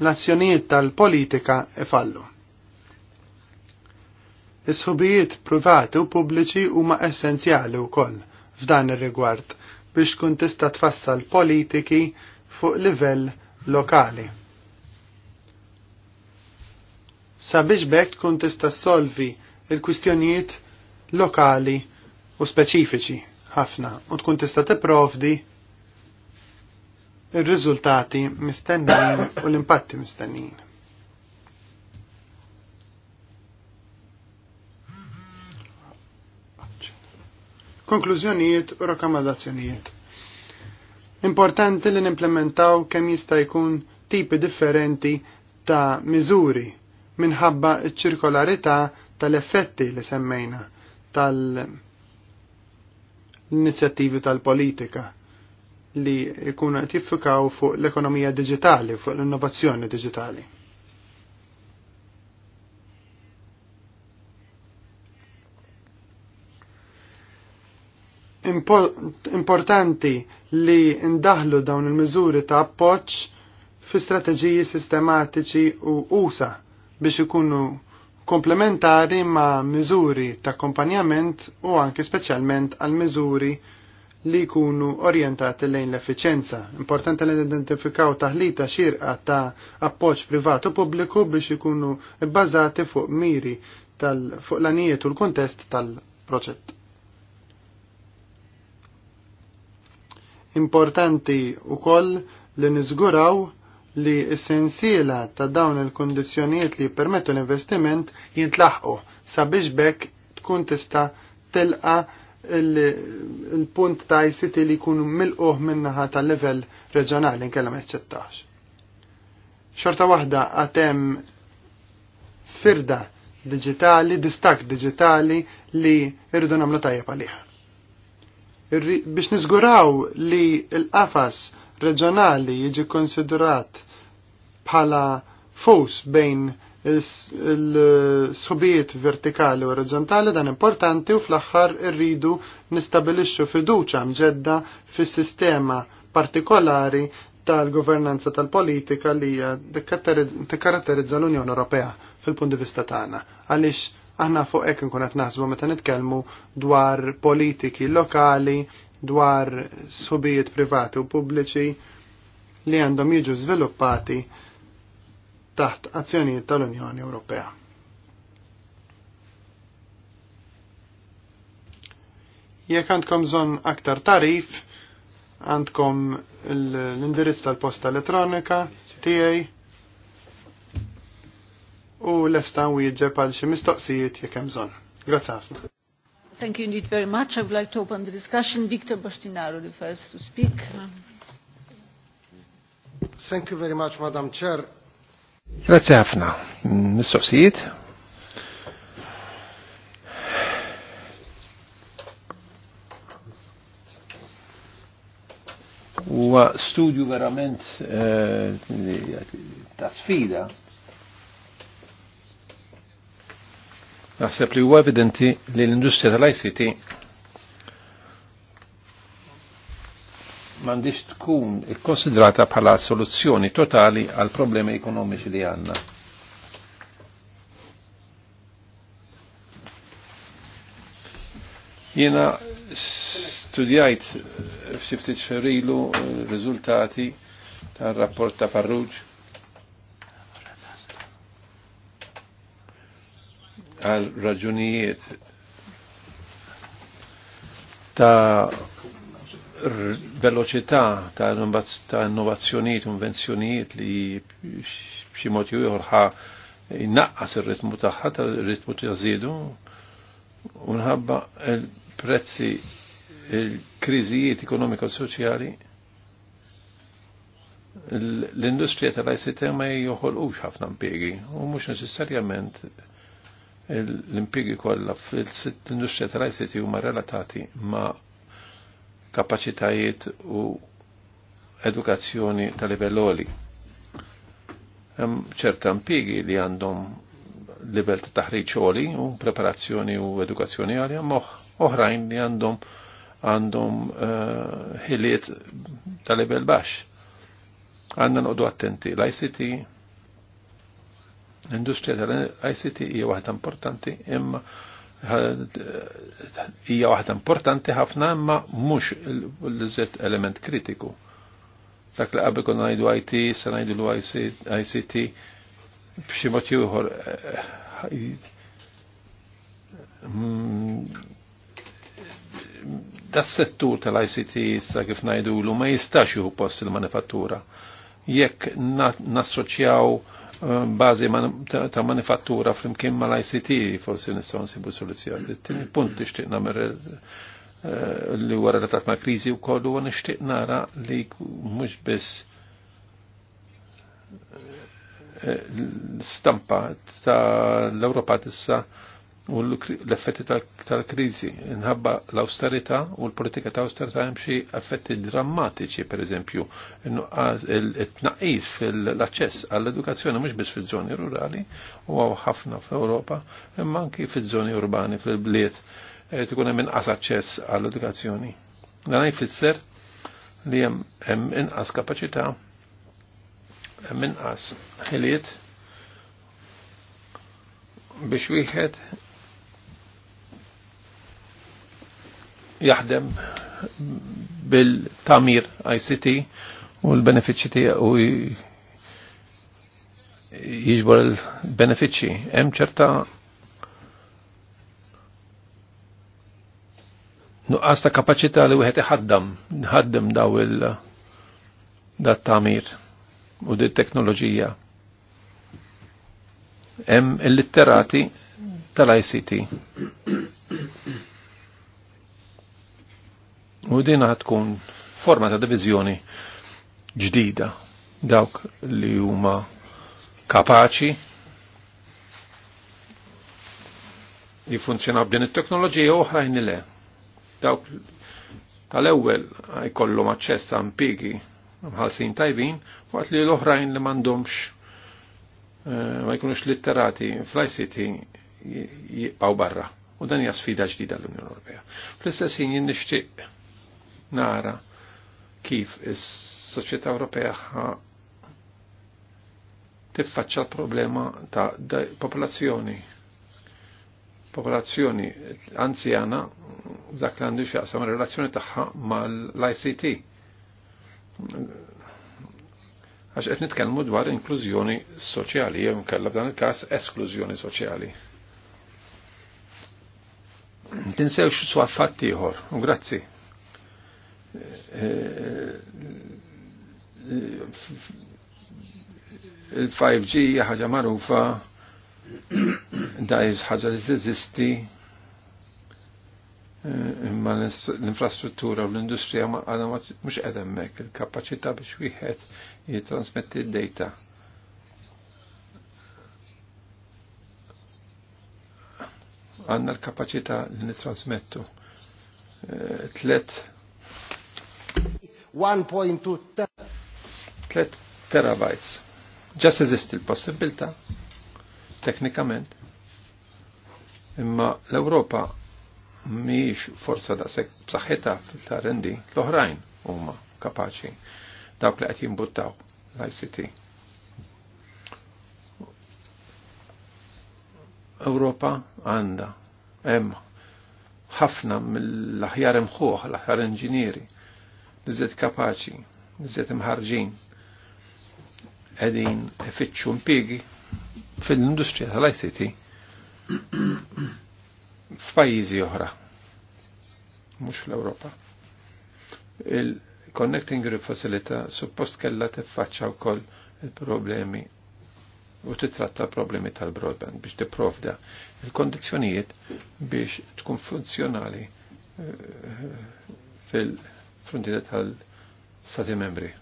l-azzjonijiet tal-politika ifallu. Is-subijiet privati u pubbliċi huma essenzjali wkoll f'dan ir-rigward biex tkun tista' tfassal politiki fuq livell lokali. Sabiex bekk tkun tista' solvi il-kwistjonijiet lokali u speċifiċi ħafna u tkun tista' tipprovdi il riżultati mistennin u l-impatti mistennin. konklużjonijiet u rakkomandazzjonijiet. Importanti li nimplementaw kemm jista' jkun tipi differenti ta' miżuri minħabba ċ-ċirkolarità tal-effetti li semmejna tal-inizjattivi tal-politika li jkunu qed jiffikaw fuq l-ekonomija digitali, fuq l-innovazzjoni digitali. importanti li ndaħlu dawn il-miżuri ta' appoġġ fi strateġiji sistematiċi u usa biex ikunu komplementari ma' miżuri ta' kompanjament u anke speċjalment għal miżuri li jkunu orientati lejn l efficienza Importanti li identifikaw taħlita xirqa ta' appoġġ privat u pubbliku biex ikunu bbażati fuq miri tal-fuq l-anijiet u l-kontest tal-proġett. Importanti wkoll li niżguraw li s-sensiela ta' dawn il-kondizjonijiet li permettu l-investiment jintlaħqu sabiex bekk tkun tista' tilqa il-punt ta' ICT li jkunu milquh minnaħa tal-level reġjonali nkellem eċċettax. Xorta waħda għatem firda digitali, distak digitali li irridu namlu tajjeb għalih biex niżguraw li l-qafas reġjonali jiġi konsiderat bħala fus bejn il-subijiet vertikali u reġjonali dan importanti u fl-axħar irridu nistabilixxu fiduċa mġedda fis-sistema partikolari tal-governanza tal-politika li hija tikkaratterizza l-Unjoni Ewropea fil-punt di vista tagħna. Għaliex Aħna fuq hekk nkun qed naħsbu meta nitkellmu dwar politiki lokali, dwar subijiet privati u pubbliċi li għandhom jiġu żviluppati taħt azzjonijiet tal-Unjoni Ewropea. Jekk għandkom bżonn aktar tarif, għandkom l-indirizz tal-posta elettronika tiegħi u l-estan wieġeb għal xi mistoqsijiet jekk hemm bżonn. Grazzi ħafna. Thank you indeed very much. I would like to open the discussion. Victor Bostinaro, the first to speak. Thank you very much, Madam Chair. Grazie ħafna. Mistoqsijiet? Wa studju verament eh, ta' sfida Naħseb li huwa evidenti li l-industrija tal-ICT m'għandix tkun ikkonsidrata bħala soluzzjoni totali għal problemi ekonomiċi li għandna. Jiena studjajt f'siftit xerilu eh, riżultati tar-rapport ta' Farruġ għal raġunijiet ta' veloċità ta' innovazzjonijiet, invenzjonijiet li b'xi mod ieħorħa jnaqqas ir-ritmu tagħha tal-ritmu ta zidu unħabba il prezzi il-kriżijiet ekonomiko soċjali l-industrija tal-ICT e ma joħolqux ħafna mpiegi u mhux neċessarjament l impigi kollha fil-industrija tal-ICT huma relatati ma' kapaċitajiet u edukazzjoni tal livell oli. Hemm ċerta impigi li għandhom livell ta' taħriġ oli u preparazzjoni u edukazzjoni għali ma' oħrajn li għandhom għandhom eh, ħiliet uh, tal-level baxx. Għanna noqdu attenti. L-ICT L-industrija tal-ICT hija waħda importanti imma eh, hija waħda importanti ħafna imma mhux l-żed element kritiku. Dak li qabel konna ngħidu IT, se ngħidu l-ICT b'xi mod ieħor eh, das settur tal-ICT issa kif ngħidulu ma jistax juhu post il-manifattura. Jekk nassoċjaw na bazi ta' manifattura flimkien ma' l-ICT forsi nistaw nsibu soluzzjoni. Tini punt nixtieq nagħmel eh, li wara li ma' kriżi wkoll huwa nixtieq nara li mhux biss eh, stampa ta' l-Ewropa tissa' u l-effetti tal-krizi. Nħabba l-austerita u l-politika ta' austerita hemm xi effetti drammatiċi, per eżempju, il-tnaqis fil-aċċess għall-edukazzjoni mhux biss fiż-żoni rurali u għaw ħafna fl europa imma anki fiż-żoni urbani, fil-bliet, tkun hemm inqas aċċess għall-edukazzjoni. Dan jfisser li hemm inqas kapaċità, hemm inqas ħiliet biex wieħed jaħdem bil-tamir ICT u l-benefiċi tiegħu jiġbor il-benefiċi. Hemm ċerta nuqqas ta' kapaċità li wieħed iħaddam, nħaddem daw il dat tamir u dit teknoloġija. Hemm il-litterati tal-ICT U din tkun forma ta' divizjoni ġdida dawk li huma kapaċi jifunzjonaw b'din it-teknoloġija oħrajn le. Dawk tal-ewwel jkollhom aċċess impigi mħalsin tajbin, waqt li l-oħrajn li m'għandhomx eh, ma jkunux litterati fl-ICT jibqgħu barra. U dan hija sfida ġdida l-Unjoni Ewropea. Fl-istess ħin nixtieq nara kif is-soċjetà Ewropea tiffaċċa l-problema ta' popolazzjoni popolazzjoni anzjana dak li għandu xaqsam relazzjoni tagħha mal-ICT. Għax qed nitkellmu dwar inklużjoni soċjali, jew nkella f'dan il-każ esklużjoni soċjali. Tinsewx swafat ieħor, u grazzi il-5G ħaġa marufa dajx ħaġa li teżisti imma l-infrastruttura u l-industrija għadha mhux qed il-kapaċità biex wieħed jitransmetti d-data. Għandna l-kapaċità li nitransmettu. Eh, tlet 1.2 terabytes. Ġas eżisti l-possibilità, teknikament. Imma l-Ewropa miex forsa da sekk b'saħħitha fil-tarendi l-oħrajn huma kapaċi dawk li qed jinbuttaw l-ICT. Europa għandha hemm ħafna mill-aħjar imħuħ, l-aħjar inġinieri, nizet kapaċi, nizet imħarġin, edin ifittxu impiegi fil-industrija tal-ICT f'pajjiżi oħra, mhux fl-Ewropa. Il-Connecting Group Facilita suppost kellha tiffaċċa wkoll il-problemi u titratta problemi tal-broadband biex tipprovda il-kondizzjonijiet biex tkun funzjonali eh, fil- frontiera tal-Stati membri.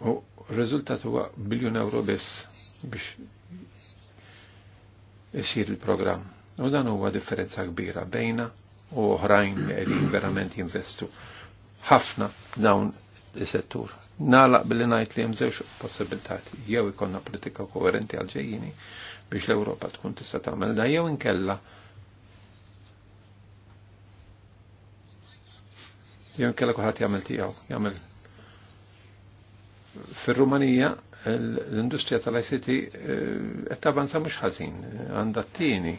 U rezultat riżultat huwa biljun euro biss biex isir il-programm. U dan huwa differenza kbira bejna u oħrajn li qegħdin verament jinvestu ħafna dawn is-settur. Nalaq billi ngħid li hemm żewġ possibilitati. Jew ikonna politika koerenti għal ġejjini biex l-Ewropa tkun tista' tagħmel da jew inkella jew kella kuħat jagħmel tiegħu, jagħmel. Fir-Rumanija l-industrija tal-ICT eh, qed tabanza mhux ħażin, għandha t-tieni,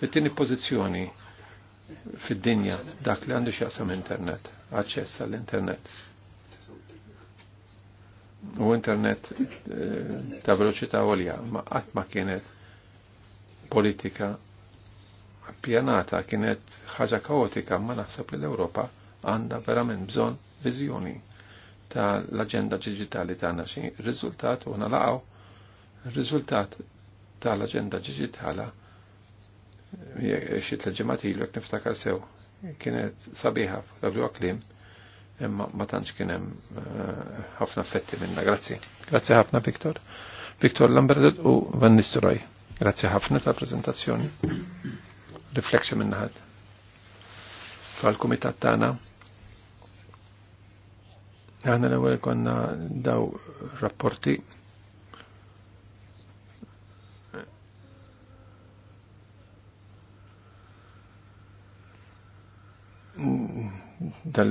fit-tieni pożizzjoni fid-dinja dak li għandu jaqsam internet, aċċess għall-internet. U internet eh, ta' veloċità għolja, ma' qatt ma kienet politika appjanata, kienet ħaġa kaotika, ma naħseb li l-Ewropa għandha verament bżonn viżjoni ta' l-agenda digitali tagħna xi riżultat u nalaqgħu riżultat tal-agenda digitala xi tleġimat ilu jekk niftakar sew kienet sabiħa f'dawlu klim imma ma tantx kien hemm eh, ħafna fetti minna. Grazzi. Grazzi ħafna Viktor. Viktor Lambert u Van Nistroj Grazzi ħafna tal prezentazzjoni Riflection minna ħadd. Fal-kumitat tagħna Għana l-ewwel konna daw rapporti dal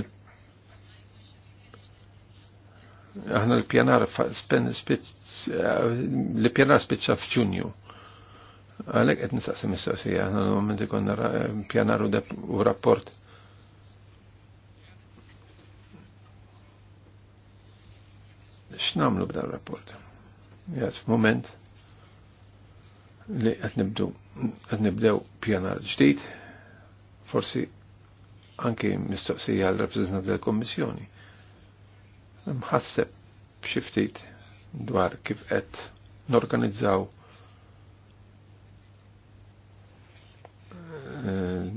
aħna l-pjanar l-pjanar spiċċa f'Ġunju. Għalek qed nistaqsi mistoqsija, aħna l-moment ikonna pjanar u rapport x'namlu b'dan rapport. Jgħat f'moment li qed nibdu qed nibdew pjanar ġdid, forsi anki mistoqsija għal rappreżentant tal-Kommissjoni. Mħasseb b'xi ftit dwar kif qed norganizzaw eh,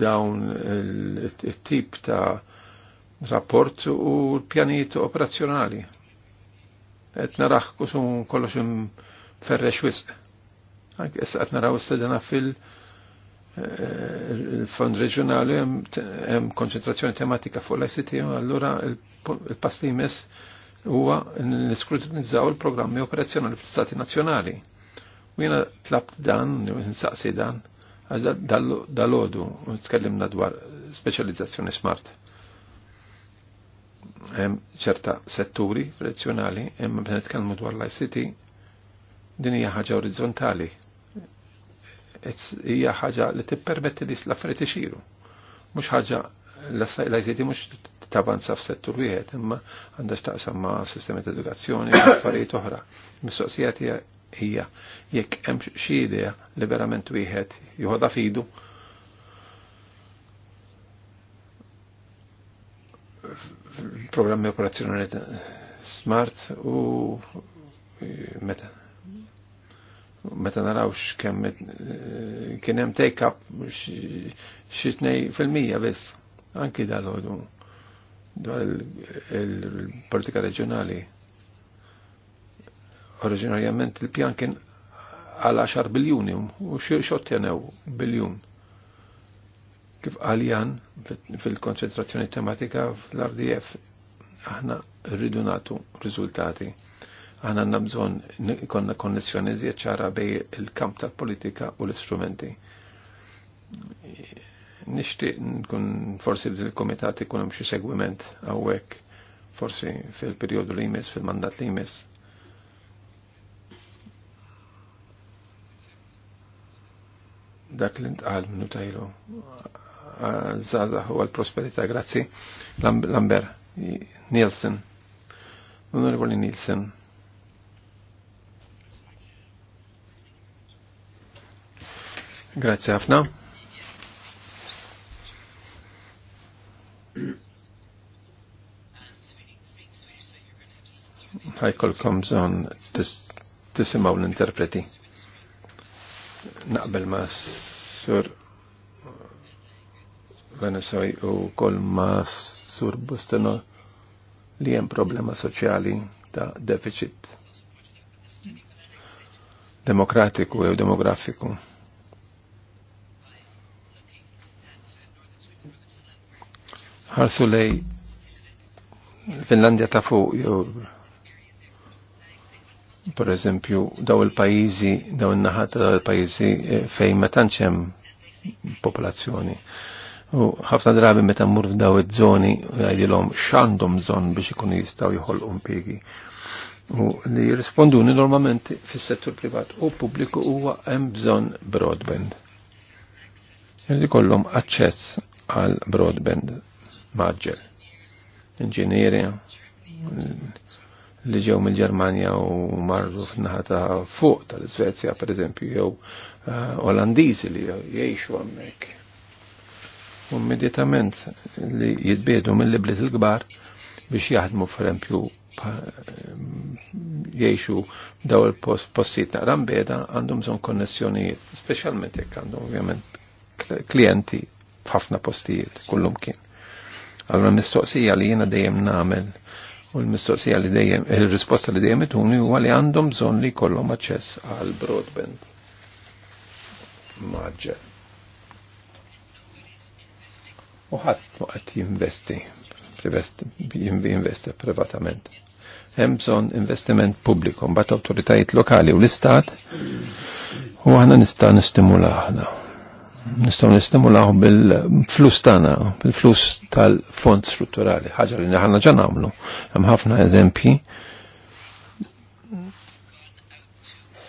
dawn it-tip ta' rapport u l-pjanijiet operazzjonali. Et narax kusum kollox ferrex wisq. Issa qed naraw s-sedena fil- eh, fond reġjonali hemm konċentrazzjoni tematika fuq l-ICT, allura il pasti li huwa niskrutinizzaw il-programmi operazzjonali fl-Stati nazzjonali. U jiena tlabt dan, nsaqsi dan, dal t-kellimna dwar specializzazzjoni smart ċerta setturi rezzjonali, imma bħan nitkellmu dwar l-ICT, din hija ħaġa orizzontali. Hija ħaġa li tippermetti li l-affarijiet ixiru. Mhux ħaġa l-ICT mhux tavanza f'settur wieħed, imma għandha x'taqsam ma' sistema ta' edukazzjoni u affarijiet oħra. Mistoqsija hija jekk hemm xi idea li verament wieħed joħodha fidu programmi operazzjonali smart u e, meta meta narawx kemm e, kien hemm take up xi fil-mija biss anki dal-ħodu dwar il-politika reġjonali. Oriġinarjament il-pjan kien għal 10 biljuni u xi xottenew biljun. Kif għaljan fil-konċentrazzjoni tematika fl-RDF aħna rridu natu riżultati. Aħna għandna bżonn konna konnessjoni iżjed ċara bej il-kamp tal-politika u l-istrumenti. Nixtieq nkun forsi il-komitat ikun hemm xi segwiment hawnhekk forsi fil-perjodu li jmiss, fil-mandat li jmiss. Dak li ntqal minnu tajlu zada u għal-prosperita. Grazzi, Lambert, Nielsen, l-onorevoli Nielsen. Grazie Afna. ħafna. comes on tisimaw l-interpreti. Naqbel ma' sur Venusoj u kol ma sur Bustano li jem problema soċjali ta' deficit demokratiku jew demografiku. ħarsu lej Finlandja ta' fuq jew per eżempju daw il-pajjiżi daw in-naħa ta' il-pajjiżi eh, fejn ma tantx hemm popolazzjoni. U ħafna drabi meta mmur f'daw iż-żoni jgħidilhom x'għandhom bżonn biex ikunu jistgħu jħolqu impjiegi. U li jirrisponduni normalment fis-settur privat u pubbliku huwa hemm bżonn broadband. Irid ikollhom aċċess għal broadband maġġel. Inġinierja li ġew mill-Ġermanja u marru f'naħa ta' fuq tal-Svezja pereżempju jew uh, Olandiżi li jgħixu hemmhekk immedjatament li jitbiedu mill-liblet il-kbar biex jaħdmu f'rempju jiexu daw il-postit ta' beda għandhom bżon konnessjonijiet, specialment jekk għandhom ovvjament klienti f'ħafna postijiet kullum kien. Allora mistoqsija li jiena dejjem namel u l-mistoqsija li dejjem, il-risposta li dejjem ituni huwa li għandhom bżon li kollhom aċċess għal broadband maġġer u ħadd qed jinvesti jinvesti privatament. Hemm bżonn investiment pubbliku mbagħad awtoritajiet lokali u l-istat u aħna nista' nistimula aħna. Nistgħu nistimulaw bil-flus tagħna, bil-flus tal-fond strutturali, ħaġa li aħna ġa nagħmlu. Hemm ħafna eżempji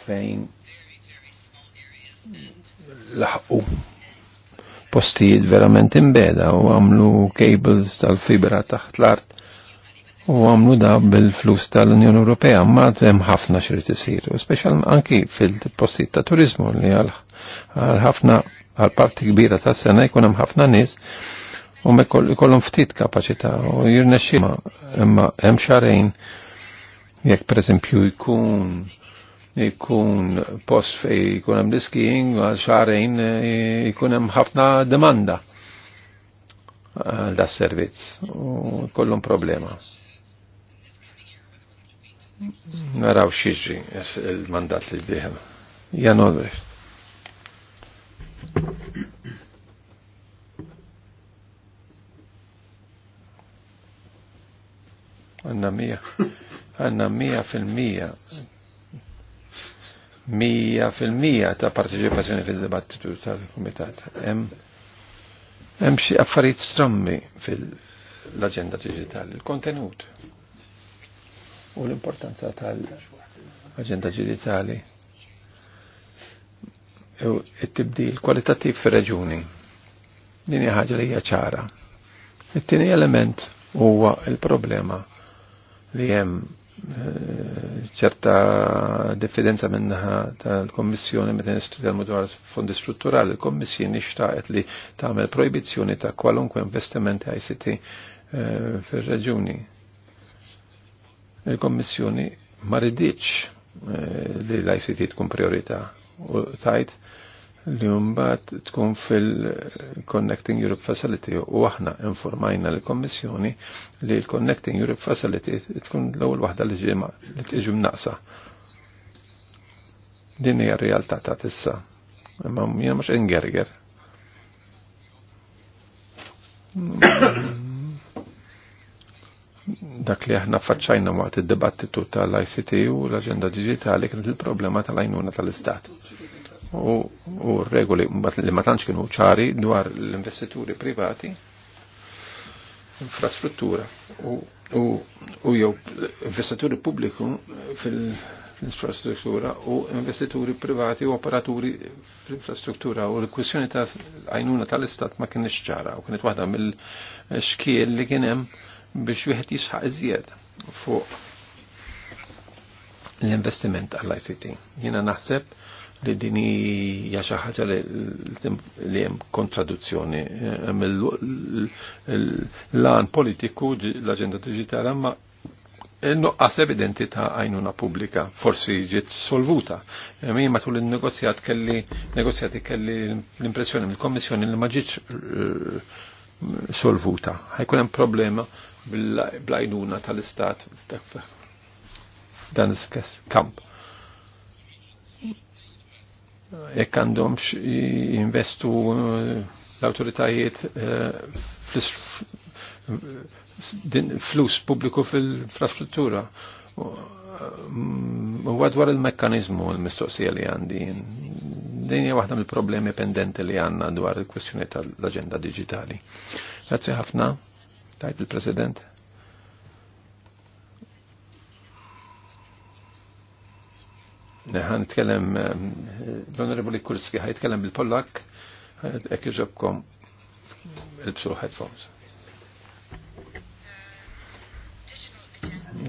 fejn laħqu postijiet verament imbeda u għamlu cables tal-fibra taħt l-art u għamlu da bil-flus tal unjon Ewropea ma hemm ħafna xirrid isir, u special anki fil-postijiet ta' turizmu li għal ħafna għal parti kbira ta' sena jkun hemm ħafna nis u kollhom ftit kapacita u jirnexxima imma hemm xarejn jekk pereżempju jkun ikun post fej ikun hemm diskijing għal xarejn eh, ikun hemm ħafna demanda għal eh, da servizz u kollum problema. Naraw xieġi il-mandat li diħem. Jan Odrecht. Għanna mija, għanna mija fil-mija Mija fil-mija ta' parteċipazzjoni fil-dibattitu tal-Kumitat. Hemm xi affarijiet strammi fil-aġenda digitali, il-kontenut u l-importanza tal-aġenda digitali u it-tibdil kwalitattiv fir-reġuni. Din hija ħaġa li hija ċara. It-tieni element huwa il-problema li hemm ċerta diffidenza minnaħa tal-Kommissjoni meta nistudjal dwar fondi strutturali, l kommissjoni xtaqet li tagħmel proibizzjoni ta' kwalunkwe investimenti ICT eh, fir-reġuni. Il-Kommissjoni ma ridiċ eh, li l-ICT tkun priorità u tajt li mbagħad tkun fil-Connecting Europe Facility u aħna informajna l-Kommissjoni li l-Connecting Europe Facility tkun l-ewwel waħda li ġiema li tiġi mnaqsa. Din hija r-realtà ta' tissa. Imma jiena mhux ingerger. Dak li aħna faċċajna waqt id-dibattitu tal-ICT u l-aġenda digitali kienet il-problema tal-għajnuna tal-Istat. tal tal għajnuna tal istat u regoli li ma tantx kienu ċari dwar l-investituri privati infrastruttura u jew investituri pubbliku fil-infrastruttura u investituri privati u operaturi fil-infrastruttura u l-kwissjoni ta' għajnuna tal-istat ma kienx ċara u kienet waħda mill-xkiel li kien hemm biex wieħed jisħaq iżjed fuq l-investiment għall-ICT. Jiena naħseb li din hija xi ħaġa li hemm kontraduzzjoni hemm l-lan politiku l-aġenda diġitali ma Nuqqas evidenti ta' għajnuna publika, forsi ġiet solvuta. Mi matul il-negozjat kelli, negozjati kelli l-impressjoni mill-Kommissjoni li ma ġietx eh, solvuta. Ħajkun hemm problema bil-għajnuna tal-Istat dan is-kamp jekk għandhomx eh, l-autoritajiet eh, flus publiku fil-infrastruttura. U eh, dwar il-mekkanizmu l-mistoqsija li għandi. Din hija waħda mill-problemi pendenti li għandna dwar il-kwestjoni tal agenda digitali. Grazzi ħafna, tajt il-President. ħan nitkellem l-Onorevoli Kurski ħaj nitkellem bil-Pollak ek iġobkom il-bsu headphones.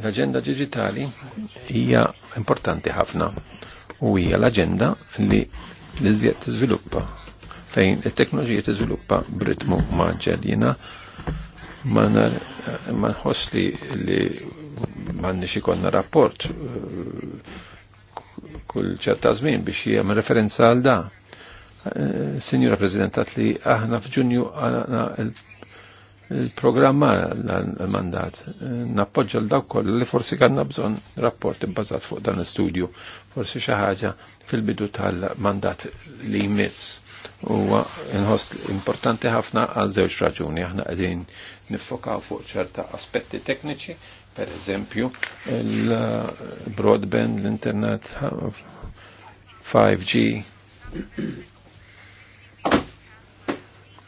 L-agenda digitali hija importanti ħafna u hija l-agenda li l-iżjed tiżviluppa fejn it-teknoloġija tiżviluppa b'ritmu maġġel jiena ma nħoss li li m'għandniex ikollna rapport kull ċerta żmien biex jgħam referenza għal da. Eh, Signora Presidenta li aħna f'Ġunju għana il-programma l-mandat. Eh, Nappoġġa l daw koll li forsi għanna bżonn rapport imbazat fuq dan l-studju, forsi xi ħaġa fil-bidu tal-mandat li jmiss. Huwa nħoss importanti ħafna għal żewġ raġuni. Aħna qegħdin niffokaw fuq ċerta aspetti tekniċi Per eżempju, il-broadband, l-internet 5G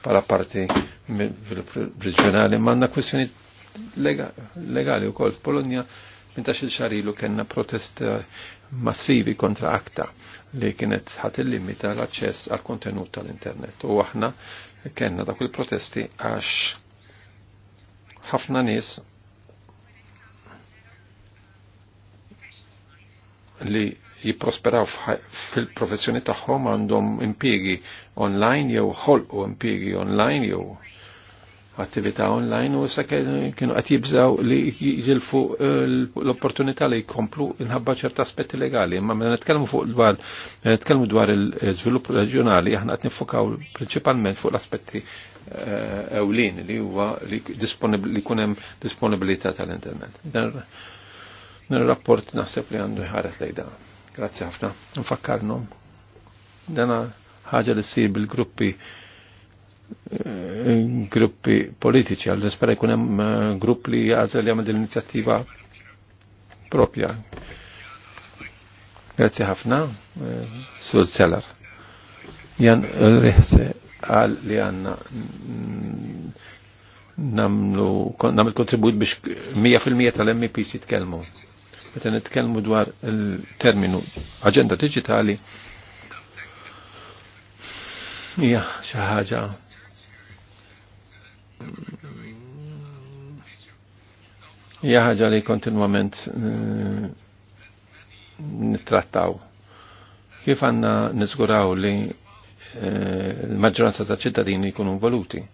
pala parti reġjonali manna kwestjoni legali u kol f'Polonja minn ta' xil-xarilu kena protest eh, massivi kontra akta li kienet ħat il-limita l-access għal kontenut tal-internet. U aħna kena dak il-protesti għax ħafna nis li jipprosperaw fil-professjoni tagħhom għandhom impjiegi online jew ħolqu impjiegi online jew attività online u issa kienu qed jibżaw li jilfu eh, l-opportunità li jkomplu inħabba ċerta aspetti legali. Imma meta nitkellmu fuq dwar nitkellmu dwar il-żvilupp reġjonali aħna qed nifokaw prinċipalment fuq l-aspetti eh, ewlin li huwa li jkun hemm disponibilità tal-internet Nil-rapport naħseb li għandu jħares lejda. Grazzi ħafna. Nfakkarnom. Dana ħaġa li s sir bil-gruppi eh, gruppi politiċi għal nispera jkun hemm eh, grupp li jażel li din l-inizjattiva propja. Grazzi ħafna, eh, Sur Seller. Jan Rihse għal li għanna mm, namlu, namlu kontribut biex 100% tal-MPs jitkelmu meta nitkellmu dwar il-terminu aġenda digitali hija xi ħaġa hija ħaġa li kontinwament eh, nittrattaw. Kif għandna niżguraw li eh, l-maġġoranza ta' ċittadini jkunu involuti?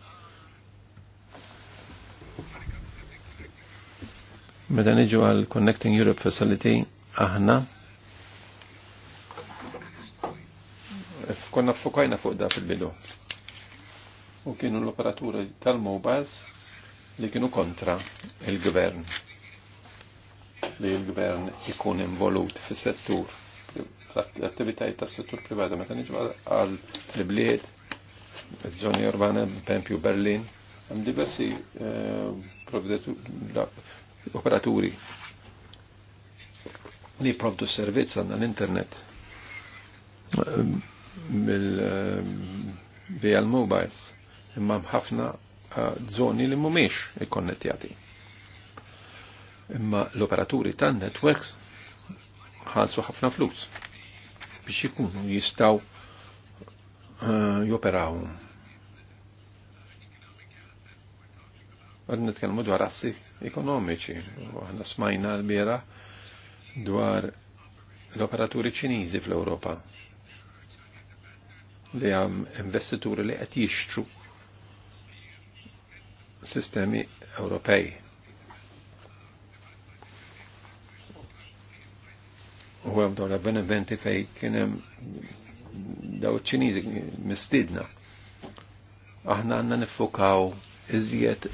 Meta niġu għal Connecting Europe Facility aħna konna fukajna fuq da fil-bidu. U kienu l-operaturi tal-mobiles li kienu kontra il-gvern. Li il-gvern ikun involut fis settur l-attivitajiet tas settur privata meta niġu għal l-bliet, zoni urbana, Pempju, Berlin, hemm diversi eh, operaturi li provdu servizz għanna l-internet eh, via l-mobiles imma mħafna eh, zoni li mumiex ikkonnettjati. Imma l-operaturi ta' networks ħalsu ħafna flus biex jikunu jistaw eh, joperaw. Għadna t-kelmu dwar ekonomiċi. Għana smajna l-bira dwar l-operaturi ċinizi fl europa li għam investituri li qed jixtru sistemi Ewropej. U għem dawn avvenimenti fej kienem daw ċinizi mistidna. Aħna għanna nifukaw iżjed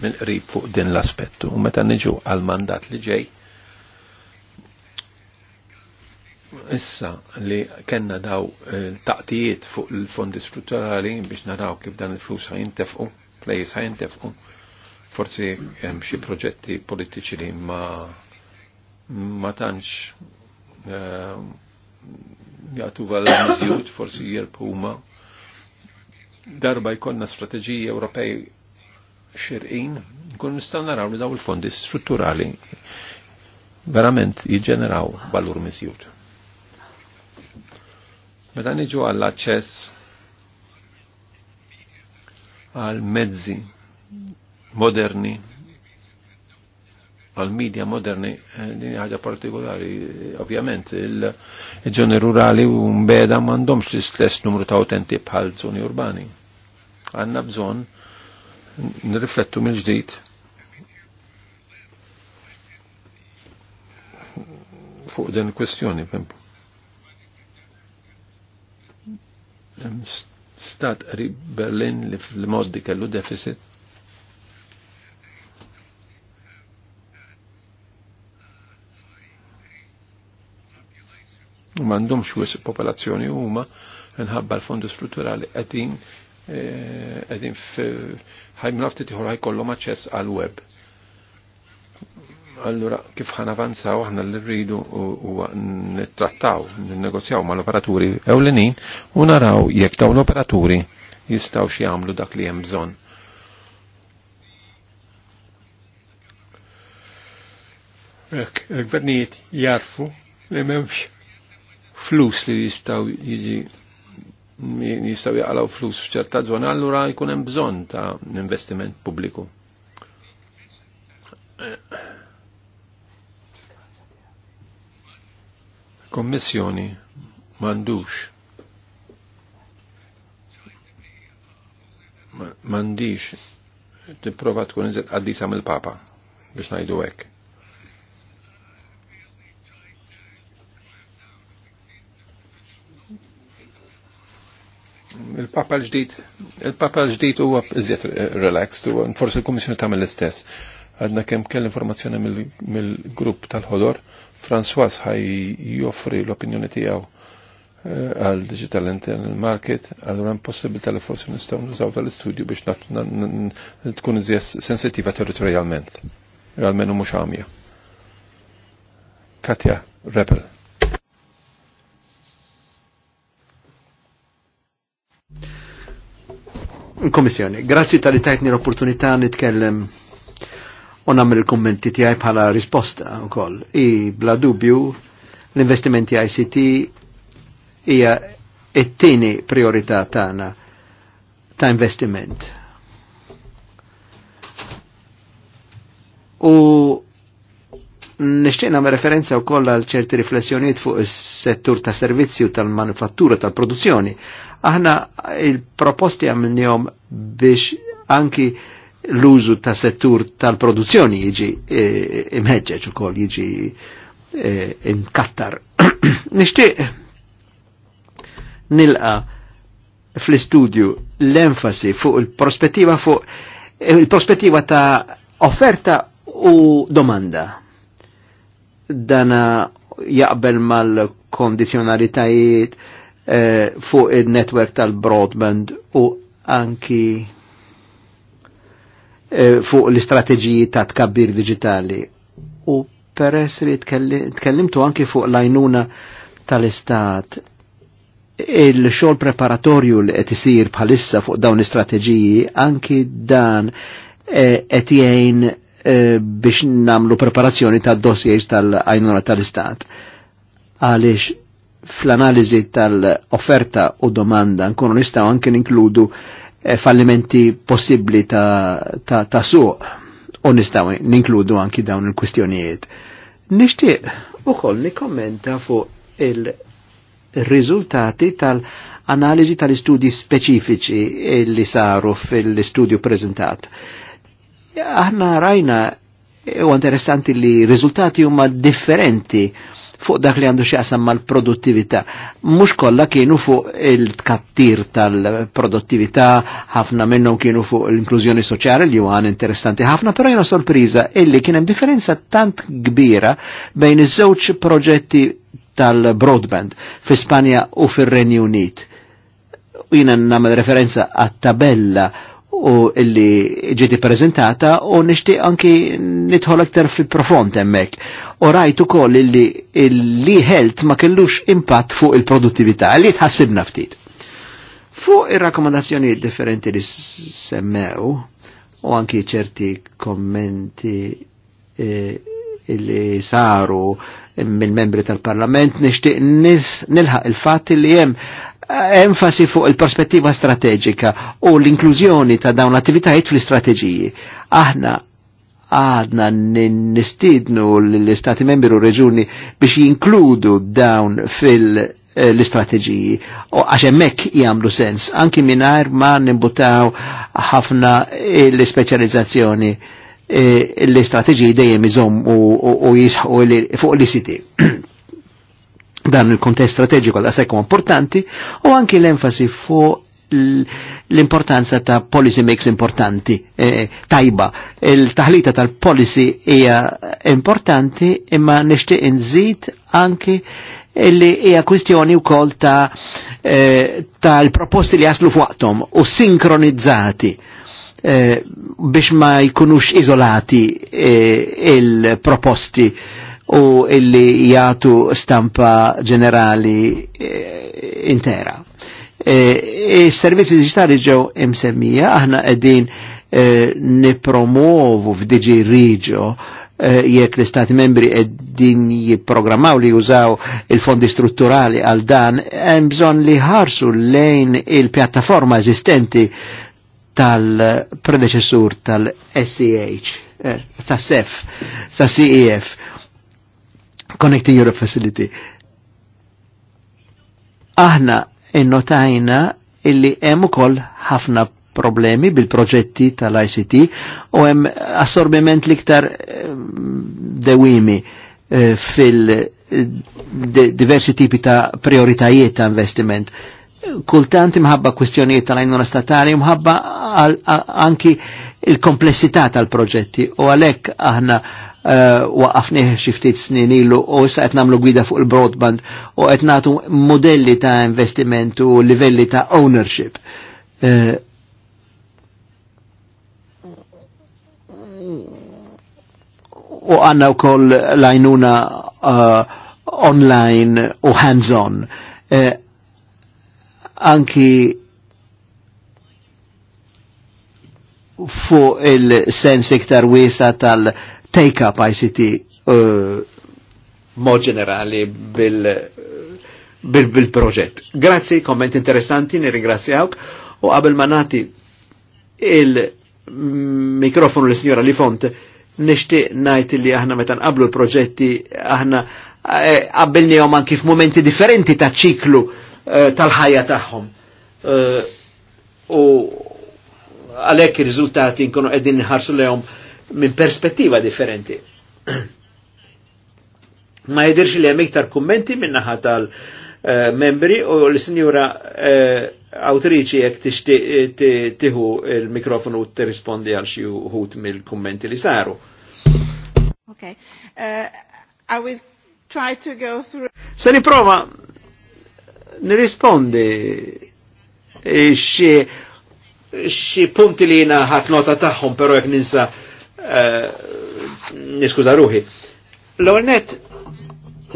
mill-qrib fuq din l-aspettu. U meta niġu għal-mandat li ġej, issa li kenna daw eh, taqtijiet fuq il-fondi strutturali biex naraw kif dan il-flus jintefqu, plejs jintefqu, forsi hemm xi proġetti politiċi li ma ma tantx eh, jagħtu valur miżjud forsi jirbhuma darba jkollna strateġiji Ewropej xirqin, kun nistaw naraw li daw il-fondi strutturali verament jiġġeneraw valur misjut. Meta niġu għall-aċċess għal mezzi moderni għal media moderni eh, din ħaġa partikolari ovvjament il-ġoni rurali un beda mandomx l-istess numru ta' utenti bħal żoni urbani. għanna bżon nirriflettu mill-ġdid fuq din il-kwestjoni. Stat qrib Berlin li fil-moddi kellu deficit. U M'għandhomx wisq popolazzjoni huma minħabba l-fondi strutturali qegħdin għedin minnafti tiħor ħajkollom aċċess għal-web. Allura, kif ħan avanzaw, ħana li rridu u nittrattaw, negozjaw ma l-operaturi ewlenin u naraw jekk daw l-operaturi jistaw għamlu dak li jem bżon. Ek, il-gvernijiet jarfu li memx flus li jistaw jiġi jistaw jaqalaw flus f'ċerta zona, allura jkun hemm bżonn ta' investiment pubbliku. Kommissjoni mandux Mandix. tipprova tkun iżet qaddisa mill-Papa biex ngħidu hekk. il-papa l-ġdid, il-papa l-ġdid huwa iżjed relaxed, u forse l-Kummissjoni tagħmel l-istess. Għadna kemm kell informazzjoni mill-grupp tal-ħodor, François ħaj joffri l-opinjoni tiegħu eh, għal digital internal market, għan possibil tal forsi nistgħu nużaw tal-istudju biex tkun sensitiva territorialment territorjalment. Għalmenu mhux għamja. Katja Rebel. Komissjoni, grazzi tal tajtni l-opportunità nitkellem u namri il-kommenti tijaj bħala risposta u koll. I bla dubju l-investimenti ICT hija it-tini priorità tagħna ta' investiment. U Nishtiqna ma referenza u koll għal ċerti riflessjoniet fuq is-settur ta' servizzi u tal-manufattura tal-produzzjoni. Aħna il-proposti għamilnijom biex anki l-użu ta' settur tal-produzzjoni jiġi e, imħedġeċ u koll jiġi e, imkattar. Nishtiq nilqa fl-istudju l-enfasi fuq il-prospettiva fuq il-prospettiva ta' offerta u domanda dana jaqbel mal-kondizjonalitajiet eh, fuq il-network tal-broadband u anki eh, fuq l-istrateġiji ta' tkabbir digitali. U peress li tkellimtu anki fuq l l-ajnuna tal-istat il-xol preparatorju li qed isir bħalissa fuq dawn l-istrateġiji anki dan eh, qed eh, jgħin Eh, biex namlu preparazzjoni ta' dossiers tal-għajnuna tal-istat. Għalix fl-analizi tal-offerta u domanda nkunu nistaw anke ninkludu eh, fallimenti possibli ta', ta, ta suq u nistaw ninkludu anki dawn il-kwistjonijiet. Nishtiq u koll nikommenta fuq il-rizultati tal- analizi tal-istudji speċifiċi li saru fil-istudju prezentat aħna rajna e, u interessanti li riżultati huma differenti fuq dak li għandu xaqsam mal-produttività. Mux kolla kienu fuq il-tkattir tal-produttività, ħafna minnhom kienu fuq l-inklużjoni soċjali li għan interessanti ħafna, pero jena sorpriza illi kienem differenza tant kbira bejn iż-żewġ proġetti tal-broadband fi Spanja u fir renju Unit. Jina namel referenza għat-tabella u illi ġieti prezentata u nishtiq anki nidħol aktar fil profond emmek. U rajtu koll illi li health ma kellux impatt fuq il-produttività, li tħassibna ftit. Fuq ir-rakkomandazzjoni differenti li semmew u anki ċerti kommenti eh, illi saru mill-membri tal-parlament nishtiq nilħaq il-fat li jem Eh, enfasi fuq il-prospettiva strateġika u l-inklużjoni ta' dawn l-attivitajiet fl-istrateġiji. Aħna għadna nistidnu l-Istati membri u reġuni biex jinkludu dawn fil- eh, l-istrateġiji u għaxemmek jgħamlu sens anki minnajr ma nimbutaw ħafna l-specializzazzjoni eh, l-istrateġiji dejjem jizom u jisħu fuq l siti. dan il-kontest strategiku għal sekku importanti u anki l-enfasi fuq l-importanza ta' policy makes importanti eh, tajba il-taħlita tal-policy hija importanti imma nishtiq inżid anki illi hija kwistjoni wkoll ta' eh, tal-proposti li jaslu fuqhom u sinkronizzati eh, biex ma jkunux izolati eh, il-proposti eh, u illi jgħatu stampa ġenerali e, intera. Eh, Is-servizzi e, e, digitali ġew imsemmija, aħna qegħdin e, eh, nipromuovu f'Diġi Riġo jekk l-Istati membri din jipprogrammaw li jużaw il-fondi strutturali għal dan, hemm bżonn li ħarsu lejn il-pjattaforma eżistenti tal-predeċessur tal-SEH, e tas-SEF, tas-CEF Connecting Europe Facility. Aħna innotajna illi hemm ukoll ħafna problemi bil-proġetti tal-ICT u hemm assorbiment liktar ehm, dewimi eh, fil-diversi tipi ta' prioritajiet ta' investiment kultant imħabba kwistjonijiet tal-għajnuna statali, imħabba anki il-komplessità tal-proġetti. U għalek aħna Eh, waqafnieh xiftit snin ilu u issa qed nagħmlu gwida fuq il-broadband u qed nagħtu modelli ta' investiment u livelli ta' ownership. Eh, u għanna wkoll lajnuna eh, online u hands-on. anki fuq il-sens iktar wisa tal- take-up ICT uh, mod ġenerali bil-proġett. Uh, bil, bil Grazzi, komment interessanti, nirringrazzjawk u qabel ma nati il-mikrofonu l signora li font nishti najt li aħna meta nqablu l-proġetti aħna eh, qabbilni jom anki f'momenti differenti ta' ċiklu eh, tal-ħajja tagħhom. Eh, u għalhekk ir-riżultati nkunu qegħdin nħarsu lehom minn perspettiva differenti. Ma jidirx li hemm iktar kummenti minn naħa tal-membri u l-Sinjura eh, Autriċi jek tiħu il-mikrofonu u t tirrispondi għal xi uħut mill-kummenti li saru. Ok. Uh, I will try to go through. Se niprova nirrispondi xie punti li jina ħat nota tagħhom, pero jek ninsa Eh, niskuza ruħi. L-għonet,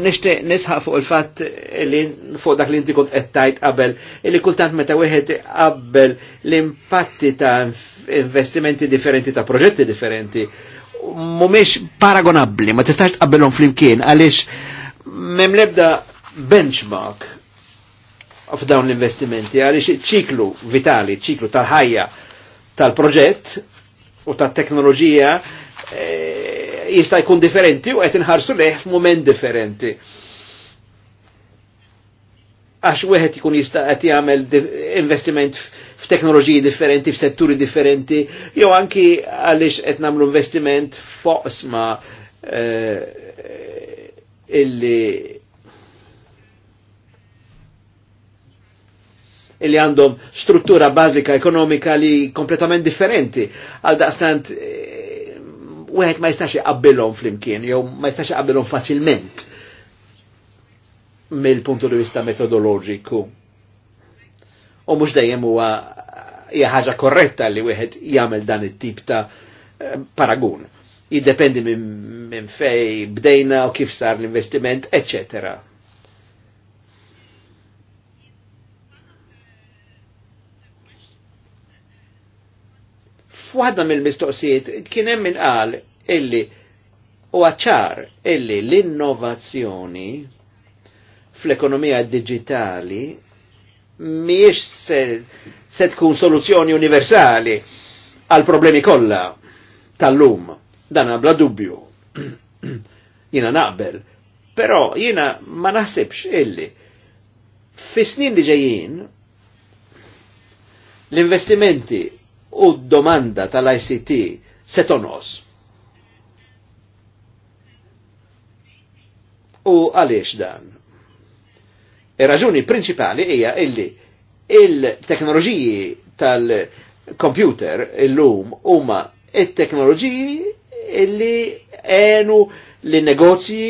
nishti nisħaq fuq il-fat li fuq dak li inti kont qed qabel, li kultant meta wieħed qabel l-impatti ta' investimenti differenti ta' proġetti differenti mhumiex paragonabbli, ma tistax tqabbilhom flimkien għaliex m'hemm lebda benchmark f'dawn l-investimenti għaliex ċiklu vitali, ċiklu tal-ħajja tal-proġett u ta' teknoloġija eh, jista' jkun differenti u qed inħarsu leħ f'mument differenti. Għax wieħed ikun jista' qed jagħmel investiment f'teknoloġiji differenti, f'setturi differenti, jew anki għaliex qed nagħmlu investiment f'oqsma e, illi li għandhom struttura bazika ekonomika li kompletament differenti. Għal daqstant, e, wieħed ma jistax fl flimkien, jew ma jistax iqabbilhom faċilment mill-puntu di vista metodoloġiku. U mhux dejjem huwa ħaġa korretta li wieħed jagħmel dan it-tip ta' e, paragun. Jiddependi minn fej bdejna u kif sar l-investiment, eccetera F'waħda mill-mistoqsijiet kien hemm min qal illi u ċar illi l-innovazzjoni fl-ekonomija digitali miex se, se tkun soluzzjoni universali għal problemi kollha tal-lum. Dan bla dubju. jina naqbel. Però jina ma naħsibx illi Fis snin li ġejjin l-investimenti u domanda tal-ICT se tonos. U għaliex dan? Ir-raġuni e prinċipali hija illi il-teknoloġiji tal-computer illum huma il teknoloġiji illi għenu li negozji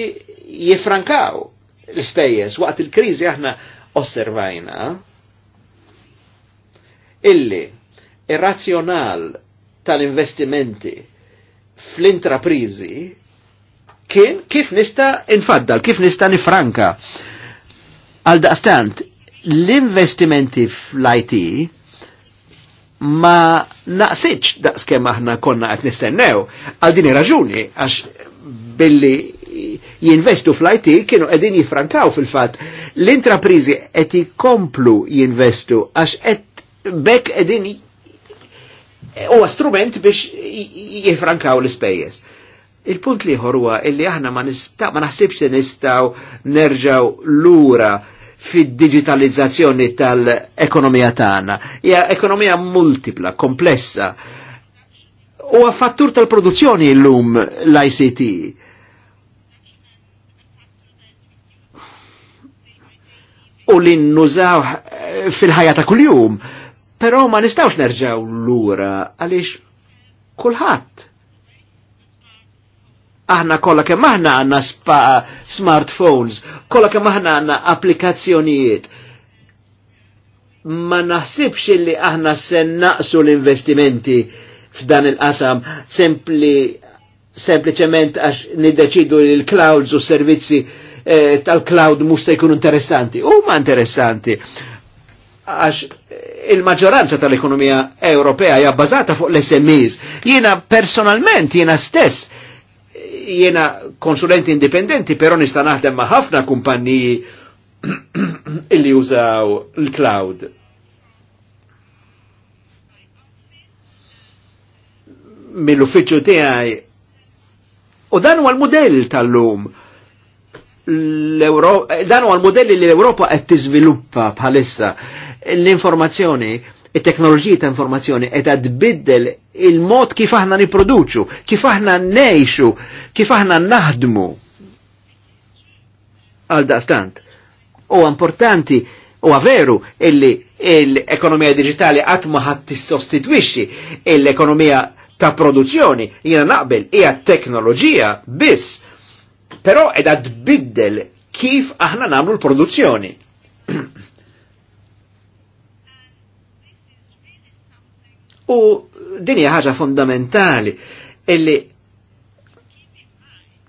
jifrankaw l spejjes waqt il-kriżi aħna osservajna illi irrazzjonal tal-investimenti fl-intraprizi kien kif nista infaddal, kif nista nifranka. Għal daqstant, l-investimenti fl-IT ma naqsitx daqskemm aħna konna qed nistennew għal din raġuni għax billi jinvestu fl-IT kienu qegħdin jifrankaw fil-fatt l-intraprizi qed jikomplu jinvestu għax qed bekk qegħdin u strument biex jifrankaw l-ispejjeż. Il-punt li huwa illi aħna ma nista' ma naħsibx li nistgħu nerġgħu lura fid-digitalizzazzjoni tal-ekonomija tagħna. Hija ekonomija multipla, komplessa. Huwa fattur tal-produzzjoni llum l-ICT. U li nużaw eh, fil-ħajja ta' kuljum. jum Però ma nistawx nerġaw lura għaliex kulħadd. Aħna kollha kemm aħna għandna smartphones, kollha kemm aħna għandna applikazzjonijiet. Ma naħsibx li aħna se naqsu l-investimenti f'dan il-qasam sempli sempliċement għax niddeċidu li l-clouds u servizzi eh, tal-cloud mhux se jkunu interessanti. Huma interessanti għax il-maġġoranza tal-ekonomija Ewropea hija bbażata fuq l-SMEs. Jiena personalment, jiena stess, jiena konsulenti indipendenti, però nista' naħdem ma' ħafna kumpanniji illi jużaw l-cloud. mill-uffiċċju tiegħi. U dan huwa l-mudell tal-lum dan huwa l-modelli li l-Ewropa qed tiżviluppa bħalissa l-informazzjoni it-teknoloġija ta' informazzjoni qed tbiddel il-mod kif aħna niproduċu, kif aħna nejxu, kif aħna naħdmu. Għal daqstant. U importanti, u veru illi l-ekonomija digitali qatt ma ħadd tissostitwixxi l-ekonomija ta' produzzjoni, jiena naqbel hija teknoloġija biss, però qiegħda tbiddel kif aħna nagħmlu l-produzzjoni. U din hija ħaġa fundamentali illi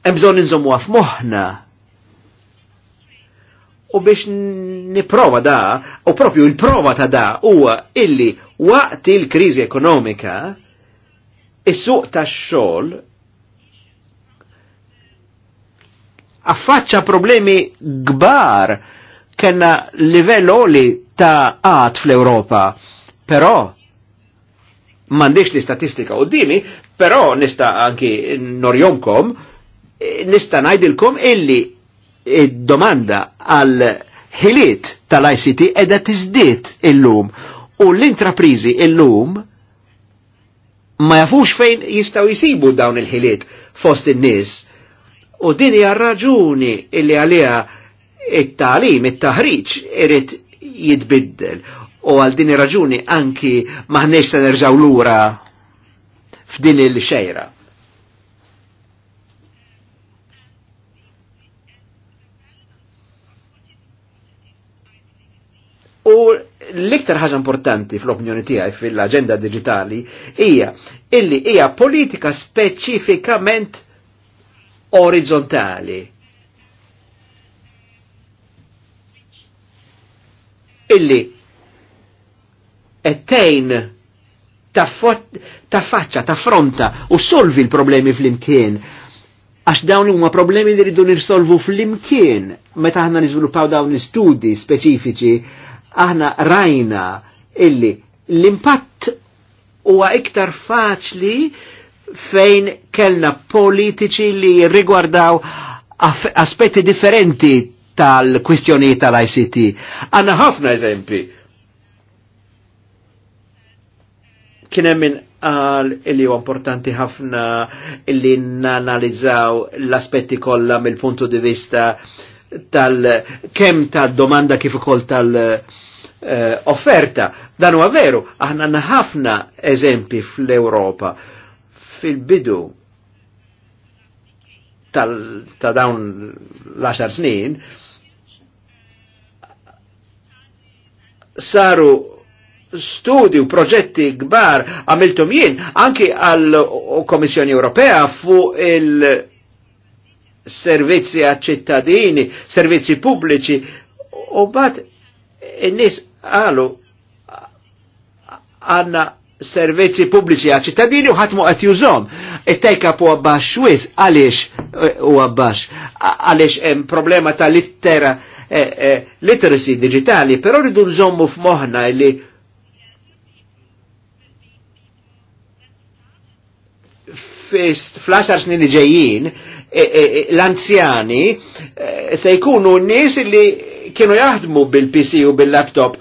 hemm bżonn inżommuha f'moħħna. U biex niprova da, u propju il-prova ta' da huwa illi waqt il-kriżi ekonomika is-suq tax-xogħol affaċċa problemi kbar kena livell oli ta' għat fl-Europa. Però, mandiċ li statistika u dimi, pero nista anki norjomkom, e, nista najdilkom illi id-domanda għal ħiliet tal-ICT edha tizdiet illum u l-intraprizi illum ma jafux fejn jistaw jisibu dawn il-ħiliet fost in-nies. U din hija raġuni illi għaliha it-talim, it-taħriġ irid jitbiddel u għal din raġuni anki maħnex se nerġaw lura f'din il-xejra. U l-iktar ħaġa importanti fl-opinjoni tiegħi fil-aġenda digitali hija illi hija politika speċifikament orizzontali. Illi ettejn ta' faċċa, ta' fronta u solvi l-problemi fl-imkien. Għax dawn huma problemi li rridu nirsolvu fl-imkien. Meta aħna niżviluppaw dawn l istudi speċifiċi, aħna rajna illi l-impatt huwa iktar faċli fejn kellna politiċi li rigwardaw aspetti differenti tal-kwistjoni tal-ICT. Għanna ħafna eżempi Kien hemm min illi huwa importanti ħafna illi nanalizzaw l-aspetti kollha mill-puntu di vista tal-kem tal-domanda kif ukoll tal-offerta. Eh, Dan huwa veru, aħna n' ħafna eżempi fl-Ewropa fil-bidu ta' dawn l-10 snin saru studi u proġetti gbar għamiltum jien anki għal Komissjoni Ewropea fu il- servizzi għal ċittadini, servizzi pubbliċi, u bat n-nis għalu għanna servizzi pubbliċi għal ċittadini u ħatmu għat jużom. It-take-up għabbax xwis, għalix eh, u għabbax, għalix problema ta' littera, eh, eh, literacy digitali, pero rridu nżommu f'moħna li fl-10 snin li ġejjin e, e, e, l-anzjani se jkunu n-nies li kienu jaħdmu bil-PC u bil-laptop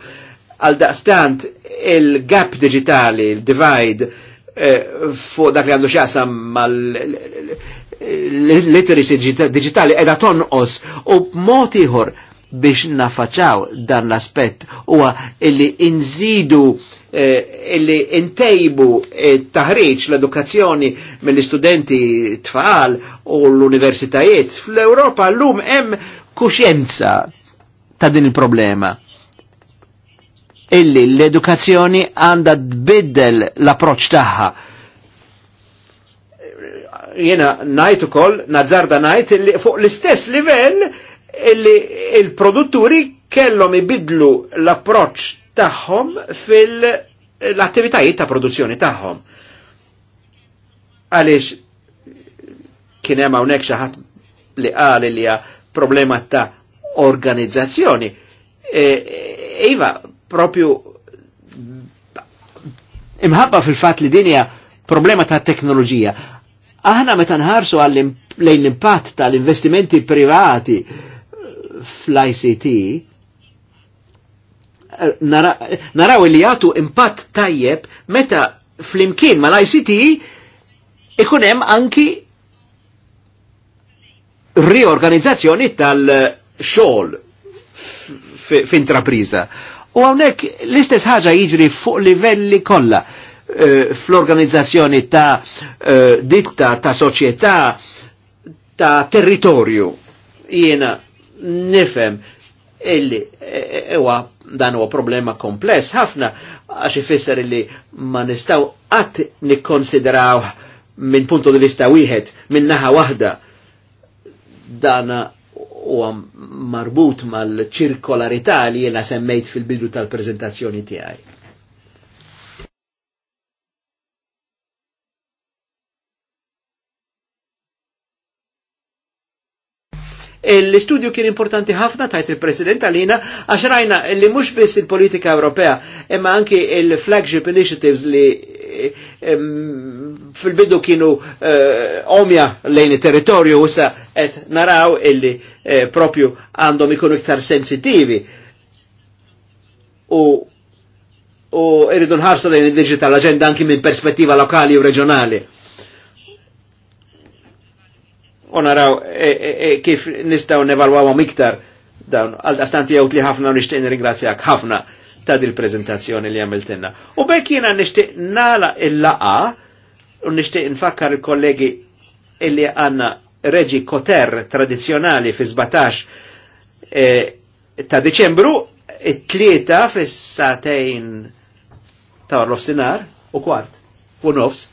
għal daqstant il-gap digitali, il-divide fuq dak li għandu xasam mal literacy digitali edha tonqos u b'mod ieħor biex nafaċaw dan l-aspett huwa illi inżidu Eh, illi intejbu eh, l-edukazzjoni mill-istudenti tfal u l-universitajiet fl-Europa l-lum hemm kuxjenza ta' din il-problema illi l-edukazzjoni għanda tbiddel l-approċ tagħha. Jena najt ukoll, nazzarda najt illi fuq l-istess livell illi il-produtturi kellhom ibidlu l-approċ tagħhom fil-attivitajiet ta' produzzjoni tagħhom. Għaliex kien hemm hawnhekk xi ħadd li qal li hija problema ta' organizzazzjoni. E, iva, propju imħabba fil-fat li dinja problema ta' teknoloġija. Aħna meta nħarsu lejn l-impatt tal-investimenti privati fl-ICT, naraw li jagħtu impatt tajjeb meta flimkien mal-ICT ikun hemm anki riorganizzazzjoni tal-xogħol f'intrapriża. U hawnhekk l-istess ħaġa jiġri fuq livelli kollha eh, fl-organizzazzjoni ta' eh, ditta, ta' soċjetà, ta' territorju. Jiena nifhem illi eh, ewa dan huwa problema kompless ħafna għax ifisser li ma nistaw qatt nikkonsideraw minn punto di vista wieħed minn naħa waħda dan huwa marbut mal-ċirkolarità li jiena semmejt fil-bidu tal-preżentazzjoni tiegħi. L-istudju kien importanti ħafna tajt il-President għalina għax rajna li mux biss il-politika Ewropea imma anki il-flagship initiatives li fil-bidu kienu eh, omja lejn il-territorju u sa et naraw illi eh, propju għandhom ikunu iktar sensitivi u u irridu nħarsu lejn il-digital agenda anki minn perspettiva lokali u reġjonali u naraw e, e, e, kif nistaw nevalwawhom iktar dawn għal dastanti għaw li ħafna nixtieq nirringrazzjak ħafna ta' dil prezentazzjoni li għamiltinna. U bekk jina nixtieq nala il-laqa u nixtieq nfakkar il-kollegi illi għanna reġi koter tradizjonali fi 17 ta' Deċembru, it-tlieta fis-satejn ta' orlof sinar u kwart, u nofs,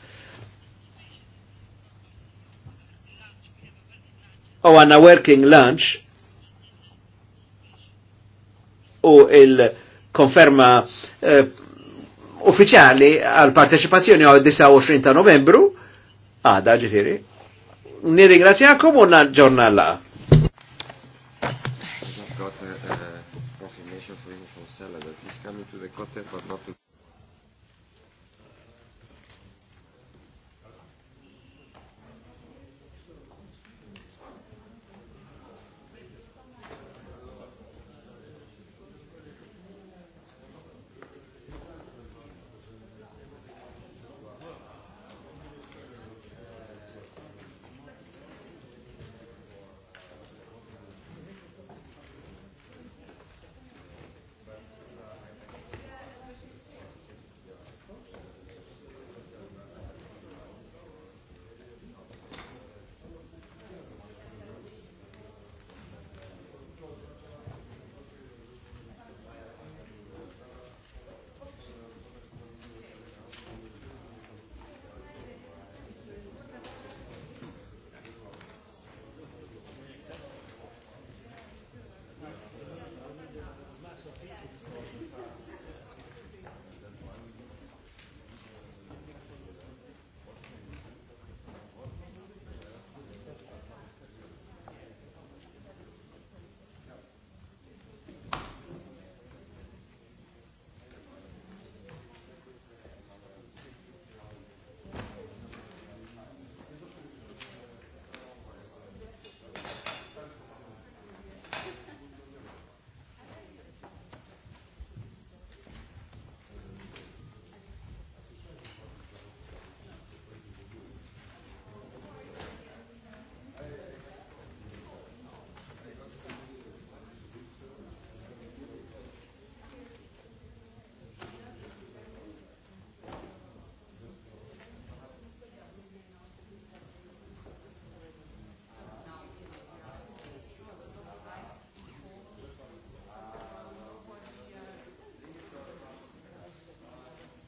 u għanna working lunch u il-konferma uh, uffiċjali għal partecipazzjoni għal 29 ta' novembru, għada ġifiri, nirringrazzjakom u ġurnalla. Got